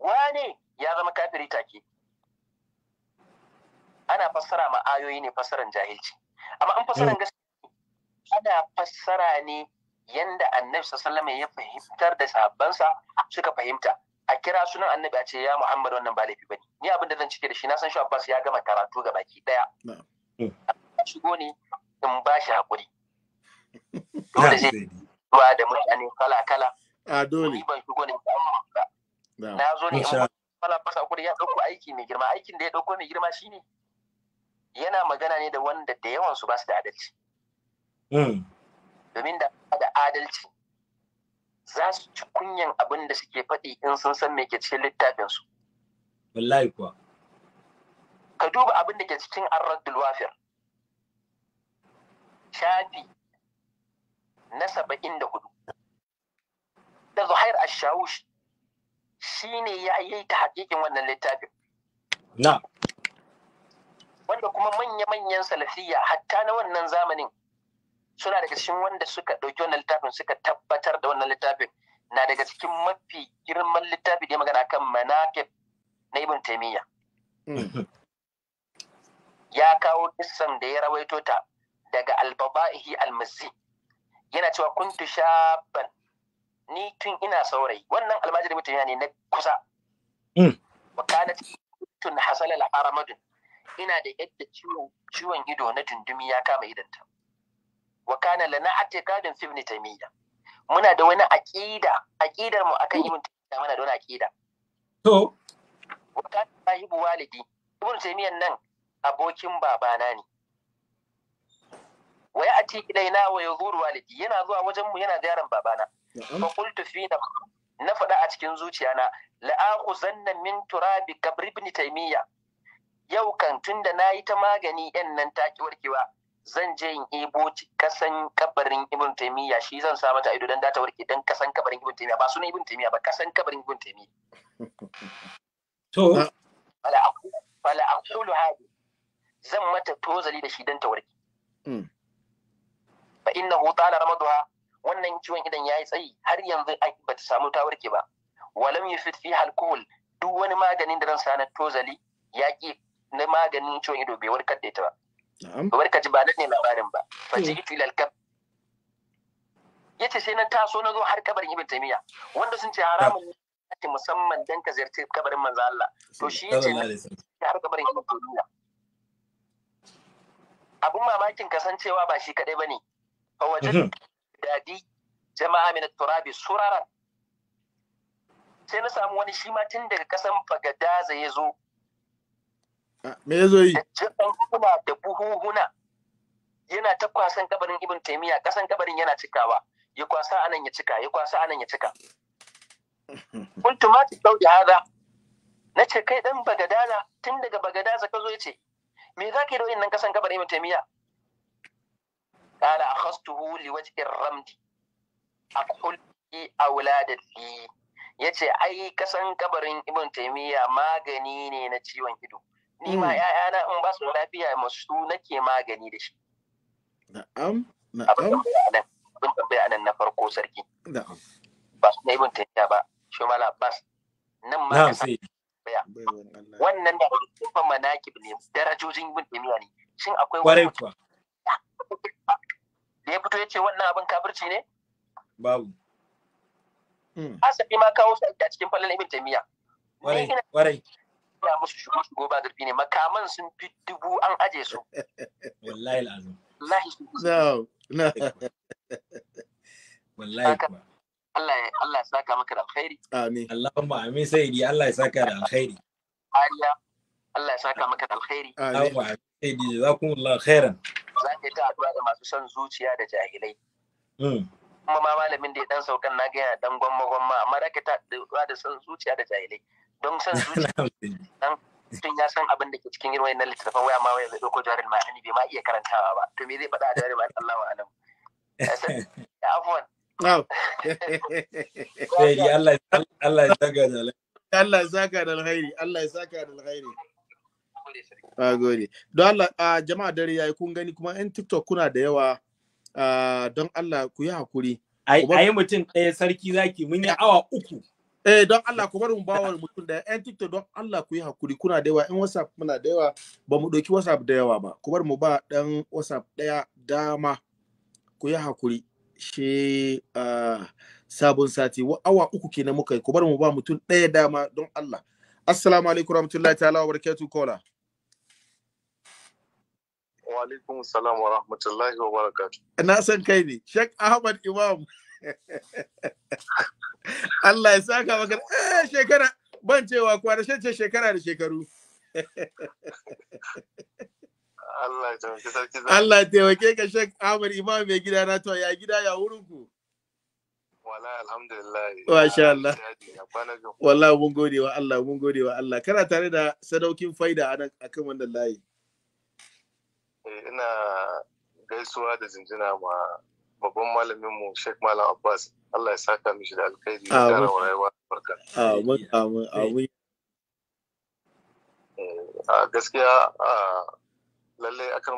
wane ya zama kafiri take ana fassara ma ayoyi ne fassaran jahilci amma an fassaran mm. gaskiya ana fassara ne yanda annabi sallallahu ya fahimtar da sahabbansa suka fahimta a kira sunan annabi a ce ya muhammad wannan ba laifi bane ni abin da zan cike da shi na san shi abbas ya gama karatu ga baki daya shigo ne in ba shi haƙuri. Dole zai zuwa da mutane kala-kala. A ah, dole. Ban shigo ne ba. Na zo ne in kala fasa haƙuri ya ɗauko aiki mai girma. Aikin da ya ɗauko mai girma shine yana magana ne da wanda da yawan su ba su da adalci. Hmm. Domin da da adalci za su ci kunyan abin da suke faɗi in sun san me ke cikin littafinsu. Wallahi kuwa. Ka duba abin da ke cikin arraddul wafir. shafi na saba'in da hudu da zuhair ashawush shi ne ya yi ta hakikin wannan littafin na wanda kuma manya-manyan salafiya hatta na wannan zamanin suna daga cikin wanda suka ɗauki wannan littafin suka tabbatar da wannan littafin na daga cikin mafi girman littafin da ya magana kan manaqib na ibn taimiyya mm. ya kawo kissan da ya rawaito ta daga albaba'ihi almazi yana cewa kuntu shaban ni tun ina saurayi wannan almajiri mutum ne na kusa hmm. wa kanat tun hasala al-aramadun ina da yadda ciwon ido na dundumi ya kama idanta wa kana lana atikadun fi ibn taymiya muna da wani aqida aqidar mu akan ibn taymiya muna da wani aqida to wa kana sahibu walidi ibn taymiyan nan abokin babana ne wa ya'ti ilaina wa yazuru walidi yana zuwa wajen mu yana ziyaran babana fa qultu fi na faɗa a cikin zuciya na la'aku zanna min turabi kabri ibn taymiya yau kan tunda nayi ta magani yan nan taki warkewa zan je in ebo kasan kabarin ibn taymiya shi zan sa mata ido dan data warke dan kasan kabarin ibn taymiya ba sunan ibn taymiya ba kasan kabarin ibn taymiya to fala aqulu fala aqulu hadi zan mata tozali da shi dan ta warke mm. fa innahu tala ramaduha wannan ciwon idan yayi tsayi har yanzu ta samu ta warke ba walam yufit fi alkohol duk wani maganin da zan sa na tozali yaƙi na maganin ciwon ido bai warkar da ita ba ba warkar ji ba nan ne labarin ba hmm. fa ji ila ilal kab yace sai na taso na zo har kabarin ibn taymiya wanda sun ce haramun ne musamman dan ka ziyarci kabarin manzo Allah to shi yace har kabarin ibn taymiya abun mamakin kasancewa ba shi kadai bane فوجدت دادي jama'a min turabi surara sai na samu wani shi ma tun daga kasan fagadaza ya zo ya zo yi jikan da buhuhuna yana ta kwasan kabarin ibn taimiyya kasan kabarin yana cikawa ya kwasa anan ya cika ya kwasa anan ya cika kuntu ma ta dauki na ce kai dan bagadaza tun daga bagadaza ka zo ya ce me za ka yi da wa'in nan kasan kabarin ibn taimiyya قال أخذته لوجه الرمد أقول أولادت لي yace ai kasan kabarin ibn taimiyya magani ne na ciwon ido ni ma yaya na in ba su lafiya masu nake magani da shi na'am na'am abin tambaya nan na farko sarki na'am ba su na ibn taimiyya ba shi mala bas nan ma tambaya wannan da cikin manakib ne darajojin ibn taimiyya ne shin akwai wani da ya fito ya ce wannan abin kafirci ne babu hmm. Asafi ma kawo su a cikin falal ibin jami'a. warai ina musu shigo shigo ba garbi ne makaman sun fi dubu an aje su wallahi lazim wallahi no no wallahi kuma. Allah ya Allah ya saka maka da alkhairi amin Allahumma amin sayyidi Allah ya saka da alkhairi Allah ya saka maka da alkhairi amin ku Allah khairan za ka yi ta haɗuwa da masu son zuciya da jahilai hmm. kuma ma malamin da ya dan saukan na gaya dan gwamma gwamma amma za ka ta haɗuwa da son zuciya da jahilai don son zuciya tun mutum ya san abin da ke cikin irin wayannan littattafan waya ma waya zai ɗauko jarin ma'ani bai ma iya karantawa ba to me zai faɗa a jarin ma'ani Allah wa alam Allah ya zaga da alhairi. Allah ya zaga da alhairi. Allah ya zaga da Na gode. Don Allah a jama'a dare yayi kun gani kuma yan TikTok kuna da yawa don Allah ku yi hakuri. Ai mutum ɗaya sarki zaki mun yi awa uku. Eh don Allah ku bar mu bawa mutum da yan TikTok don Allah ku yi hakuri kuna da yawa yan WhatsApp muna da yawa ba mu ɗauki WhatsApp da yawa ba ku bar mu ba dan WhatsApp ɗaya dama ku yi hakuri. Shi sabon sati awa uku kenan muka yi ku bar mu ba mutum ɗaya dama don Allah. Assalamu alaikum warahmatullahi ta'ala wa barakatuh kola. Wa alaikum salam wa rahmatullahi wa barakatu. Na san kai ne, Sheikh Ahmad Imam. Allah ya saka maka eh shekara ban cewa kuwa da shan shekara da shekaru. Allah ya taimake ka Sheikh Ahmad Imam mai gida na to ya gida ya wurin ku. Wallahi alhamdulillah. Masha Allah. Wallahi mun gode wa Allah mun gode wa Allah. Kana tare da sadaukin faida a nan akan wannan layi. Eh, ina gaisuwa da zinjina ma babban malamin mu Sheikh Malam Abbas Allah ya saka mishi da alkhairi da kara rayuwa barka amin amin amin eh, a gaskiya lalle akar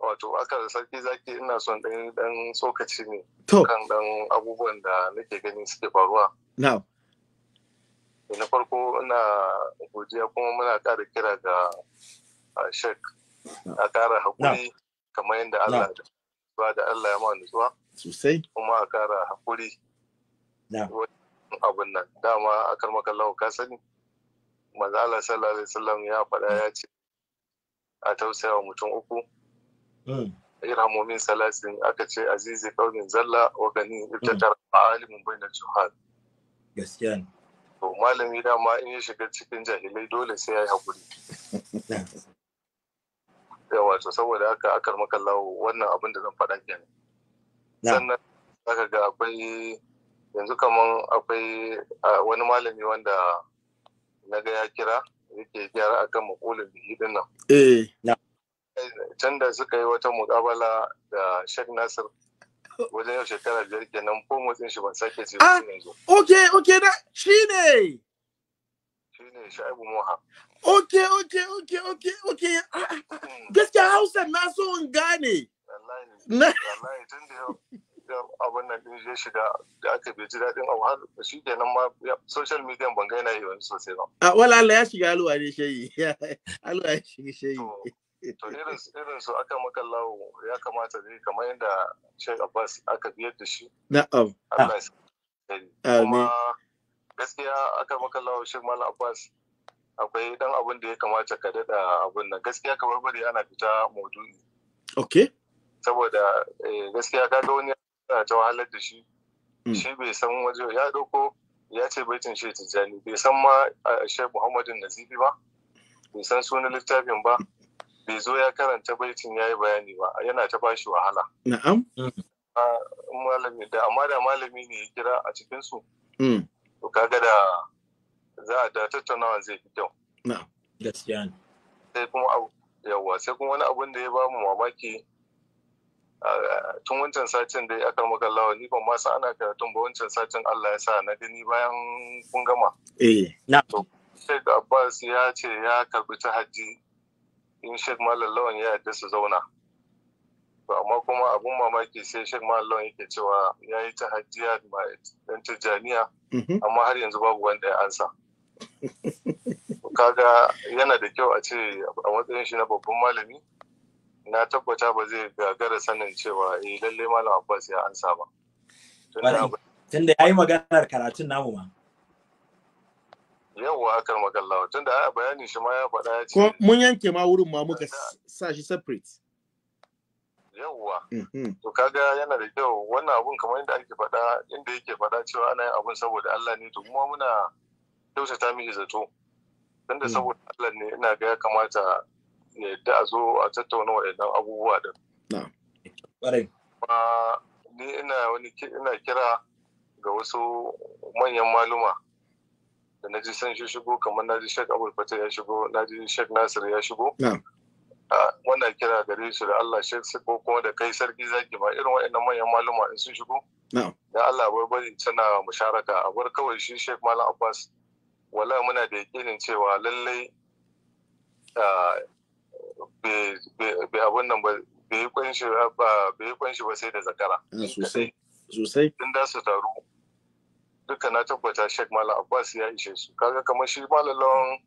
wato aka sarki zaki ina son dan dan tsokaci ne kan dan abubuwan da nake gani suke faruwa. Eh, na farko ina godiya kuma muna ƙara kira ga Sheikh a ƙara haƙuri kamar yadda Allah ba da Allah ya ma nutsuwa sosai kuma a ƙara haƙuri abin nan dama a karmakallahu ka sani manzo Allah sallallahu alaihi wasallam ya faɗa ya ce a tausaya mutum uku mm. iramomin salasin aka ce azizi kaunin zalla wa gani mm. ibtadar alimin bainar juhal gaskiya ne to malami dama in ya shiga cikin jahilai dole sai ya yi haƙuri ga wato saboda haka akar makallawo wannan abin da zan faɗa kenan sannan zaka ga akwai yanzu kaman akwai wani malami wanda na ga ya kira yake gyara akan makulin bihi nan eh, can da suka yi wata muk'abala da Sheikh Nasir wajen yau shekara biyar kenan ko motsin shi ban sake ce ah, yanzu. Ok, ok, shi ne. Shi ne Sha'ibu Moha. ok ok ok ok ok ah, ah, ah, hmm. gaskiya hausa na so in gane wallahi tun da abin nan din ya shiga da aka bai ji daɗin abu har shi kenan ma social media ban gaina yi wani sosai ba a wala Allah ya shiga alwa ne shayi alwa ya shiga shayi to irin su aka makallawo ya kamata ne kamar yadda Sheikh Abbas aka biyar da shi na'am Allah ya kuma gaskiya aka makallawo Sheikh Malam Abbas akwai dan abin da ya kamata ka dada abin nan gaskiya kamar bari ana fita maudu'i ok saboda eh, gaskiya ka ga wani yana ta wahalar da shi mm. shi bai san waje ya ɗauko ya ce baitin shi tijjani bai san ma shai muhammadin nazifi ba bai san sunan littafin ba bai zo ya karanta baitin ya yi bayani ba yana ta bashi wahala na'am malami da amma da malami ne ya kira a cikinsu mm. to kaga da za a da tattaunawa zai fi kyau na gaskiya ne sai kuma yawa sai kuma wani abun da ya ba mu mamaki tun wancan satin da ya aka maka lawa ni ban ma ana karatun ba wancan satin Allah ya sa na gani bayan kun gama eh na Sheikh Abbas ya ce ya karbi ta hajji in Sheikh Malam Lawan ya yarda su zauna to amma kuma abun mamaki sai Sheikh Malam Lawan yake cewa ya yi ta hajji ya dan jami'a mhm. amma har yanzu babu wanda ya ansa kaga yana da kyau a ce a matsayin shi na babban malami na tabbata ba zai gagara sanin cewa eh lalle malam abbas ya ansa ba tunda ya yi maganar karatun namu ma yawwa akan magallawa tunda a bayanin shi ma ya faɗa ya ce mun yanke ma wurin ma muka sa shi separate yawwa mm-hmm. to kaga yana da kyau wannan abun kamar yadda ake faɗa inda yake faɗa cewa ana yin abun saboda Allah ne to kuma muna ta miki zato dan da hmm. saboda Allah ne ina ga ya kamata ne da a zo a tattauna waɗannan abubuwa din na'am ni ina wani ina kira ga wasu manyan maluma da na ji san shi shigo kamar na ji shek abul fata ya shigo na ji shek nasir ya shigo wannan kira gare su da allah shek ko kuma da kai sarki zaki ma irin waɗannan manyan maluma in sun shigo da allah bar bari tana musharaka a bar kawai shi shek malam abbas wala muna da yakinin cewa lallai bai abun nan ba bai yi kwanshi ba sai da zakara eh, sosai sosai da su taru duka na tabbata Sheikh Malam Abbas ya ishe su kaga kamar shi malalon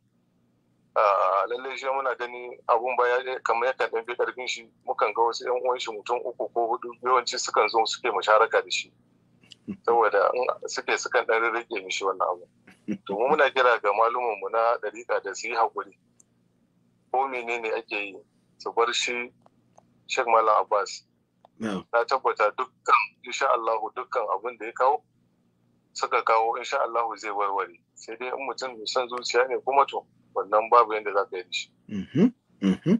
lallai shi muna gani abun ba kamar ya kan ɗanfi ƙarfin shi mukan ga wasu 'yan uwan shi mutum uku ko hudu yawanci sukan zo suke musharaka da shi saboda suke sukan ɗan rage mishi wannan abu to mu muna kira ga malumin mu na dariƙa da su yi haƙuri ko menene ake yi su bar shi Sheikh Malam Abbas na tabbata dukkan insha Allah dukkan abin da ya kawo suka kawo insha Allah zai warware sai dai in mutum san zuciya ne kuma to wannan babu yadda za ka yi shi. Mhm, mhm.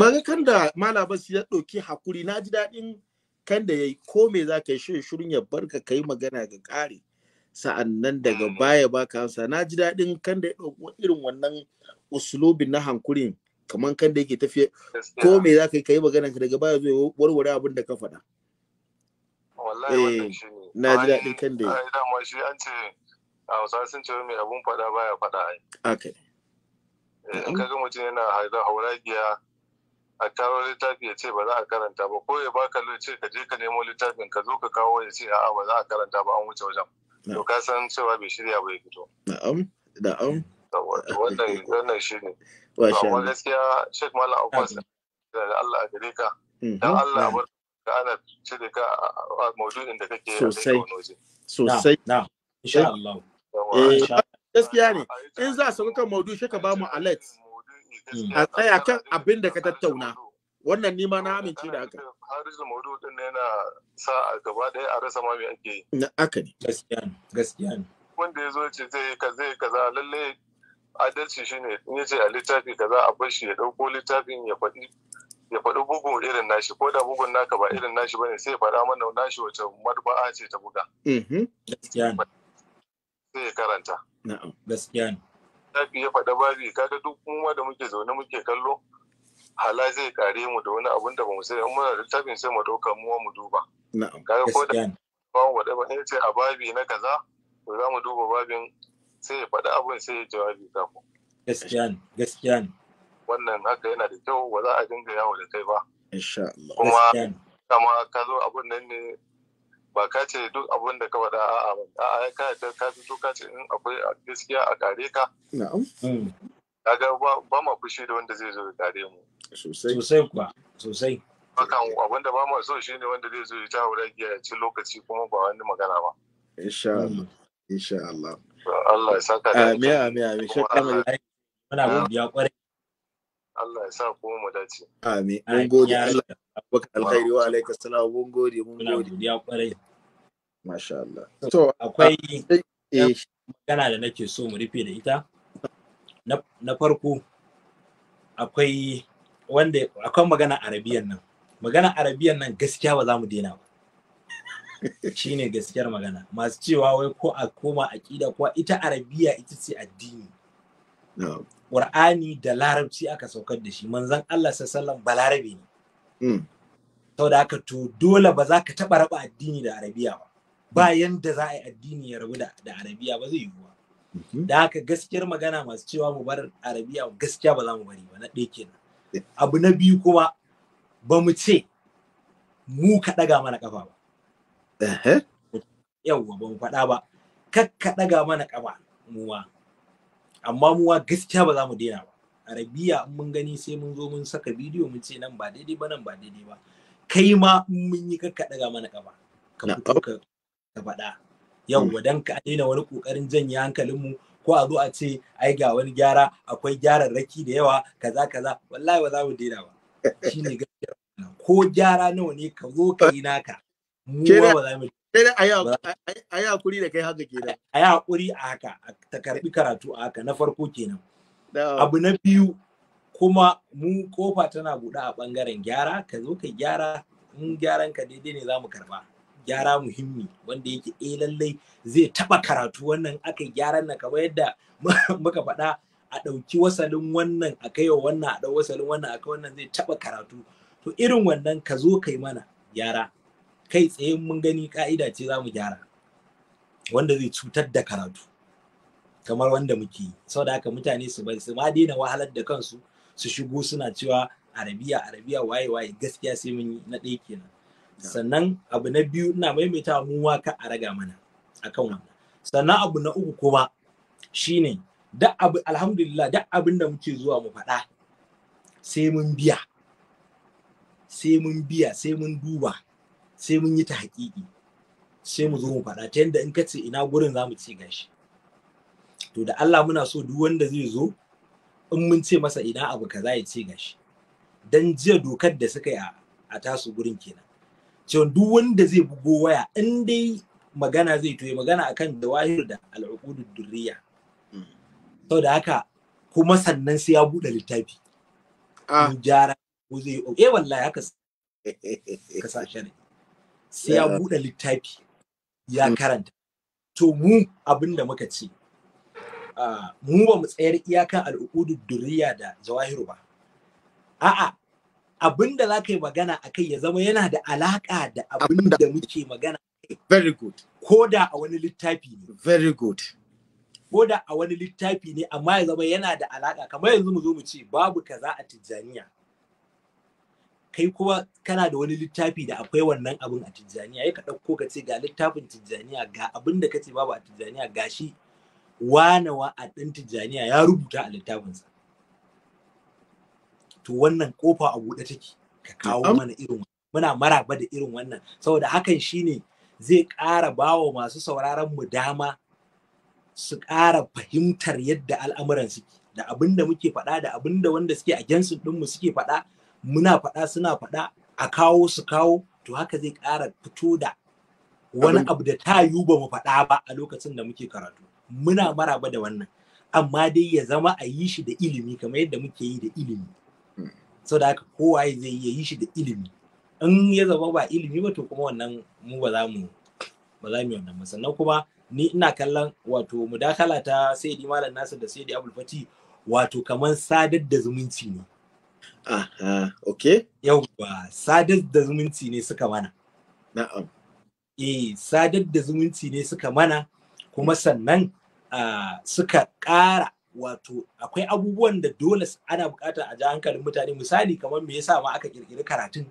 Bari kan da Abbas ya ɗauki haƙuri na ji daɗin kan da ya yi ko me za ka yi shirin ya barka ka yi magana ga ƙari. sa'an nan daga baya baka amsa na ji daɗin kan da irin wannan uslubin na hankurin kamar kan da yake tafiye ko me za ka yi kai maganan ka daga baya zai warware abin da ka faɗa eh, na ji daɗin kan da yake shi an ce hausa sun ce mai abun faɗa baya faɗa eh, in yana a taro littafi ya ce ba za a karanta ba ko ya baka ce ka je ka nemo littafin ka zo ka kawo ya ce a'a ba za a karanta ba an wuce wajen to ka san cewa bai shirya bai fito na'am na'am wannan wannan shine amma gaskiya Sheikh Malam Abbas da Allah gare ka mhm, dan Allah bar ka ana cire ka a maudu'in da kake sosai sosai na eh, eh, insha Allah gaskiya ne in za su kan maudu'i shi ka ba mu alert hmm. a tsaya kan abin da ka tattauna wannan ni ma na amince da haka harisu maudu din yana sa a gaba ɗaya a rasa ma me ake yi na aka ne gaskiya ne gaskiya ne wanda ya zo ce zai ka zai kaza lalle adalci shine in ya ce a littafi kaza a bar shi ya ɗauko littafin ya faɗi ya faɗi bugun irin nashi ko da bugun naka ba irin nashi bane sai ya faɗa mana nashi wace marba'a ce ta buga mm-hmm. gaskiya ne sai ya karanta na'am gaskiya ne ya faɗa babi kaga duk kuma da muke zaune muke kallo hala zai kare mu da wani abun da ba mu sai in muna littafin sai mu dauka mu mu duba kaga ko da ba mu da ne sai a babi na kaza to za mu duba babin sai ya faɗi abun sai ya jawabi kafin gaskiya gaskiya wannan haka yana da kyau ba za a dinga yawo da kai ba insha Allah kuma kama ka zo abun nan ne ba ka ce duk abun da ka faɗa a'a ba a'a ka yarda ka fito ka ce in akwai gaskiya a kare ka na'am hmm. kaga ba ma fushi da wanda zai zo ya kare mu sosai sosai kuwa sosai hakan abin da ba mu so shine wanda zai zo ya ta wura ya ci lokaci kuma ba wani magana ba insha hmm. Allah insha Allah Allah ya saka da amin amin amin shakka mai muna godiya kwarai Allah ya sa kuma mu dace amin mun gode Allah baka alkhairi wa alaika salam mun gode mun gode godiya kwarai masha Allah to akwai eh, magana da nake so mu rufe da ita na farko akwai wanda akwai magana arabiyan nan magana arabiyan nan gaskiya ba za mu daina ba ne gaskiyar magana masu cewa wai ko a koma aƙida ko ita arabiya ita ce addini ƙur'ani da larabci aka saukar da shi manzan Allah sallallahu balarabe ne hmm. sau da aka to dole ba za ka taɓa raba addini da arabiya ba ba yanda za a yi addini ya rabu da arabiya ba zai yiwuwa mhm. da haka gaskiyar magana masu cewa mu bar arabiya gaskiya ba za mu bari ba na ɗaya kenan abu na biyu kuma ba mu ce mu ka ɗaga mana ƙafa ba. Yawwa ba mu faɗa ba, kak ka ɗaga mana ƙafa muwa. Amma muwa gaskiya ba za mu daina ba. Arabiya in mun gani sai mun zo mun saka bidiyo mun ce nan ba daidai ba nan ba daidai ba. Kai ma mun yi kak ka ɗaga mana ƙafa. Ka fito ka faɗa. Yawwa mm. ka daina wani ƙoƙarin janye hankalinmu ko a zo a ce ai ga wani gyara akwai gyaran raki da yawa kaza kaza wallahi ba za mu daina ba shine gaskiya ko gyara nawa ne ka zo ka yi naka mu ba za mu a yi hakuri da kai haka kenan a yi hakuri a haka ta karbi karatu a haka na farko kenan abu na biyu kuma mu kofa tana buɗe a ɓangaren gyara ka zo ka gyara in gyaran ka daidai ne za mu karba gyara muhimmi wanda yake eh lallai zai taba karatu wannan aka gyaran na kamar yadda muka faɗa a ɗauki wasalin wannan a kai wannan a ɗau wasalin wannan a wannan zai taɓa karatu to irin wannan ka zo kai mana gyara kai tsaye mun gani ka'ida ce za mu gyara wanda zai cutar da karatu kamar wanda muke yi saboda haka mutane su bai su ma daina wahalar da kansu su shigo suna cewa arabiya arabiya waye waye gaskiya sai mun yi na ɗaya kenan sannan abu na biyu ina maimaita mu waka a raga mana akan wannan sannan abu na uku kuma shine duk abu alhamdulillah da abin da muke zuwa mu faɗa sai mun biya sai mun biya sai mun duba sai mun yi ta haƙiƙi sai mu zo mu faɗa ta yadda in ka ce ina gurin za mu ci gashi to da Allah muna so duk wanda zai zo in mun ce masa ina abu kaza ya ci gashi dan jiya dokar da suka yi a tasu gurin kenan cewa duk wanda zai bugo waya in dai magana zai toye magana akan jawahir da al'uqudud hmm. Sau da haka kuma sannan sai ya bude littafi jara ah. ko zai eh wallahi haka kasa. sa sai ya bude littafi ya hmm. karanta to mu abinda muka ce ah, mu ba mu tsayar iyakan al'uqudud duriya da jawahiru ba a'a abin da za ka yi magana a kai ya zama yana da alaƙa da abin da muke magana Very good. Ko da a wani littafi ne. Very good. Ko da a wani littafi ne amma ya zama yana da alaƙa kamar yanzu mu zo mu ce babu kaza a Tijjaniya. Kai kuma kana da wani littafi da akwai wannan abin a Tijjaniya ya ka ɗauko ka ce ga littafin Tijjaniya ga abin da ka ce babu a Tijjaniya ga shi wanawa a ɗin Tijjaniya ya rubuta a littafinsa. to wannan kofa a buɗe take ka kawo mana irin muna maraba da irin wannan saboda hakan shine zai ƙara bawa masu sauraron mu dama su ƙara fahimtar yadda al'amuran suke da abin da muke faɗa da abin wanda suke a gensin ɗinmu suke faɗa muna faɗa suna faɗa a kawo su kawo to haka zai ƙara fito da wani abu da ta yiwu ba mu faɗa ba a lokacin da muke karatu muna maraba da wannan amma dai ya zama a yi shi da ilimi kamar yadda muke yi da ilimi so da haka kowa zai iya yi shi da ilimi in ya zama ba ilimi ba to kuma wannan mu ba za mu ba za mu yi wannan sannan kuma ni ina kallon wato mudakala ta saidi malam nasir da saidi abul fati wato kamar sadar da zumunci ne Aha, okay. yauwa sadar da zumunci ne suka mana. Na'am. Eh, sadar da zumunci ne suka mana, kuma sannan ah, suka ƙara wato akwai abubuwan da dole ana bukata a ji hankalin mutane misali kamar me yasa ma aka kirkiri karatun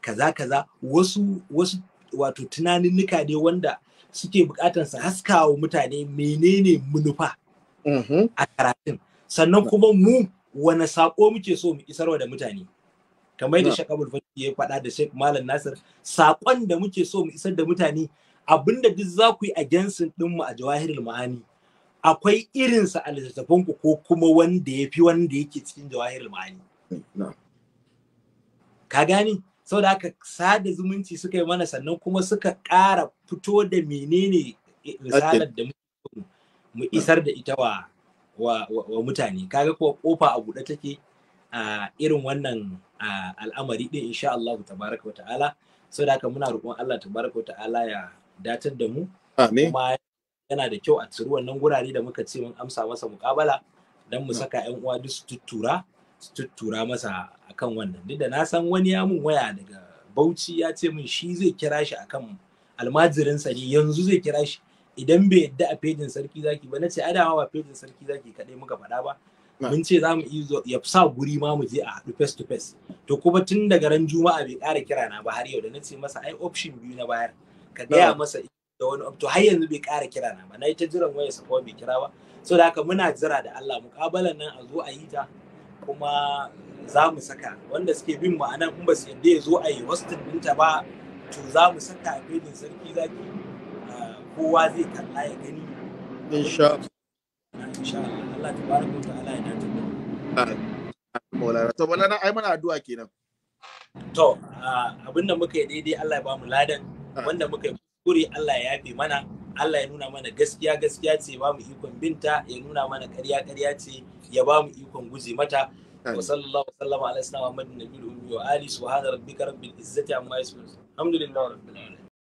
kaza kaza wasu wasu wato tunaninnika ne wanda suke bukatar su haskawa mutane menene munufa mm-hmm. a karatun sannan mm. kuma mu wane sako muke so mu isarwa da mutane kamar da mm. shakabul fakki ya faɗa da Sheikh Malam Nasir sakon da muke so mu isar da mutane abinda duk za yi a gensin ɗinmu a jawahirul ma'ani akwai irin irinsa a littattafanku ko kuma wanda ya fi wanda yake cikin jawahir ma'ani. Ka gani? Sau da aka sada zumunci suka yi mana sannan kuma suka ƙara fito da menene risalar da mu isar da ita wa, wa, wa, mutane. Kaga kuwa kofa a buɗe take a irin wannan al'amari ɗin insha Allah tabaraka wa ta'ala. Sau da aka muna roƙon Allah tabaraka wa ta'ala ya datar da mu. Amin. yana da kyau a ciri wannan gurare da muka ce mun amsa masa mukabala dan mu saka yan uwa duk su tuttura su tuttura masa akan wannan duk da na san wani ya mun waya daga Bauchi ya ce min shi zai kira shi akan almajirinsa ne yanzu zai kira shi idan bai yadda a fejin sarki zaki ba na ce adawa ba fejin sarki zaki kaɗai muka faɗa ba mun ce za mu iya ya sa guri ma mu je a haɗu face to face to kuma tun daga ran juma'a bai ƙara kira na ba har yau da na ce masa ai option biyu na bayar ka gaya masa da wani to har yanzu bai ƙara kira na ba na yi ta jiran waya sa kuma bai kira ba so da haka muna jira da Allah muƙabalan nan a zo a yi ta kuma za mu saka wanda suke bin mu anan in ba su yadda ya zo a yi wasu ɗinta ba to za mu saka a fejin sarki zaki ah, kowa zai kalla ya gani insha Allah tabaraka wa ta'ala ya dace Maulana to Maulana ai muna addu'a kenan to ah, abinda muka yi daidai Allah ya ba mu ladan wanda muka yi kuskure Allah ya yafe mana Allah ya nuna mana gaskiya gaskiya ce ba mu ikon binta ya nuna mana ƙarya ƙarya ce ya ba mu ikon guje mata wa sallallahu sallama ala sayyidina Muhammadin nabiyul ummi wa ali subhana rabbika rabbil izzati amma yasifun alhamdulillahi rabbil alamin